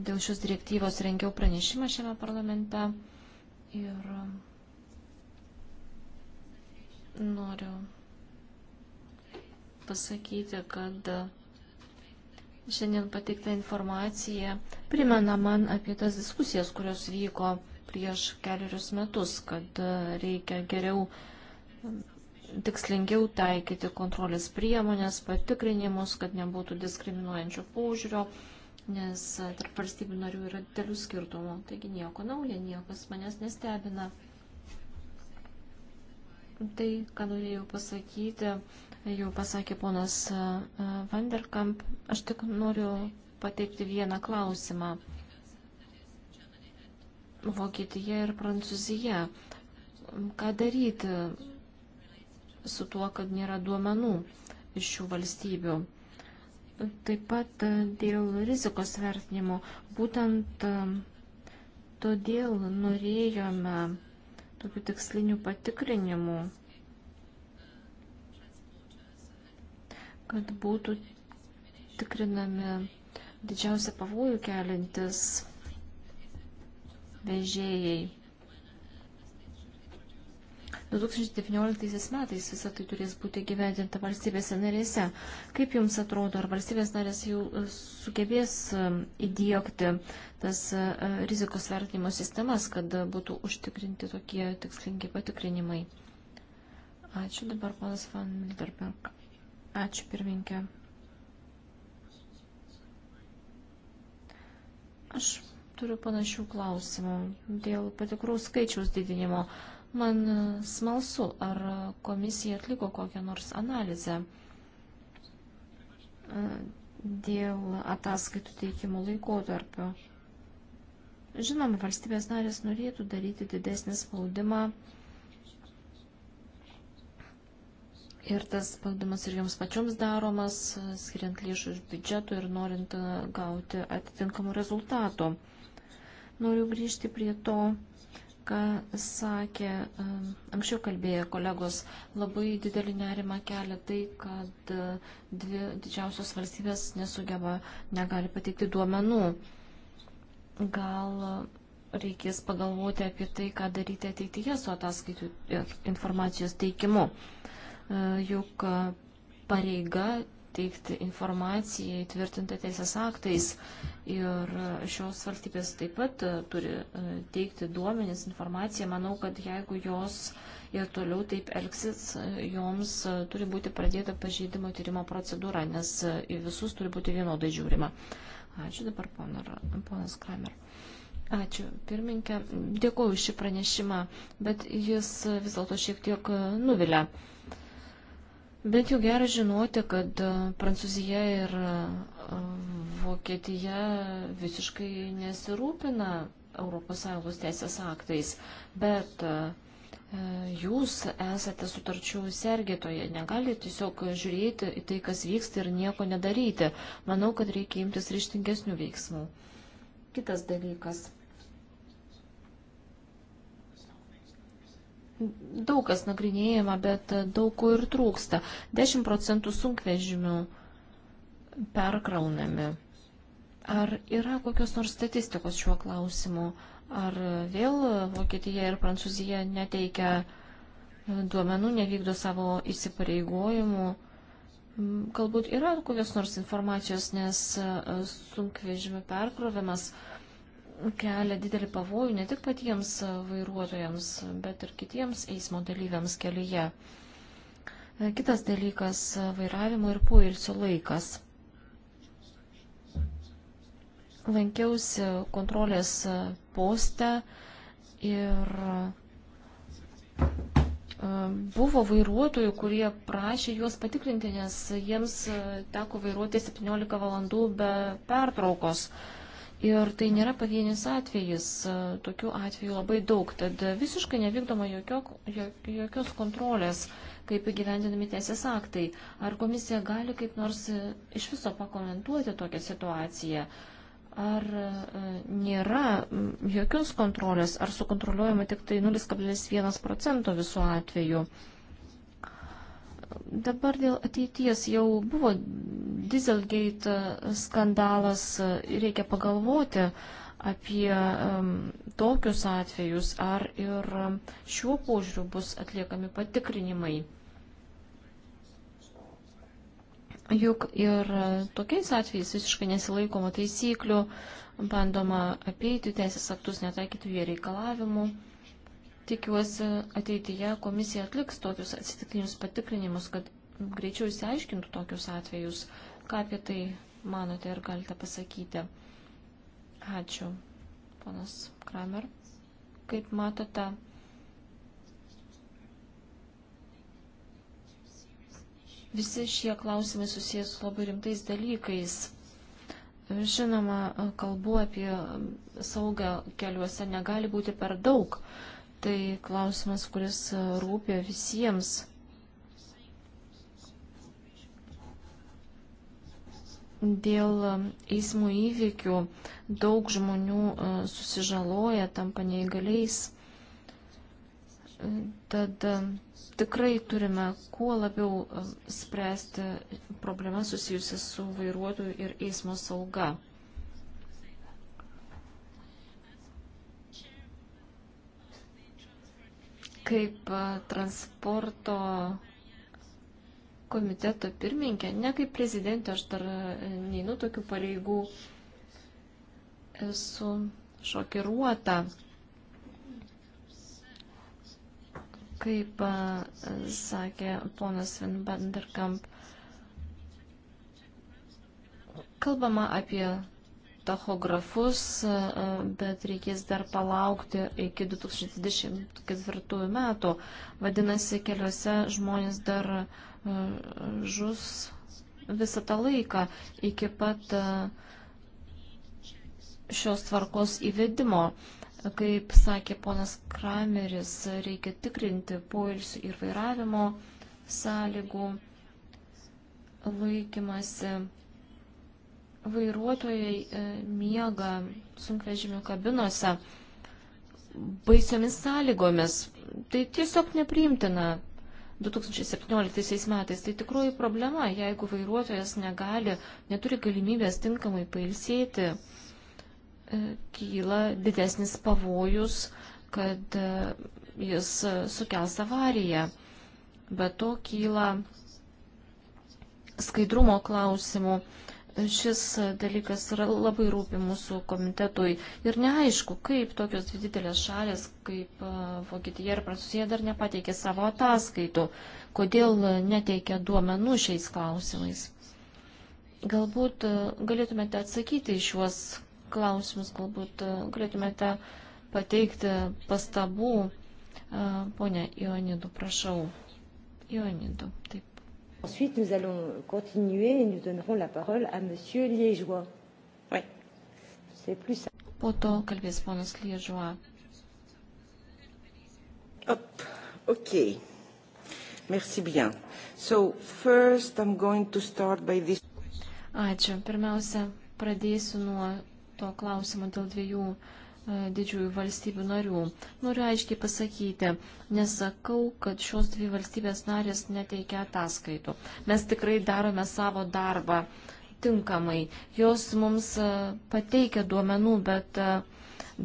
dėl šios direktyvos rengiau pranešimą šiame parlamente ir um, noriu pasakyti, kad šiandien pateikta informacija primena man apie tas diskusijas, kurios vyko prieš keliarius metus, kad reikia geriau tikslingiau taikyti kontrolės priemonės, patikrinimus, kad nebūtų diskriminuojančio požiūrio, nes tarp valstybių narių yra didelių skirtumų. Taigi nieko nauja, niekas manęs nestebina. Tai, ką norėjau pasakyti, jau pasakė ponas e, Vanderkamp, aš tik noriu pateikti vieną klausimą. Vokietija ir Prancūzija. Ką daryti? su tuo, kad nėra duomenų iš šių valstybių. Taip pat e, dėl rizikos vertinimo. Būtent e, todėl norėjome tokių tikslinių patikrinimų, kad būtų tikrinami didžiausia pavojų kelintis vežėjai. 2019 metais visą tai turės būti gyvendinta valstybėse narėse. Kaip Jums atrodo, ar valstybės narės jau e, sugebės e, įdėkti tas e, rizikos vertinimo sistemas, kad būtų užtikrinti tokie tikslingi patikrinimai? Ačiū dabar ponas Van Milderberg. Ačiū pirminkė. Aš turiu panašių klausimų dėl patikrų skaičiaus didinimo. Man smalsu, ar komisija atliko kokią nors analizę e, dėl ataskaitų teikimo laikotarpio. Žinoma, valstybės narės norėtų daryti didesnį spaudimą ir tas spaudimas ir joms pačioms daromas, skiriant lėšų iš biudžeto ir norint gauti atitinkamų rezultatų. Noriu grįžti prie to, ką sakė anksčiau kalbėję kolegos, labai didelį nerimą kelia tai, kad e, dvi didžiausios valstybės nesugeba, negali pateikti duomenų. Gal reikės pagalvoti apie tai, ką daryti ateityje su ataskaitų ir informacijos teikimu. E, juk pareiga teikti informaciją įtvirtintą teisės aktais. Ir šios valstybės taip pat e, turi e, teikti duomenis, informaciją. Manau, kad jeigu jos ir toliau taip elgsis, e, joms turi būti pradėta pažeidimo tyrimo procedūra, nes į visus turi būti vienodai žiūrima. Ačiū dabar, ponas Kramer. Ačiū, pirminkė. Dėkuoju šį pranešimą, bet jis vis dėlto šiek tiek nuvilia. Bet jau gerai žinoti, kad e, Prancūzija ir e, Vokietija visiškai nesirūpina ES teisės aktais, bet e, jūs esate sutarčių sergėtoje, negalite tiesiog žiūrėti į tai, kas vyksta ir nieko nedaryti. Manau, kad reikia imtis ryštingesnių veiksmų. Kitas dalykas. daug kas nagrinėjama, bet daug ko ir trūksta. 10 procentų sunkvežimių perkraunami. Ar yra kokios nors statistikos šiuo klausimu? Ar vėl Vokietija ir Prancūzija neteikia duomenų, nevykdo savo įsipareigojimų? Galbūt yra kokios nors informacijos, nes sunkvežimių perkrovimas uh, kelia didelį pavojų ne tik patiems vairuotojams, bet ir kitiems eismo dalyviams kelyje. Kitas dalykas - vairavimo ir poilsio laikas. Lankiausi kontrolės poste ir e, buvo vairuotojų, kurie prašė juos patikrinti, nes jiems e, teko vairuoti 17 valandų be pertraukos. Ir tai nėra pavienis atvejis, e, tokių atvejų labai daug, tad visiškai nevykdoma jokio, jokios kontrolės, kaip įgyvendinami teisės aktai. Ar komisija gali kaip nors e, iš viso pakomentuoti tokią situaciją? Ar e, nėra jokios kontrolės, ar sukontroliuojama tik tai 0,1 procento visų atvejų? Dabar dėl ateities jau buvo Dieselgate skandalas, reikia pagalvoti apie um, tokius atvejus, ar ir šiuo požiūriu bus atliekami patikrinimai. Juk ir tokiais atvejais visiškai nesilaikoma taisyklių, bandoma apeiti teisės aktus, netaikyti jų reikalavimų. Uh, Tikiuosi ateityje komisija atliks tokius atsitiktinius patikrinimus, kad greičiau įsiaiškintų tokius atvejus. Ką apie tai manote ir galite pasakyti? Ačiū, ponas Kramer. Kaip matote, visi šie klausimai susijęs su labai rimtais dalykais. Žinoma, kalbu apie saugą keliuose negali būti per daug. Uh, Tai klausimas, kuris e, rūpia visiems. Dėl e, eismo įvykių daug žmonių e, susižaloja, tampa neįgaliais. Tad tikrai turime kuo labiau spręsti problemas susijusias su vairuotojų ir eismo sauga. kaip e, transporto komiteto pirmininkė, ne kaip prezidentė, aš dar e, neinu tokių pareigų, esu šokiruota, kaip e, sakė ponas Vinbanderkamp, kalbama apie tachografus, e, e, bet reikės dar palaukti iki 2024 metų. Vadinasi, keliuose žmonės dar e, žus visą tą laiką iki pat šios tvarkos įvedimo. Kaip sakė ponas Krameris, reikia tikrinti poilsių ir vairavimo sąlygų laikymasi Vairuotojai e, miega sunkvežimių kabinose baisiomis sąlygomis. Tai tiesiog nepriimtina. 2017 metais tai tikroji problema, jeigu vairuotojas negali, neturi galimybės tinkamai pailsėti, e, kyla didesnis pavojus, kad e, jis sukels avariją. Be to kyla skaidrumo klausimų Šis dalykas yra labai rūpi mūsų komitetui ir neaišku, kaip tokios dvi didelės šalės kaip Vokietija ir Prancūzija dar nepateikė savo ataskaitų, kodėl neteikia duomenų šiais klausimais. Galbūt galėtumėte atsakyti iš juos klausimus, galbūt galėtumėte pateikti pastabų. Pone Ionidu, prašau. Ionidu, taip. Ensuite, nous allons continuer et nous donnerons la parole à Monsieur Liégeois. Oui. C'est plus simple. Po to kalbės ponas Liežuo. Op, okay. Merci bien. So first I'm going to start by this. Ačiū. Pirmiausia, pradėsiu nuo to klausimo dėl dviejų uh, E, didžiųjų valstybių narių. Noriu aiškiai pasakyti, nesakau, kad šios dvi valstybės narės neteikia ataskaitų. Mes tikrai darome savo darbą tinkamai. Jos mums e, pateikia duomenų, bet e,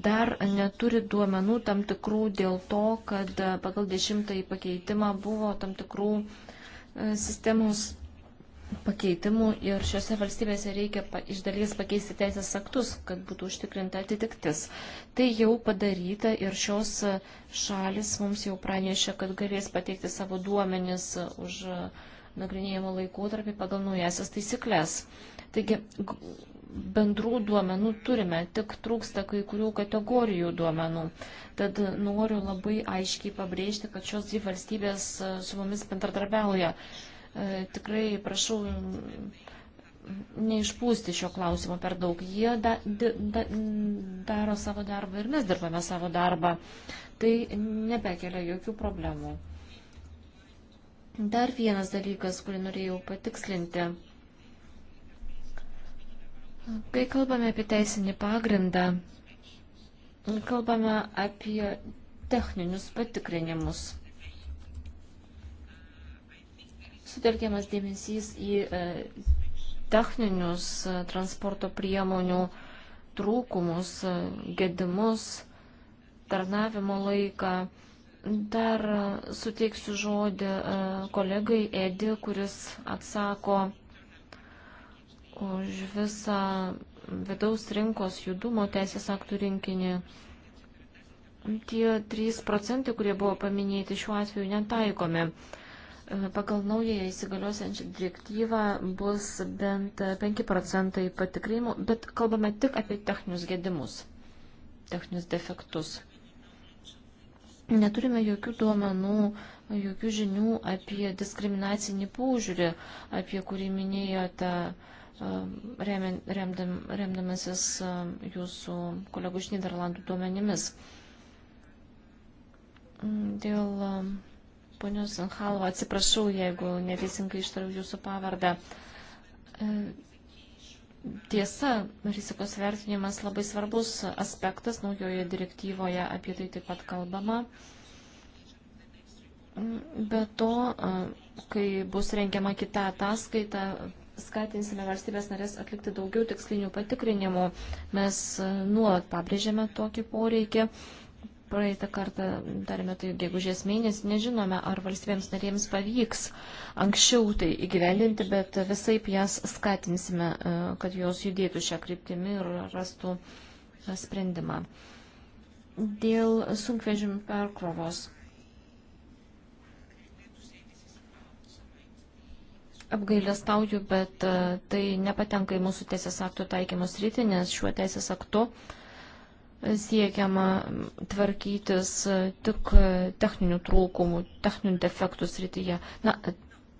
dar neturi duomenų tam tikrų dėl to, kad pagal dešimtąjį pakeitimą buvo tam tikrų sistemos pakeitimų ir šiuose valstybėse reikia pa, iš dalies pakeisti teisės aktus, kad būtų užtikrinta atitiktis. Tai jau padaryta ir šios šalis mums jau pranešė, kad galės pateikti savo duomenis už nagrinėjimo laikotarpį pagal naujasias taisyklės. Taigi bendrų duomenų turime, tik trūksta kai kurių kategorijų duomenų. Tad noriu labai aiškiai pabrėžti, kad šios dvi valstybės su mumis bendradarbiauja E, tikrai prašau mm, neišpūsti šio klausimo per daug. Jie da, da, daro savo darbą ir mes dirbame savo darbą. Tai nebekelia jokių problemų. Dar vienas dalykas, kurį norėjau patikslinti. Kai kalbame apie teisinį pagrindą, kalbame apie techninius patikrinimus. sutelkiamas dėmesys į e, techninius e, transporto priemonių trūkumus, e, gedimus, tarnavimo laiką. Dar suteiksiu žodį kolegai Edi, kuris atsako už visą vidaus rinkos judumo teisės aktų rinkinį. Tie 3 procentai, kurie buvo paminėti šiuo atveju, netaikomi. Pagal naująją įsigaliosiančią direktyvą bus bent 5 procentai patikrinimų, bet kalbame tik apie techninius gedimus, techninius defektus. Neturime jokių duomenų, jokių žinių apie diskriminacinį paužiūrį, apie kurį minėjote um, remdam, remdamasis um, jūsų kolegų iš Niderlandų duomenimis. Mm, dėl um, Ponios Halva, atsiprašau, jeigu neteisingai ištariau jūsų pavardę. E, tiesa, rizikos vertinimas labai svarbus aspektas naujoje direktyvoje, apie tai taip pat kalbama. Be to, e, kai bus rengiama kita ataskaita, skatinsime valstybės narės atlikti daugiau tikslinių patikrinimų. Mes e, nuolat pabrėžėme tokį poreikį praeitą kartą darėme tai gegužės mėnesį, nežinome, ar valstybėms narėms pavyks anksčiau tai įgyvendinti, bet visaip jas skatinsime, e, kad jos judėtų šią kryptimį ir rastų e, sprendimą. Dėl sunkvežimių perkrovos. Apgailestauju, bet e, tai nepatenka į mūsų teisės aktų taikymus rytį, nes šiuo teisės aktu uh, siekiama tvarkytis tik techninių trūkumų, techninių defektų srityje. Na,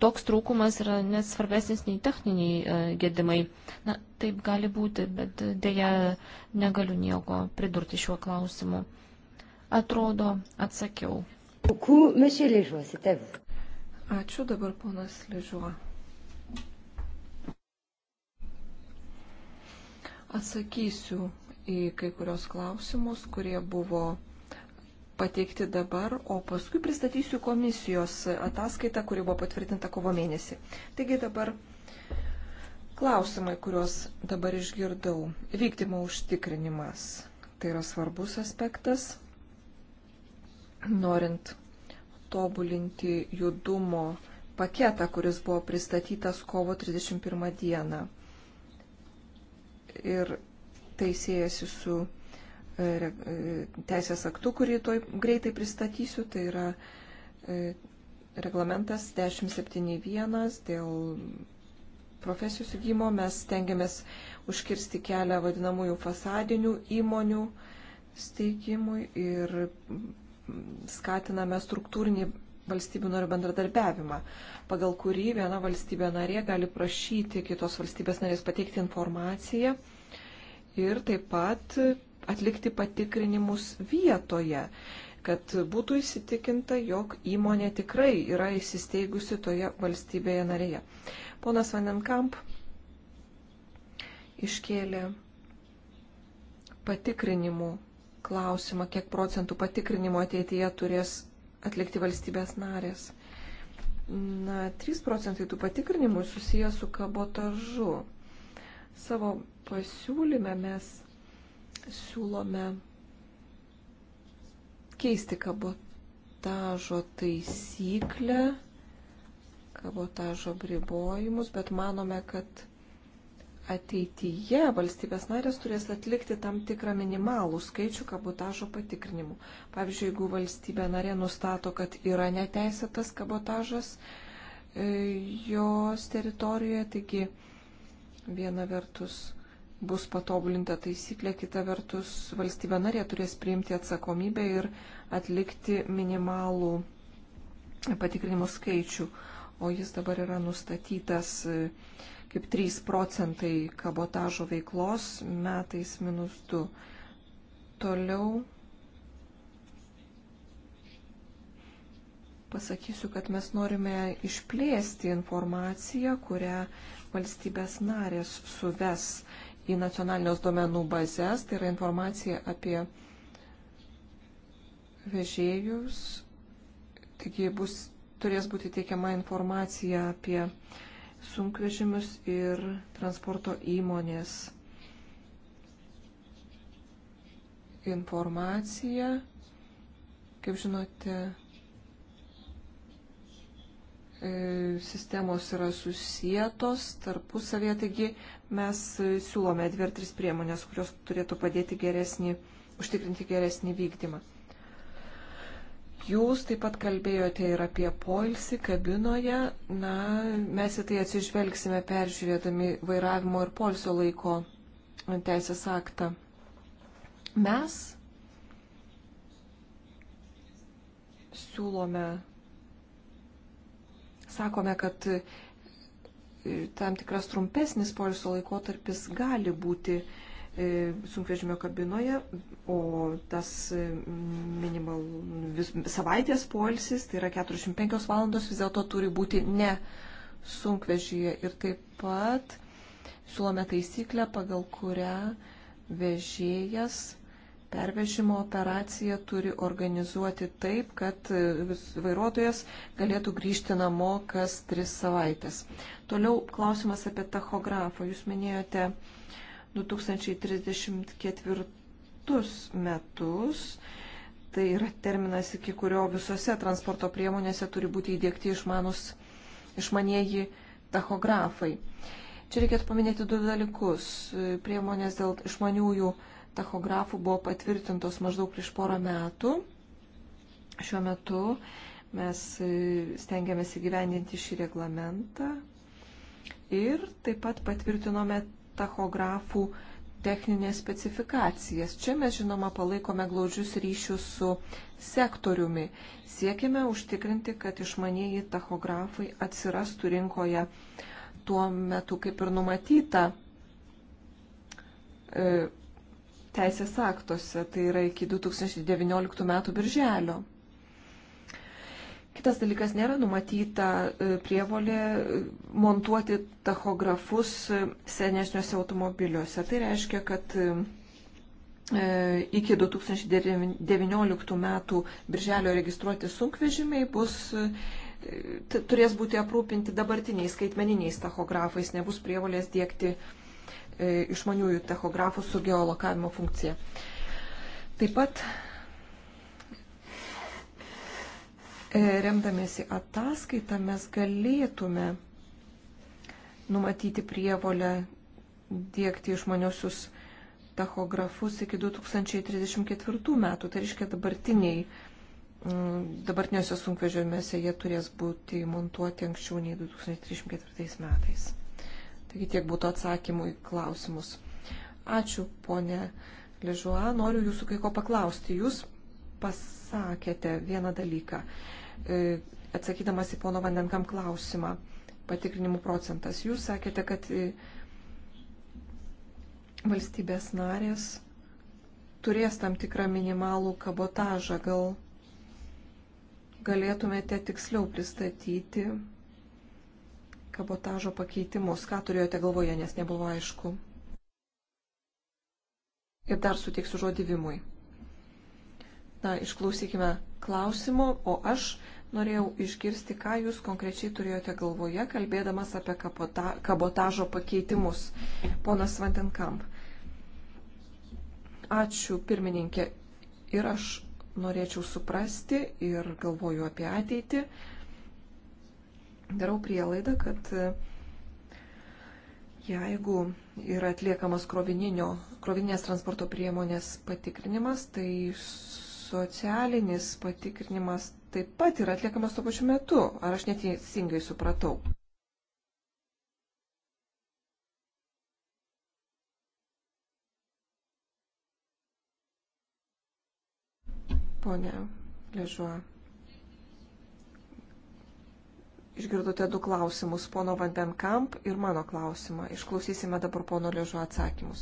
toks trūkumas yra net svarbesnis nei techniniai e, gedimai. Na, taip gali būti, bet dėja negaliu nieko pridurti šiuo klausimu. Atrodo, atsakiau. Ačiū dabar ponas Ližuo. Atsakysiu į kai kurios klausimus, kurie buvo pateikti dabar, o paskui pristatysiu komisijos ataskaitą, kuri buvo patvirtinta kovo mėnesį. Taigi dabar klausimai, kuriuos dabar išgirdau. Vykdymo užtikrinimas. Tai yra svarbus aspektas, norint tobulinti judumo paketą, kuris buvo pristatytas kovo 31 dieną. Ir Tai siejasi su e, e, teisės aktu, kurį toj greitai pristatysiu. Tai yra e, reglamentas 1071 dėl profesijų sugymo. Mes tengiamės užkirsti kelią vadinamųjų fasadinių įmonių steigimui ir skatiname struktūrinį valstybių norių bendradarbiavimą, pagal kurį viena valstybė narė gali prašyti kitos valstybės narės pateikti informaciją ir taip pat atlikti patikrinimus vietoje, kad būtų įsitikinta, jog įmonė tikrai yra įsisteigusi toje valstybėje narėje. Ponas Vandenkamp iškėlė patikrinimų klausimą, kiek procentų patikrinimo ateityje turės atlikti valstybės narės. Na, 3 procentai tų patikrinimų susiję su kabotažu. Savo pasiūlyme mes siūlome keisti kabotažo taisyklę, kabotažo bribojimus, bet manome, kad ateityje valstybės narės turės atlikti tam tikrą minimalų skaičių kabotažo patikrinimų. Pavyzdžiui, jeigu valstybė narė nustato, kad yra neteisėtas kabotažas e, jos teritorijoje, taigi viena vertus bus patobulinta taisyklė, kita vertus valstybė narė turės priimti atsakomybę ir atlikti minimalų patikrinimų skaičių, o jis dabar yra nustatytas e, kaip 3 procentai kabotažo veiklos, metais minus 2. Toliau pasakysiu, kad mes norime išplėsti informaciją, kurią valstybės narės suves į nacionalinės duomenų bazės, tai yra informacija apie vežėjus, taigi bus, turės būti teikiama informacija apie sunkvežimius ir transporto įmonės informacija. Kaip žinote, e, sistemos yra susijėtos tarpusavėje, taigi mes siūlome dvi ar tris priemonės, kurios turėtų padėti geresnį, užtikrinti geresnį vykdymą. Jūs taip pat kalbėjote ir apie poilsį kabinoje. Na, mes į tai atsižvelgsime peržiūrėdami vairavimo ir poilsio laiko teisės aktą. Mes siūlome, sakome, kad tam tikras trumpesnis poliso laikotarpis gali būti e, sunkvežimio kabinoje, o tas e, minimal vis, savaitės poilsis, tai yra 45 valandos, vis dėlto turi būti ne sunkvežyje. Ir taip pat siūlome taisyklę, pagal kurią vežėjas Pervežimo operaciją turi organizuoti taip, kad e, vairuotojas galėtų grįžti namo kas tris savaitės. Toliau klausimas apie tachografą. Jūs minėjote 2034 metus. Tai yra terminas, iki kurio visose transporto priemonėse turi būti įdėkti išmanus, išmanieji tachografai. Čia reikėtų paminėti du dalykus. Priemonės dėl išmaniųjų tachografų tachografų buvo patvirtintos maždaug prieš porą metų. Šiuo metu mes e, stengiamės įgyvendinti šį reglamentą ir taip pat patvirtinome tachografų techninės specifikacijas. Čia mes, žinoma, palaikome glaudžius ryšius su sektoriumi. Siekime užtikrinti, kad išmanieji tachografai atsirastų rinkoje tuo metu, kaip ir numatyta e, teisės aktuose, tai yra iki 2019 metų birželio. Kitas dalykas nėra numatyta e, prievolė e, montuoti tachografus e, senesniuose automobiliuose. Tai reiškia, kad iki 2019 metų birželio registruoti sunkvežimiai bus, turės būti aprūpinti dabartiniais skaitmeniniais tachografais, nebus prievolės dėkti E, išmaniųjų techografų su geolokavimo funkcija. Taip pat e, remdamėsi ataskaitą mes galėtume numatyti prievolę dėkti išmaniosius tachografus iki 2034 metų. Tai reiškia dabartiniai, mm, dabartiniuose sunkvežimiuose jie turės būti montuoti anksčiau nei 2034 metais. Taigi tiek būtų atsakymų į klausimus. Ačiū, ponė Ližuo. Noriu jūsų kai ko paklausti. Jūs pasakėte vieną dalyką, e, atsakydamas į pono Vandenkam klausimą, patikrinimų procentas. Jūs sakėte, kad e, valstybės narės turės tam tikrą minimalų kabotažą. Gal galėtumėte tiksliau pristatyti kabotažo pakeitimus. Ką turėjote galvoje, nes nebuvo aišku. Ir dar suteiksiu žodį Vimui. Na, išklausykime klausimų, o aš norėjau išgirsti, ką jūs konkrečiai turėjote galvoje, kalbėdamas apie kapota, kabotažo pakeitimus. Ponas Vandenkamp. Ačiū, pirmininkė. Ir aš norėčiau suprasti ir galvoju apie ateitį. Uh, Darau prielaidą, kad e, jeigu yra atliekamas krovininės transporto priemonės patikrinimas, tai socialinis patikrinimas taip pat yra atliekamas tuo pačiu metu. Ar aš neteisingai supratau? Pone Ležuo. Išgirdote du klausimus, pono Vandenkamp ir mano klausimą. Išklausysime dabar pono Lėžo atsakymus.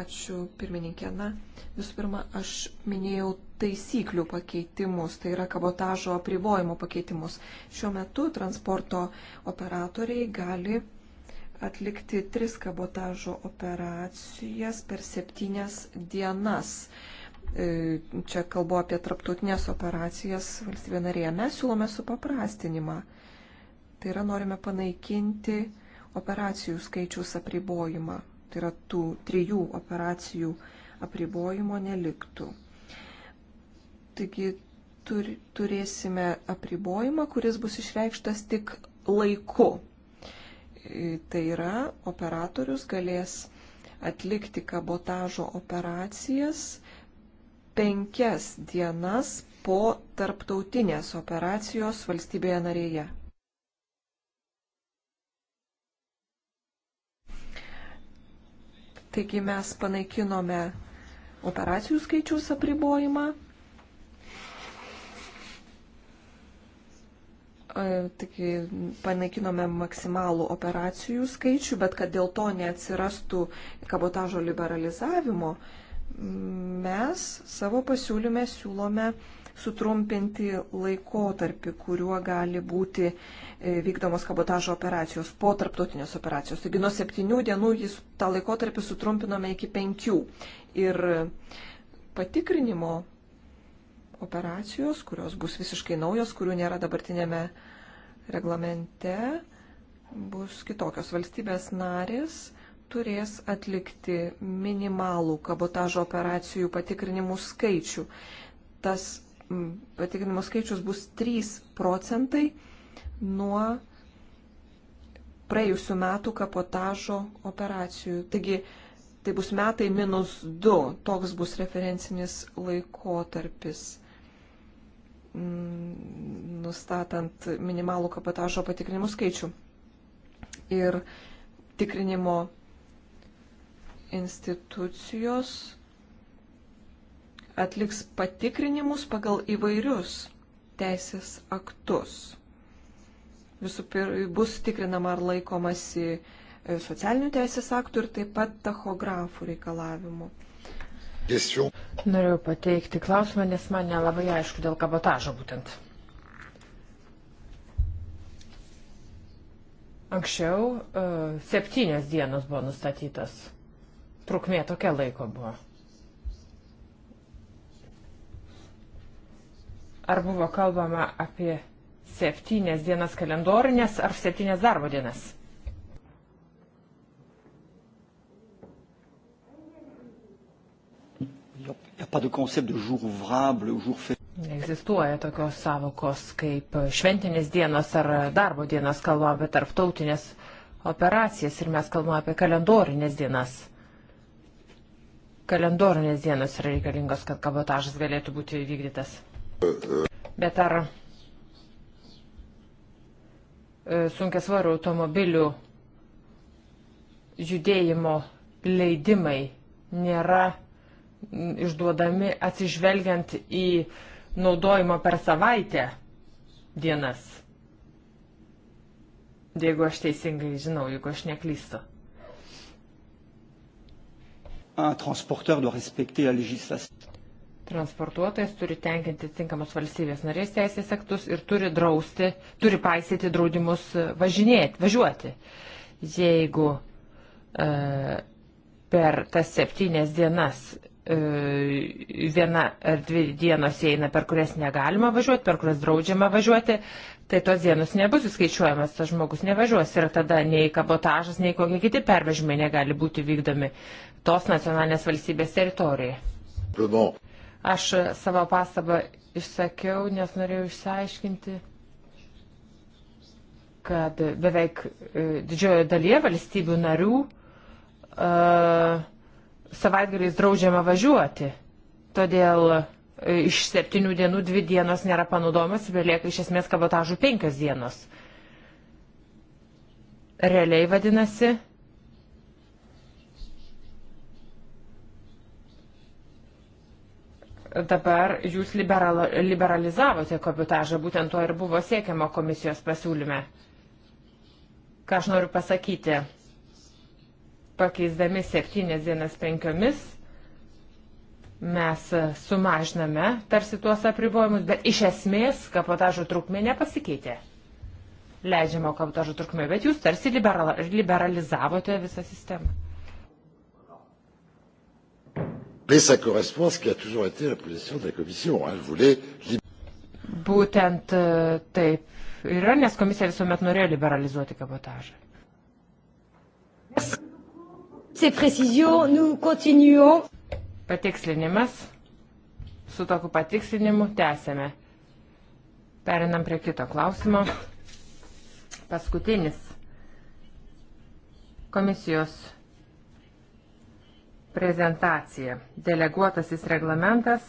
Ačiū, pirmininkė. Na, visų pirma, aš minėjau taisyklių pakeitimus, tai yra kabotažo apribojimo pakeitimus. Šiuo metu transporto operatoriai gali atlikti tris kabotažo operacijas per septynias dienas. Uh, E, čia kalbu apie traptautinės operacijas valstybė narėje. Mes siūlome supaprastinimą. Tai yra norime panaikinti operacijų skaičiaus apribojimą. Tai yra tų trijų operacijų apribojimo neliktų. Taigi tur, turėsime apribojimą, kuris bus išreikštas tik laiku. E, tai yra operatorius galės atlikti kabotažo operacijas penkias dienas po tarptautinės operacijos valstybėje narėje. Taigi mes panaikinome operacijų skaičiaus apribojimą. E, Tik panaikinome maksimalų operacijų skaičių, bet kad dėl to neatsirastų kabotažo liberalizavimo, mes savo pasiūlyme siūlome sutrumpinti laikotarpį, kuriuo gali būti e, vykdomos kabotažo operacijos po tarptautinės operacijos. Taigi nuo septynių dienų jis, tą laikotarpį sutrumpinome iki penkių. Ir patikrinimo operacijos, kurios bus visiškai naujos, kurių nėra dabartinėme reglamente, bus kitokios valstybės narės turės atlikti minimalų kabotažo operacijų patikrinimų skaičių. Tas mm, patikrinimų skaičius bus 3 procentai nuo praėjusių metų kabotažo operacijų. Taigi tai bus metai minus 2, toks bus referencinis laikotarpis mm, nustatant minimalų kabotažo patikrinimų skaičių. Ir tikrinimo institucijos atliks patikrinimus pagal įvairius teisės aktus. Visų pirma, bus tikrinama, ar laikomasi e, socialinių teisės aktų ir taip pat tachografų reikalavimų. Norėjau pateikti klausimą, nes man nelabai aišku dėl kabotažo būtent. Anksčiau uh, e, septynios dienos buvo nustatytas Trukmė tokia laiko buvo. Ar buvo kalbama apie septynės dienas kalendorinės ar septynės darbo dienas? Neegzistuoja tokios savokos kaip šventinės dienos ar darbo dienos, kalbame apie tarptautinės operacijas ir mes kalbame apie kalendorinės dienas kalendorinės dienos yra reikalingos, kad kabotažas galėtų būti įvykdytas. Bet ar e, sunkiasvarių automobilių judėjimo leidimai nėra išduodami atsižvelgiant į naudojimo per savaitę dienas. Jeigu aš teisingai žinau, jeigu aš neklystu un transporteur doit respecter la législation. Transportuotojas turi tenkinti tinkamus valstybės narės teisės aktus ir turi drausti, turi paisyti draudimus važinėti, važiuoti. Jeigu e, per tas septynias dienas e, viena ar dvi dienos eina, per kurias negalima važiuoti, per kurias draudžiama važiuoti, tai tos dienos nebus įskaičiuojamas, tas žmogus nevažiuos ir tada nei kabotažas, nei kokie kiti pervežimai negali būti vykdomi tos nacionalinės valstybės teritorijoje. Aš savo pastabą išsakiau, nes norėjau išsiaiškinti, kad beveik e, didžiojo dalyje valstybių narių uh, savaitgaliais draudžiama važiuoti. Todėl uh, iš septynių dienų dvi dienos nėra panaudojamas, belieka iš esmės kabotažų penkios dienos. Realiai vadinasi, dabar jūs liberalo, liberalizavote kabutažą, būtent to ir buvo siekiama komisijos pasiūlyme. Ką aš noriu pasakyti, pakeisdami 7 dienas 5 mes sumažiname tarsi tuos apribojimus, bet iš esmės kabotažo trukmė nepasikeitė. Leidžiamo kabotažo trukmė, bet jūs tarsi liberal, liberalizavote visą sistemą. Et ça correspond à ce qui a toujours été la position de la Commission. Elle voulait Būtent e, taip yra, nes komisija visuomet norėjo liberalizuoti kabotažą. Patikslinimas. Su tokiu patikslinimu tęsėme. Perinam prie kito klausimo. Paskutinis komisijos prezentaciją. Deleguotasis reglamentas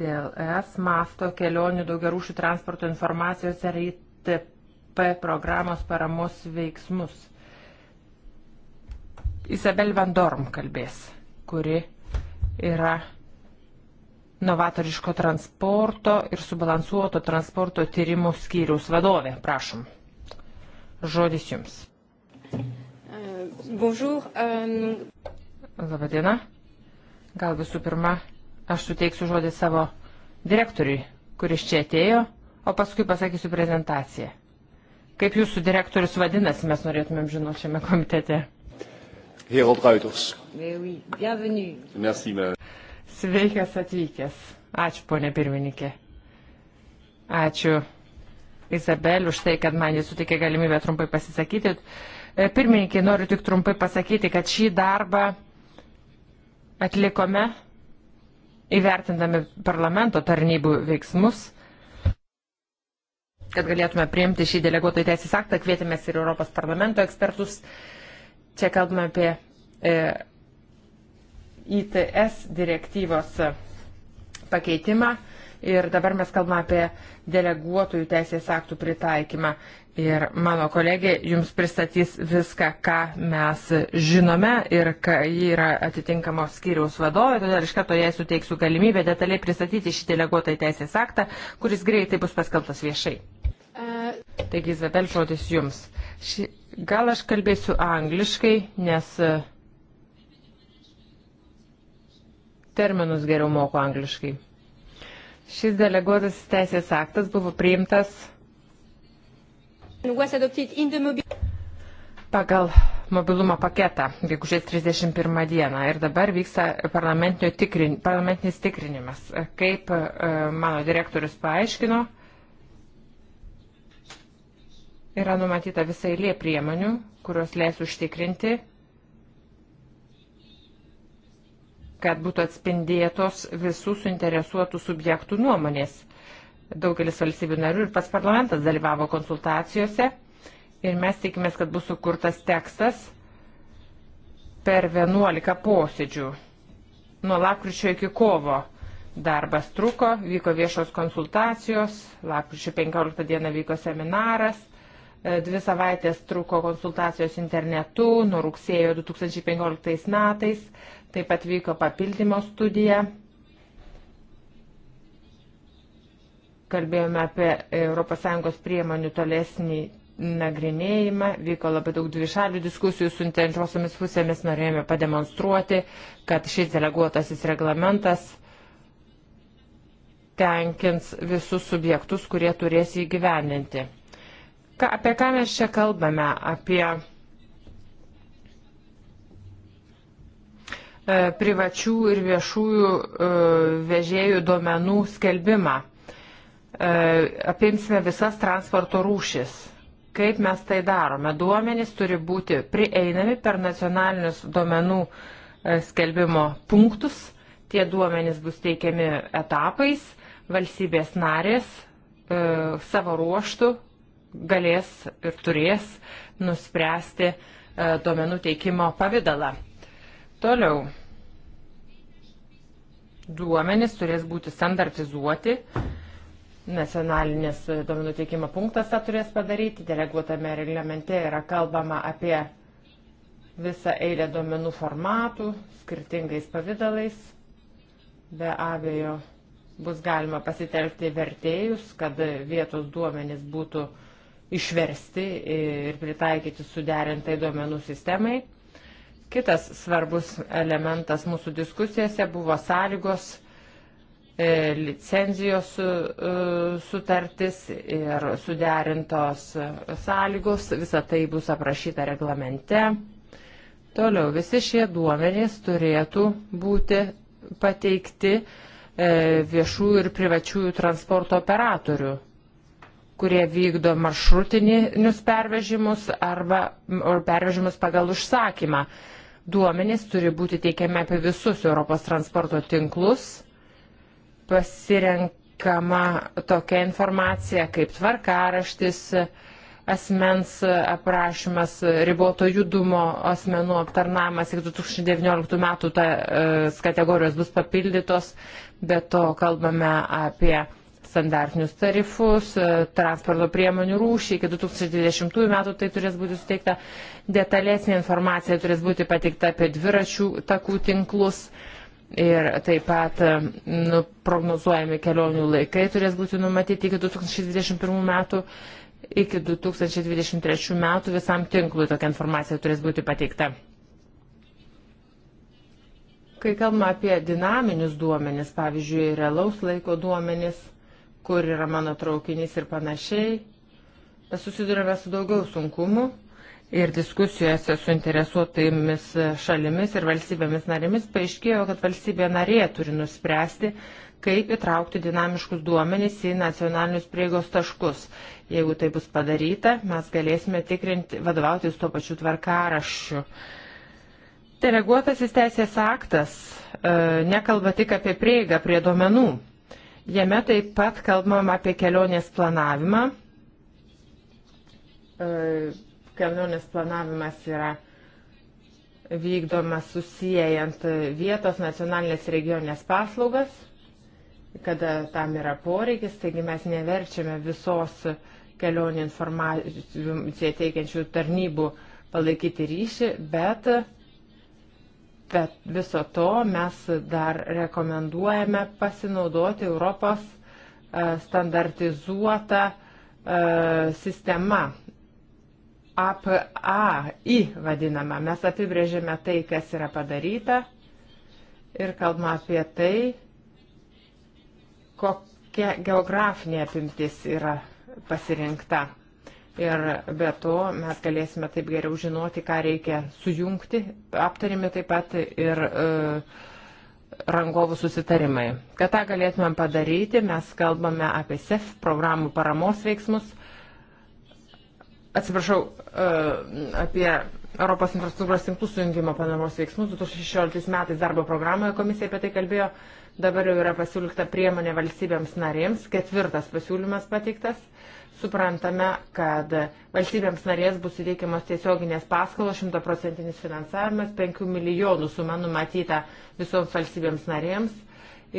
dėl ES masto kelionių daugiarūšių transporto informacijos ir ITP programos paramos veiksmus. Isabel Vandorm kalbės, kuri yra novatoriško transporto ir subalansuoto transporto tyrimų skyriaus vadovė. Prašom. Žodis jums. Thank you. Euh, bonjour. Um... Euh, Labadiena. Gal visų pirma, aš suteiksiu žodį savo direktoriui, kuris čia atėjo, o paskui pasakysiu prezentaciją. Kaip jūsų direktorius vadinasi, mes norėtumėm žinoti šiame komitete. Herold Reuters. Eh oui, bienvenue. Merci, madame. Sveikas atvykęs. Ačiū, ponė pirmininkė. Ačiū Izabel už tai, kad man jis sutikė galimybę trumpai pasisakyti. E, pirmininkai, noriu tik trumpai pasakyti, kad šį darbą atlikome įvertindami parlamento tarnybų veiksmus. Kad galėtume priimti šį deleguotą į teisės aktą, kvietėmės ir Europos parlamento ekspertus. Čia kalbame apie e, ITS direktyvos pakeitimą. E, ir dabar mes kalbame apie deleguotojų teisės aktų pritaikymą. Ir mano kolegė jums pristatys viską, ką mes žinome ir ką ji yra atitinkamos skyriaus vadovė, todėl iš karto jai suteiksiu galimybę detaliai pristatyti šį deleguotą teisės aktą, kuris greitai bus paskelbtas viešai. Taigi, Izabel, žodis jums. Ši, gal aš kalbėsiu angliškai, nes e, terminus geriau moku angliškai. Šis deleguotas teisės aktas buvo priimtas pagal mobilumo paketą, gegužės 31 dieną. Ir dabar vyksta tikrin, parlamentinis tikrinimas. Kaip e, mano direktorius paaiškino, yra numatyta visai lė priemonių, kurios leis užtikrinti kad būtų atspindėtos visų suinteresuotų subjektų nuomonės. Daugelis valstybių narių ir pats parlamentas dalyvavo konsultacijose ir mes tikimės, kad bus sukurtas tekstas per 11 posėdžių. Nuo lapkričio iki kovo darbas truko, vyko viešos konsultacijos, lapkričio 15 dieną vyko seminaras E, dvi savaitės truko konsultacijos internetu nuo rugsėjo 2015 metais, taip pat vyko papildymo studija. Kalbėjome apie ES priemonių tolesnį nagrinėjimą, vyko labai daug dvišalių diskusijų su intenčiosiamis pusėmis, norėjome pademonstruoti, kad šis deleguotasis reglamentas tenkins visus subjektus, kurie turės įgyvendinti. Ka, apie ką mes čia kalbame? Apie e, privačių ir viešųjų e, vežėjų duomenų skelbimą. E, apimsime visas transporto rūšis. Kaip mes tai darome? Duomenys turi būti prieinami per nacionalinius duomenų skelbimo punktus. Tie duomenys bus teikiami etapais. Valstybės narės savo ruoštų galės ir turės nuspręsti e, duomenų teikimo pavydalą. Toliau. Duomenys turės būti standartizuoti. Nacionalinės e, duomenų teikimo punktas tą turės padaryti. Deleguotame reglamente yra kalbama apie visą eilę duomenų formatų, skirtingais pavydalais. Be abejo, bus galima pasitelkti vertėjus, kad vietos duomenys būtų uh, išversti ir pritaikyti suderintai duomenų sistemai. Kitas svarbus elementas mūsų diskusijose buvo sąlygos, e, licenzijos e, sutartis ir suderintos sąlygos. Visa tai bus aprašyta reglamente. Toliau visi šie duomenys turėtų būti pateikti e, viešų ir privačiųjų transporto operatorių kurie vykdo maršrutinius pervežimus arba pervežimus pagal užsakymą. Duomenys turi būti teikiami apie visus Europos transporto tinklus. Pasirenkama tokia informacija kaip tvarkaraštis, asmens aprašymas, riboto judumo asmenų aptarnavimas iki 2019 metų ta, e, kategorijos bus papildytos, bet to kalbame apie standartinius tarifus, e, transporto priemonių rūšį. Iki 2020 metų tai turės būti suteikta detalesnė informacija, tai turės būti pateikta apie dviračių takų tinklus. Ir taip pat e, nu, prognozuojami kelionių laikai turės būti numatyti iki 2021 metų iki 2023 metų visam tinklui tokia informacija turės būti pateikta. Kai kalbame apie dinaminius duomenis, pavyzdžiui, realaus laiko duomenis, kur yra mano traukinys ir panašiai. Mes susidurėme su daugiau sunkumų ir diskusijose su interesuotomis šalimis ir valstybėmis narėmis paaiškėjo, kad valstybė narė turi nuspręsti, kaip įtraukti dinamiškus duomenys į nacionalinius prieigos taškus. Jeigu tai bus padaryta, mes galėsime tikrinti, vadovautis tuo pačiu tvarkaraščiu. Deleguotasis teisės aktas e, nekalba tik apie prieigą prie duomenų. Jame taip pat kalbam apie kelionės planavimą. E, kelionės planavimas yra vykdomas susijęjant vietos nacionalinės regioninės paslaugas, kada tam yra poreikis, taigi mes neverčiame visos kelionių informaciją teikiančių tarnybų palaikyti ryšį, bet Bet viso to mes dar rekomenduojame pasinaudoti Europos e, standartizuotą e, sistemą. APAI vadinama. Mes apibrėžėme tai, kas yra padaryta ir kalbame apie tai, kokia geografinė apimtis yra pasirinkta. Ir be to mes galėsime taip geriau žinoti, ką reikia sujungti. Aptarėme taip pat ir e, rangovų susitarimai. Kad tą galėtumėm padaryti, mes kalbame apie SEF programų paramos veiksmus. Atsiprašau, e, apie Europos infrastruktūros tinklų sujungimo panamos veiksmus 2016 metais darbo programoje komisija apie tai kalbėjo. Dabar jau yra pasiūlyta priemonė valstybėms narėms, ketvirtas pasiūlymas pateiktas. Suprantame, kad valstybėms narės bus įteikiamos tiesioginės paskolos, šimtaprocentinis finansavimas, 5 milijonų suma numatyta visoms valstybėms narėms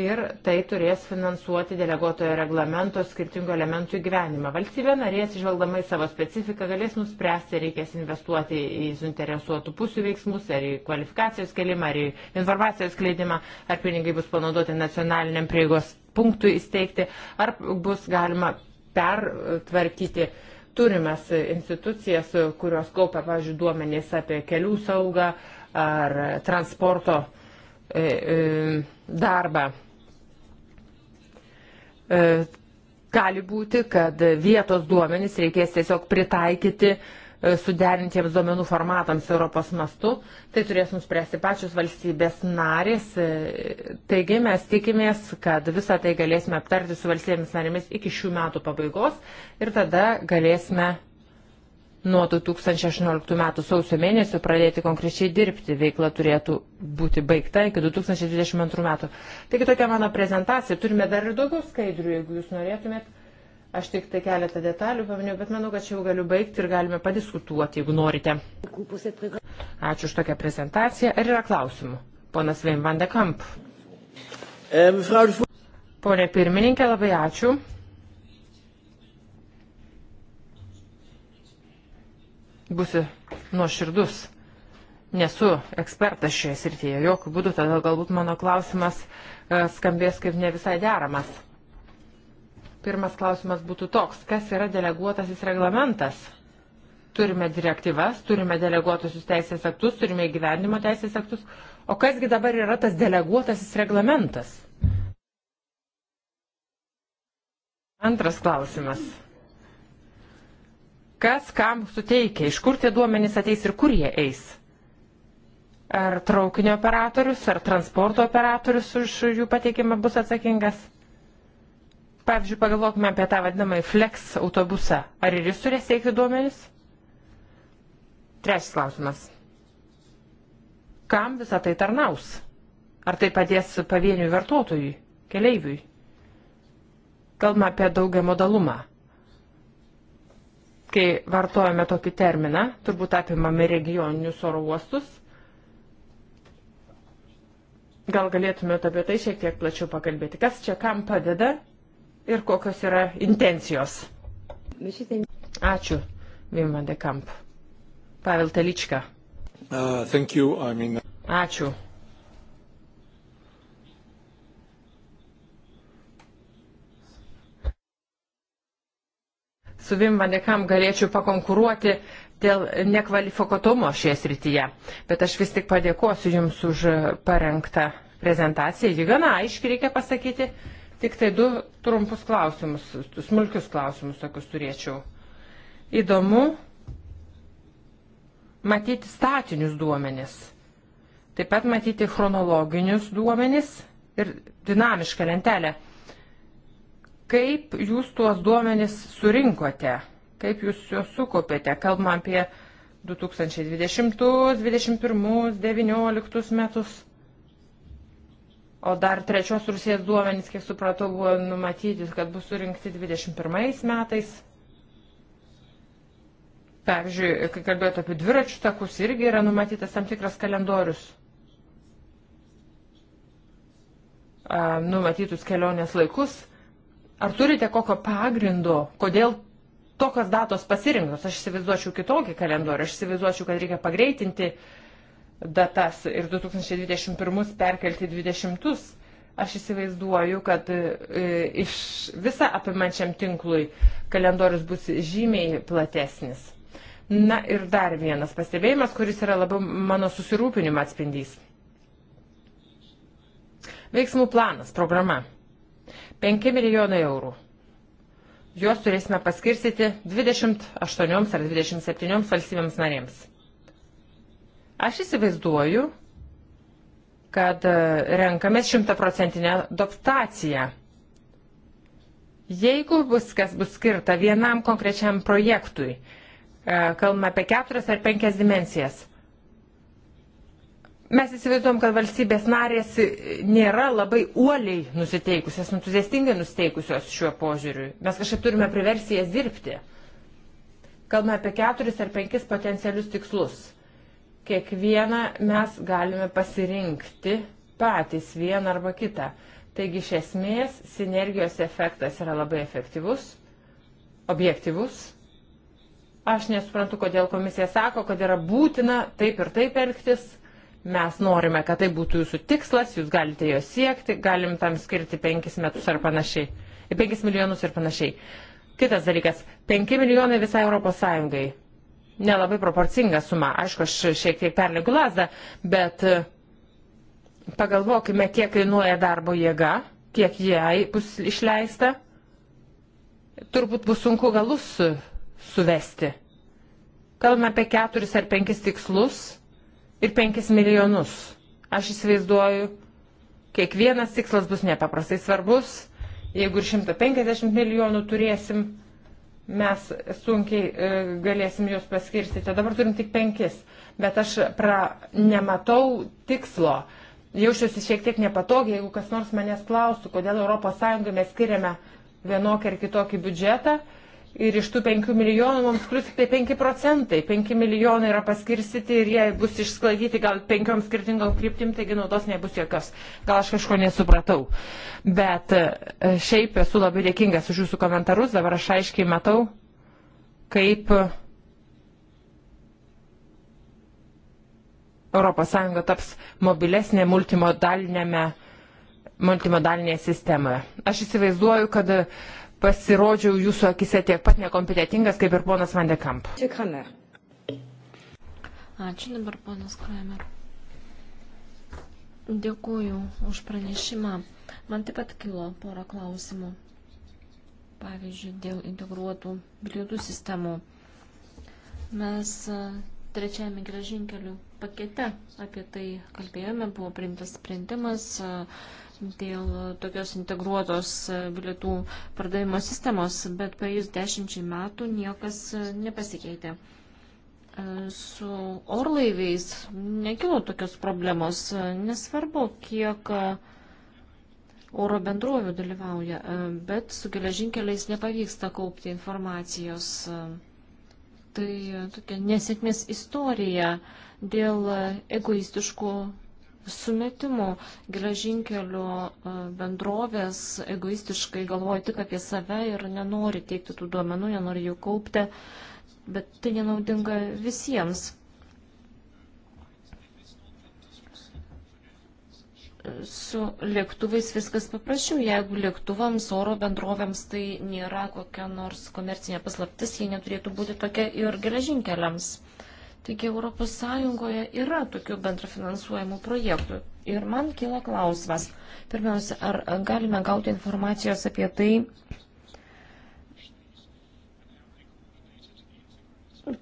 ir tai turės finansuoti deleguotojo reglamento skirtingų elementų įgyvenimą. Valstybė narės, išvelgdama į savo specifiką, galės nuspręsti, reikės investuoti į suinteresuotų pusių veiksmus, ar į kvalifikacijos kelimą, ar į informacijos kleidimą, ar pinigai bus panaudoti nacionaliniam prieigos punktui įsteigti, ar bus galima pertvarkyti turimas institucijas, kurios kaupia, pavyzdžiui, duomenys apie kelių saugą ar transporto e, e, darbą. E, gali būti, kad vietos duomenys reikės tiesiog pritaikyti uh, E, suderintiems duomenų formatams Europos mastu, tai turės nuspręsti pačios valstybės narės. E, taigi mes tikimės, kad visą tai galėsime aptarti su valstybėmis narėmis iki šių metų pabaigos ir tada galėsime nuo 2018 metų sausio mėnesio pradėti konkrečiai dirbti. Veikla turėtų būti baigta iki 2022 metų. Taigi tokia mano prezentacija. Turime dar ir daugiau skaidrių, jeigu jūs norėtumėt Aš tik tai keletą detalių paminėjau, bet manau, kad čia jau galiu baigti ir galime padiskutuoti, jeigu norite. Ačiū už tokią prezentaciją. Ar yra klausimų? Ponas Vim van de Kamp. Pone pirmininkė, labai ačiū. Būsiu nuoširdus. Nesu ekspertas šioje srityje, jokių būdų, todėl galbūt mano klausimas e, skambės kaip ne visai deramas. Pirmas klausimas būtų toks, kas yra deleguotasis reglamentas? Turime direktyvas, turime deleguotusius teisės aktus, turime įgyvendimo teisės aktus, o kasgi dabar yra tas deleguotasis reglamentas? Antras klausimas. Kas kam suteikia, iš kur tie duomenys ateis ir kur jie eis? Ar traukinio operatorius, ar transporto operatorius už jų pateikimą bus atsakingas? Pavyzdžiui, pagalvokime apie tą vadinamąjį flex autobusą. Ar ir jis turės teikti duomenis? Trečias klausimas. Kam visą tai tarnaus? Ar tai padės pavieniui vartotojui, keleiviui? Kalbame apie daugia modalumą. Kai vartojame tokį terminą, turbūt apimame regioninius oro uostus. Gal galėtumėte apie tai šiek tiek plačiau pakalbėti. Kas čia kam padeda ir kokios yra intencijos. Ačiū, Vimma de Kamp. Pavel Telička. Uh, I mean... Ačiū. Su Vimma de Kamp galėčiau pakonkuruoti dėl nekvalifikuotumo šioje srityje, bet aš vis tik padėkosiu Jums už parengtą prezentaciją. Ji gana aiškiai reikia pasakyti. Uh, Tik tai du trumpus klausimus, smulkius klausimus tokius turėčiau. Įdomu matyti statinius duomenis, taip pat matyti chronologinius duomenis ir dinamišką lentelę. Kaip jūs tuos duomenis surinkote, kaip jūs juos sukopėte, kalbam apie 2020, 2021, 2019 metus. O dar trečios Rusijos duomenys, kiek supratau, buvo numatyti, kad bus surinkti 21 metais. Pavyzdžiui, kai kalbėjote apie dviračių takus, irgi yra numatytas tam tikras kalendorius. A, numatytus kelionės laikus. Ar turite kokio pagrindo, kodėl tokios datos pasirinktos? Aš įsivaizduočiau kitokį kalendorių, aš įsivaizduočiau, kad reikia pagreitinti uh, datas ir 2021 perkelti 20. Aš įsivaizduoju, kad e, iš visą apimančiam tinklui kalendorius bus žymiai platesnis. Na ir dar vienas pastebėjimas, kuris yra labiau mano susirūpinimo atspindys. Veiksmų planas, programa. 5 milijonai eurų. Juos turėsime paskirstyti 28 ar 27 valstybėms narėms. Aš įsivaizduoju, kad e, renkamės šimtaprocentinę adaptaciją. Jeigu viskas bus skirta vienam konkrečiam projektui, e, kalbame apie keturias ar penkias dimensijas, mes įsivaizduom, kad valstybės narės nėra labai uoliai nusiteikusios, entuziastingai nusiteikusios šiuo požiūriu. Mes kažkaip turime priversti jas dirbti. Kalbame apie keturis ar penkis potencialius tikslus. Kiekvieną mes galime pasirinkti patys vieną arba kitą. Taigi iš esmės sinergijos efektas yra labai efektyvus, objektyvus. Aš nesuprantu, kodėl komisija sako, kad yra būtina taip ir taip elgtis. Mes norime, kad tai būtų jūsų tikslas, jūs galite jo siekti, galim tam skirti 5 metus ar panašiai. 5 milijonus ir panašiai. Kitas dalykas - 5 milijonai visai Europos Sąjungai nelabai proporcinga suma. Aišku, aš šiek tiek perlenkiu lasdą, bet e, pagalvokime, kiek kainuoja darbo jėga, kiek jai bus išleista. Turbūt bus sunku galus suvesti. Kalbame apie keturis ar penkis tikslus ir penkis milijonus. Aš įsivaizduoju, kiekvienas tikslas bus nepaprastai svarbus. Jeigu ir 150 milijonų turėsim, mes sunkiai e, galėsim juos paskirstyti. Dabar turim tik penkis, bet aš pra, nematau tikslo. Jaučiuosi šiek tiek nepatogiai, jeigu kas nors manęs klaustų, kodėl ES mes skiriame vienokį ar kitokį biudžetą. Uh, Ir iš tų 5 milijonų mums kliūtų tai 5 procentai. 5 milijonai yra paskirstyti ir jie bus išsklaidyti gal penkiom skirtingom kryptim, taigi naudos nebus jokios. Gal aš kažko nesupratau. Bet e, šiaip esu labai dėkingas už jūsų komentarus. Dabar aš aiškiai matau, kaip ES taps mobilesnė multimodalinėme multimodalinėje sistemoje. Aš įsivaizduoju, kad uh, pasirodžiau jūsų akise tiek pat nekompetitingas, kaip ir ponas Vandekamp. Ačiū dabar, ponas Kramer. Dėkuoju už pranešimą. Man taip pat kilo pora klausimų. Pavyzdžiui, dėl integruotų bilietų sistemų. Mes trečiajame gražinkelių pakete apie tai kalbėjome, buvo priimtas sprendimas e, dėl tokios integruotos e, bilietų pardavimo sistemos, bet praėjus dešimčiai metų niekas e, nepasikeitė. Su orlaiviais nekilo tokios problemos, nesvarbu, kiek oro bendrovių dalyvauja, bet su geležinkeliais nepavyksta kaupti informacijos tai e, tokia nesėkmės istorija dėl e, egoistiškų sumetimų. Geležinkelio e, bendrovės egoistiškai galvoja tik apie save ir nenori teikti tų duomenų, nenori jų kaupti, bet tai nenaudinga visiems. su lėktuvais viskas paprasčiau, jeigu lėktuvams, oro bendrovėms tai nėra kokia nors komercinė paslaptis, jie neturėtų būti tokia ir geležinkeliams. Taigi ES yra tokių bendrafinansuojamų projektų. Ir man kilo klausimas. Pirmiausia, ar galime gauti informacijos apie tai,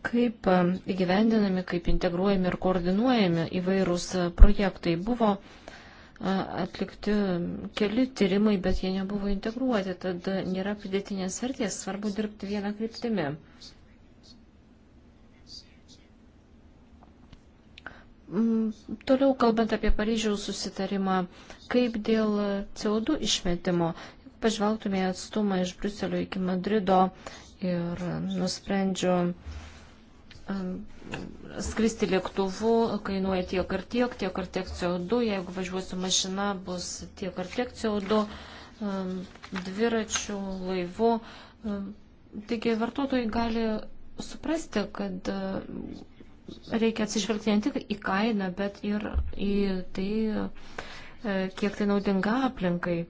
kaip įgyvendinami, kaip integruojami ir koordinuojami įvairūs projektai. Buvo uh, atlikti keli tyrimai, bet jie nebuvo integruoti, tad nėra pridėtinės vertės, svarbu dirbti vieną kryptimį. Mm, toliau kalbant apie Paryžiaus susitarimą, kaip dėl CO2 išmetimo, pažvelgtume atstumą iš Bruselio iki Madrido ir nusprendžiu skristi lėktuvu kainuoja tiek ir tiek, tiek ir tiek CO2, jeigu važiuosiu mašina bus tiek ir tiek CO2, dviračių, laivų. Taigi vartotojai gali suprasti, kad reikia atsižvelgti ne tik į kainą, bet ir į tai, kiek tai naudinga aplinkai.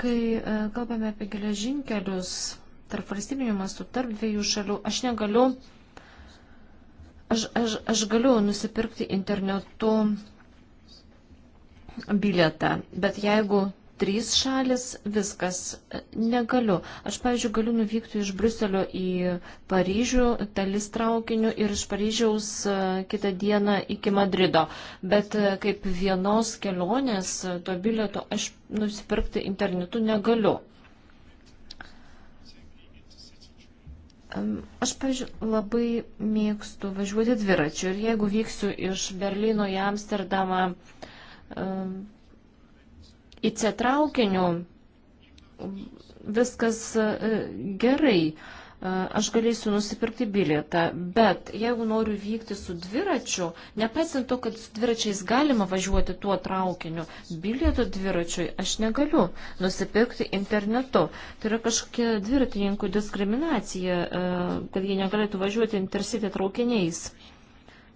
Kai e, kalbame apie geležinkelius tarp valstybinių mastų, tarp dviejų šalių, aš negaliu, aš, aš, aš galiu nusipirkti internetu bilietą, bet jeigu trys šalis, viskas. Negaliu. Aš, pavyzdžiui, galiu nuvykti iš Bruselio į Paryžių, dalis traukiniu ir iš Paryžiaus e, kitą dieną iki Madrido. Bet e, kaip vienos kelionės e, to bilieto aš nusipirkti internetu negaliu. Aš, pažiūrėjau, labai mėgstu važiuoti dviračiu ir jeigu vyksiu iš Berlyno į Amsterdamą, IC traukiniu viskas e, gerai, e, aš galėsiu nusipirkti bilietą, bet jeigu noriu vykti su dviračiu, nepaisant to, kad su dviračiais galima važiuoti tuo traukiniu, bilieto dviračiui aš negaliu nusipirkti internetu. Tai yra kažkokia dviratininkų diskriminacija, e, kad jie negalėtų važiuoti intercity traukiniais.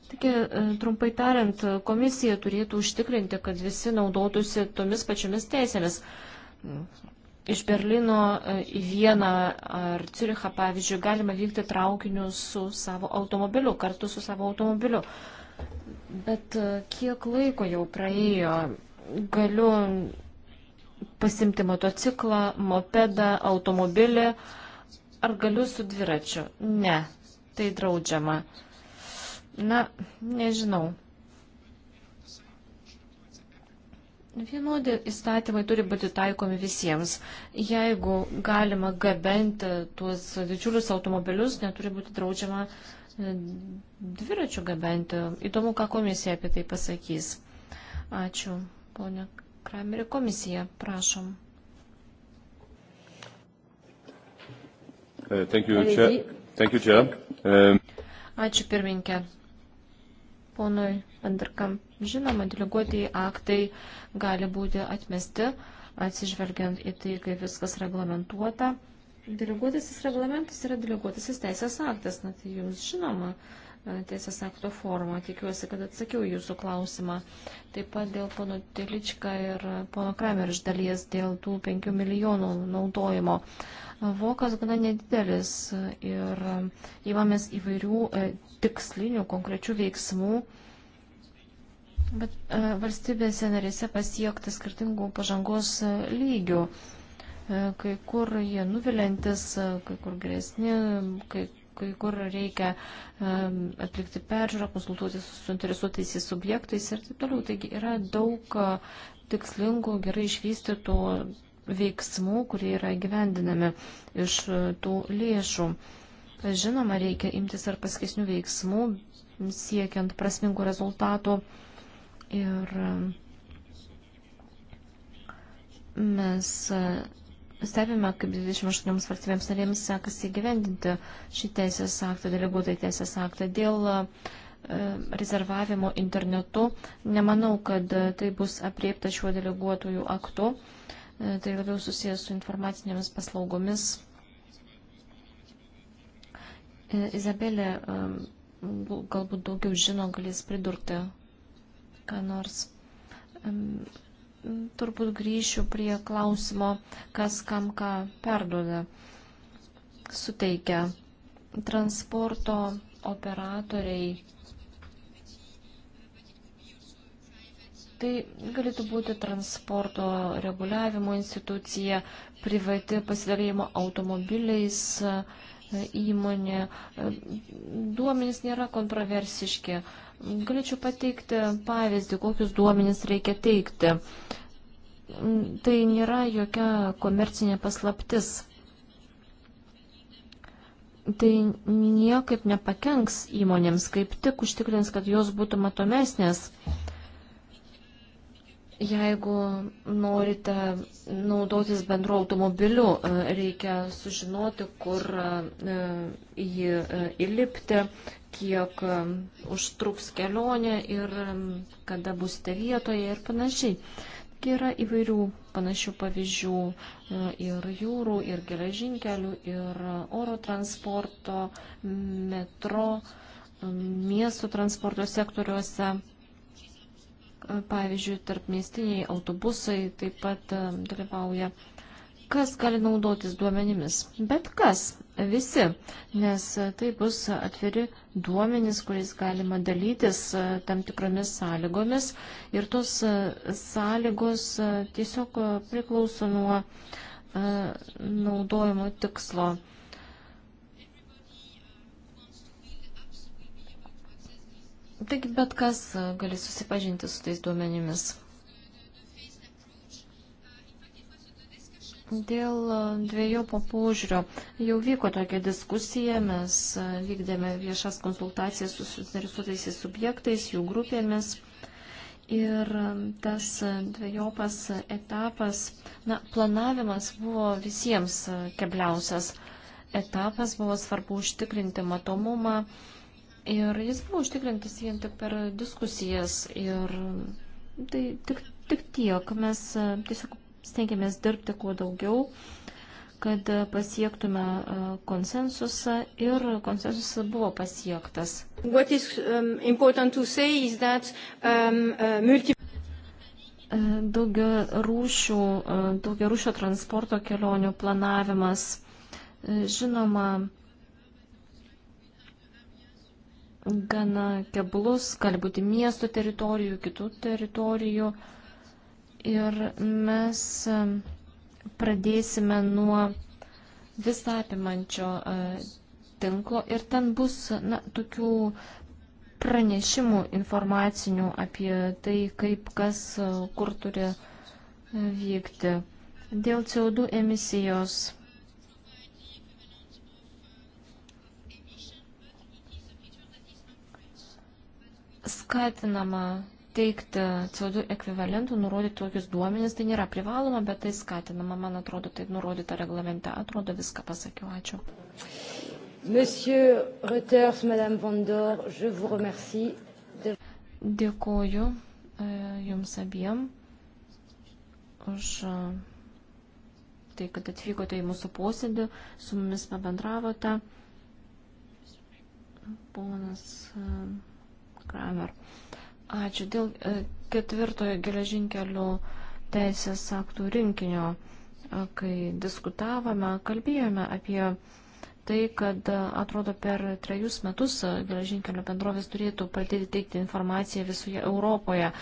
Taigi, e, trumpai tariant, komisija turėtų užtikrinti, kad visi naudotųsi tomis pačiomis teisėmis. Iš Berlino e, į Vieną ar Ciurichą, pavyzdžiui, galima vykti traukiniu su savo automobiliu, kartu su savo automobiliu. Bet e, kiek laiko jau praėjo, galiu pasimti motociklą, mopedą, automobilį, ar galiu su dviračiu? Ne, tai draudžiama. Na, nežinau. Vienodi įstatymai turi būti taikomi visiems. Jeigu galima gabenti tuos didžiulius automobilius, neturi būti draudžiama e, dviračių gabenti. Įdomu, ką komisija apie tai pasakys. Ačiū, ponia Kramerė. Komisija, prašom. Uh, thank you, Chair. Thank you, Chair. Um... Ačiū, pirminkė ponui Vandarkam. Žinoma, deleguotieji aktai gali būti atmesti, atsižvelgiant į tai, kaip viskas reglamentuota. Deleguotasis reglamentas yra deleguotasis teisės aktas, na tai jums žinoma e, teisės akto formą. Tikiuosi, kad atsakiau jūsų klausimą. Taip pat dėl pono Teličką ir pono Kramer iš dalies dėl tų 5 milijonų naudojimo. Vokas gana nedidelis ir įmamės e, įvairių e, tikslinių, konkrečių veiksmų, bet e, valstybėse narėse pasiekti skirtingų pažangos e, lygių. E, kai kur jie nuvilintis, kai kur grėsni, kai, kai kur reikia atlikti peržiūrą, konsultuotis su suinteresuotais į subjektais ir taip toliau. Taigi yra daug tikslingų, gerai išvystytų veiksmų, kurie yra gyvendinami iš tų lėšų. Žinoma, reikia imtis ar paskesnių veiksmų, siekiant prasmingų rezultatų. Ir e, mes e, stebime, kaip 28 valstybėms narėms sekasi įgyvendinti šį teisės aktą, deleguotą į teisės aktą. Dėl e, rezervavimo internetu nemanau, kad tai bus apriepta šiuo deleguotojų aktu. Tai labiau susijęs su informacinėmis paslaugomis E, Izabelė e, galbūt daugiau žino, galės pridurti, ką nors. Turbūt grįšiu prie klausimo, kas kam ką perduoda, suteikia. Transporto operatoriai. Tai galėtų būti transporto reguliavimo institucija, privati pasidalėjimo automobiliais, uh, įmonė. Duomenys nėra kontroversiški. Galėčiau pateikti pavyzdį, kokius duomenys reikia teikti. Tai nėra jokia komercinė paslaptis. Tai niekaip nepakenks įmonėms, kaip tik užtikrins, kad jos būtų matomesnės. Jeigu norite naudotis bendru automobiliu, e, reikia sužinoti, kur e, e, jį įlipti, kiek užtruks kelionė ir kada būsite vietoje ir panašiai. Taigi yra įvairių panašių pavyzdžių ir jūrų, ir geležinkelių, ir oro transporto, metro, miestų transporto sektoriuose pavyzdžiui, tarp miestiniai autobusai taip pat dalyvauja. Kas gali naudotis duomenimis? Bet kas, visi, nes e, tai bus atviri duomenys, kuriais galima dalytis e, tam tikromis sąlygomis ir tos e, sąlygos tiesiog priklauso nuo naudojimo tikslo. Taigi bet kas e, gali susipažinti su tais duomenimis. Dėl e, dviejopo požiūrio jau vyko tokia diskusija, mes e, vykdėme viešas konsultacijas su suinteresuotaisiais subjektais, jų grupėmis. Ir tas dviejopas etapas, na, planavimas buvo visiems kebliausias etapas, buvo svarbu užtikrinti matomumą, Ir jis buvo užtikrintas vien tik per diskusijas. Ir tai tik, tik tiek. Mes e, tiesiog stengiamės dirbti kuo daugiau, kad e, pasiektume e, konsensusą. Ir konsensusas buvo pasiektas. Is, um, is that, um, uh, multi... Daugia rūšių, daugia rūšio transporto kelionių planavimas. Žinoma, gana keblus, gali būti miesto teritorijų, kitų teritorijų. Ir mes pradėsime nuo visą apimančio e, tinklo ir ten bus na, tokių pranešimų informacinių apie tai, kaip kas e, kur turi e, vykti. Dėl CO2 emisijos skatinama teikti CO2 ekvivalentų, nurodyti tokius duomenis, tai nėra privaloma, bet tai skatinama, man atrodo, tai nurodyta reglamente. Atrodo, viską pasakiau. Ačiū. Monsieur Reuters, Madame Vandor, je vous remercie. De... Dėkoju e, Jums abiem už e, tai, kad atvykote į mūsų posėdį, su mumis pabendravote. Ponas. Uh, Kramer. Ačiū. Dėl e, ketvirtojo geležinkelių teisės aktų rinkinio, e, kai diskutavome, kalbėjome apie tai, kad e, atrodo per trejus metus geležinkelio bendrovės turėtų pradėti teikti informaciją visoje Europoje.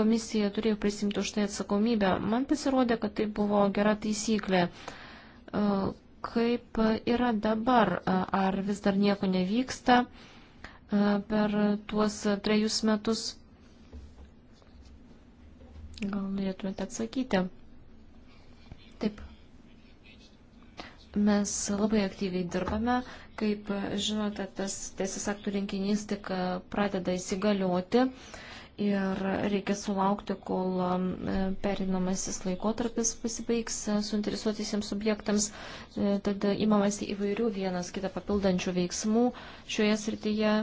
Komisija turėjo prisimti už tai atsakomybę. Man pasirodė, kad tai buvo gera taisyklė. Kaip yra dabar? Ar vis dar nieko nevyksta? E, per tuos trejus metus? Gal norėtumėte atsakyti? Taip. Mes labai aktyviai dirbame. Kaip žinote, tas teisės aktų rinkinys tik pradeda įsigalioti. Uh, ir reikia sulaukti, kol um, perinamasis laikotarpis pasibaigs uh, suinteresuotisiems subjektams. Uh, Tada imamasi įvairių vienas kitą papildančių veiksmų šioje srityje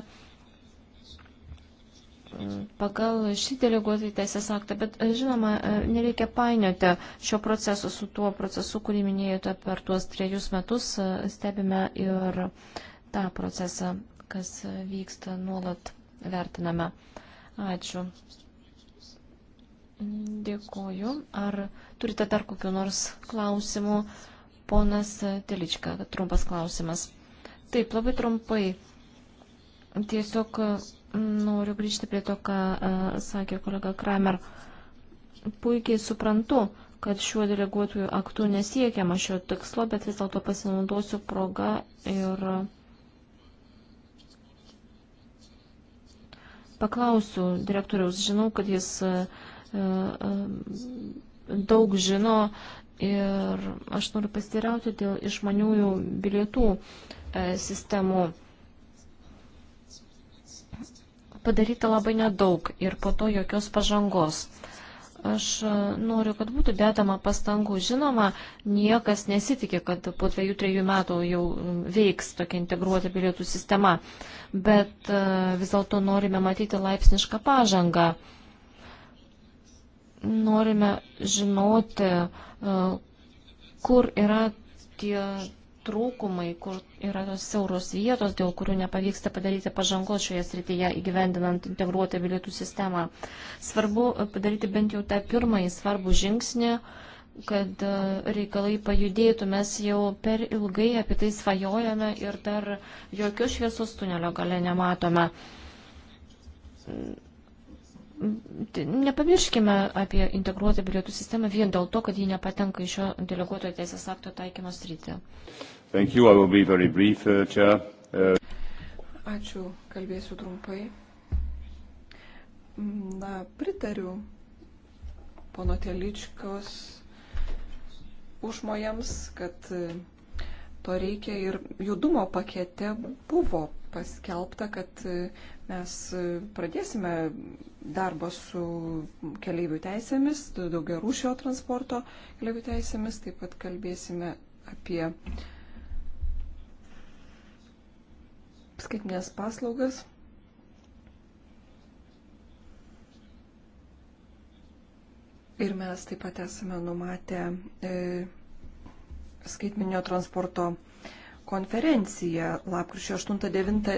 pagal šį deleguotą teisės aktą, bet uh, žinoma, nereikia painioti šio proceso su tuo procesu, kurį minėjote per tuos trejus metus, stebime ir tą procesą, kas vyksta nuolat vertiname. Ačiū. Dėkoju. Ar turite dar kokiu nors klausimu? Ponas Telička, trumpas klausimas. Taip, labai trumpai. Tiesiog mm, noriu grįžti prie to, ką e, sakė kolega Kramer. Puikiai suprantu, kad šiuo deleguotųjų aktu nesiekiama šio tikslo, bet vis dėlto pasinaudosiu progą ir Paklausiu direktoriaus, žinau, kad jis e, e, e, daug žino ir aš noriu pastirauti dėl išmaniųjų bilietų sistemų. Padaryta labai nedaug ir po to jokios pažangos. Aš e, noriu, kad būtų dedama pastangų. Žinoma, niekas nesitikė, kad po dviejų, trejų metų jau veiks tokia integruota bilietų sistema, bet e, vis dėlto norime matyti laipsnišką pažangą. Norime žinoti, e, kur yra tie trūkumai, kur yra tos siauros vietos, dėl kurių nepavyksta padaryti pažangos šioje srityje įgyvendinant integruotą bilietų sistemą. Svarbu padaryti bent jau tą pirmąjį svarbų žingsnį, kad e, reikalai pajudėtų. Mes jau per ilgai apie tai svajojame ir dar jokios šviesos tunelio gale nematome nepamirškime apie integruotą bilietų sistemą vien dėl to, kad ji nepatenka į šio deleguotojo teisės akto taikymos rytį. Thank you. I will be very brief, uh, Chair. Uh... Ačiū, kalbėsiu trumpai. Na, pritariu pono Teličkos užmojams, kad to reikia ir judumo pakete buvo paskelbta, kad mes pradėsime darbą su keliaivių teisėmis, daugia rūšio transporto keliaivių teisėmis, taip pat kalbėsime apie uh, skaitinės paslaugas. Ir mes taip pat esame numatę e, skaitminio transporto konferenciją lapkričio 8-9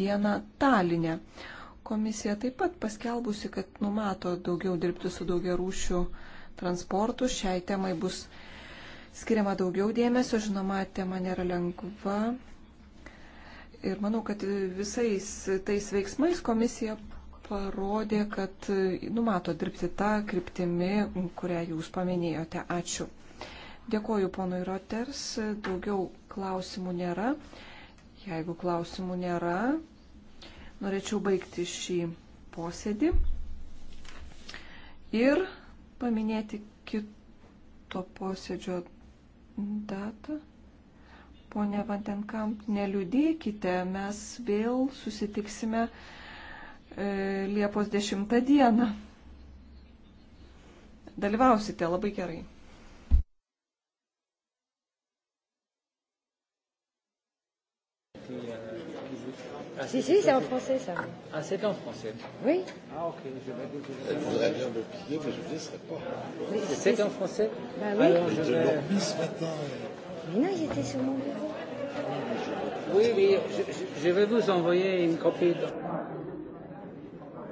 dieną Talinė. Komisija taip pat paskelbusi, kad numato daugiau dirbti su daugiarūšių transportu. Šiai temai bus skiriama daugiau dėmesio. Žinoma, tema nėra lengva. Ir manau, kad visais tais veiksmais komisija parodė, kad numato dirbti tą kryptimį, kurią jūs paminėjote. Ačiū. Dėkoju ponui Roters. Daugiau klausimų nėra. Jeigu klausimų nėra, norėčiau baigti šį posėdį ir paminėti kito posėdžio datą. Pone Vandenkamp, neliūdėkite, mes vėl susitiksime e, Liepos 10 dieną. Dalyvausite labai gerai. Ah, si, si, c'est en français, ça. Ah, c'est en français Oui. Ah, ok. Elle voudrait bien me plier, mais je ne laisserai pas. C'est en français Bah oui. Alors, je vais... ce matin. Et... Mais non, il était sur mon bureau. Oui, oui, je, je vais vous envoyer une copie. De...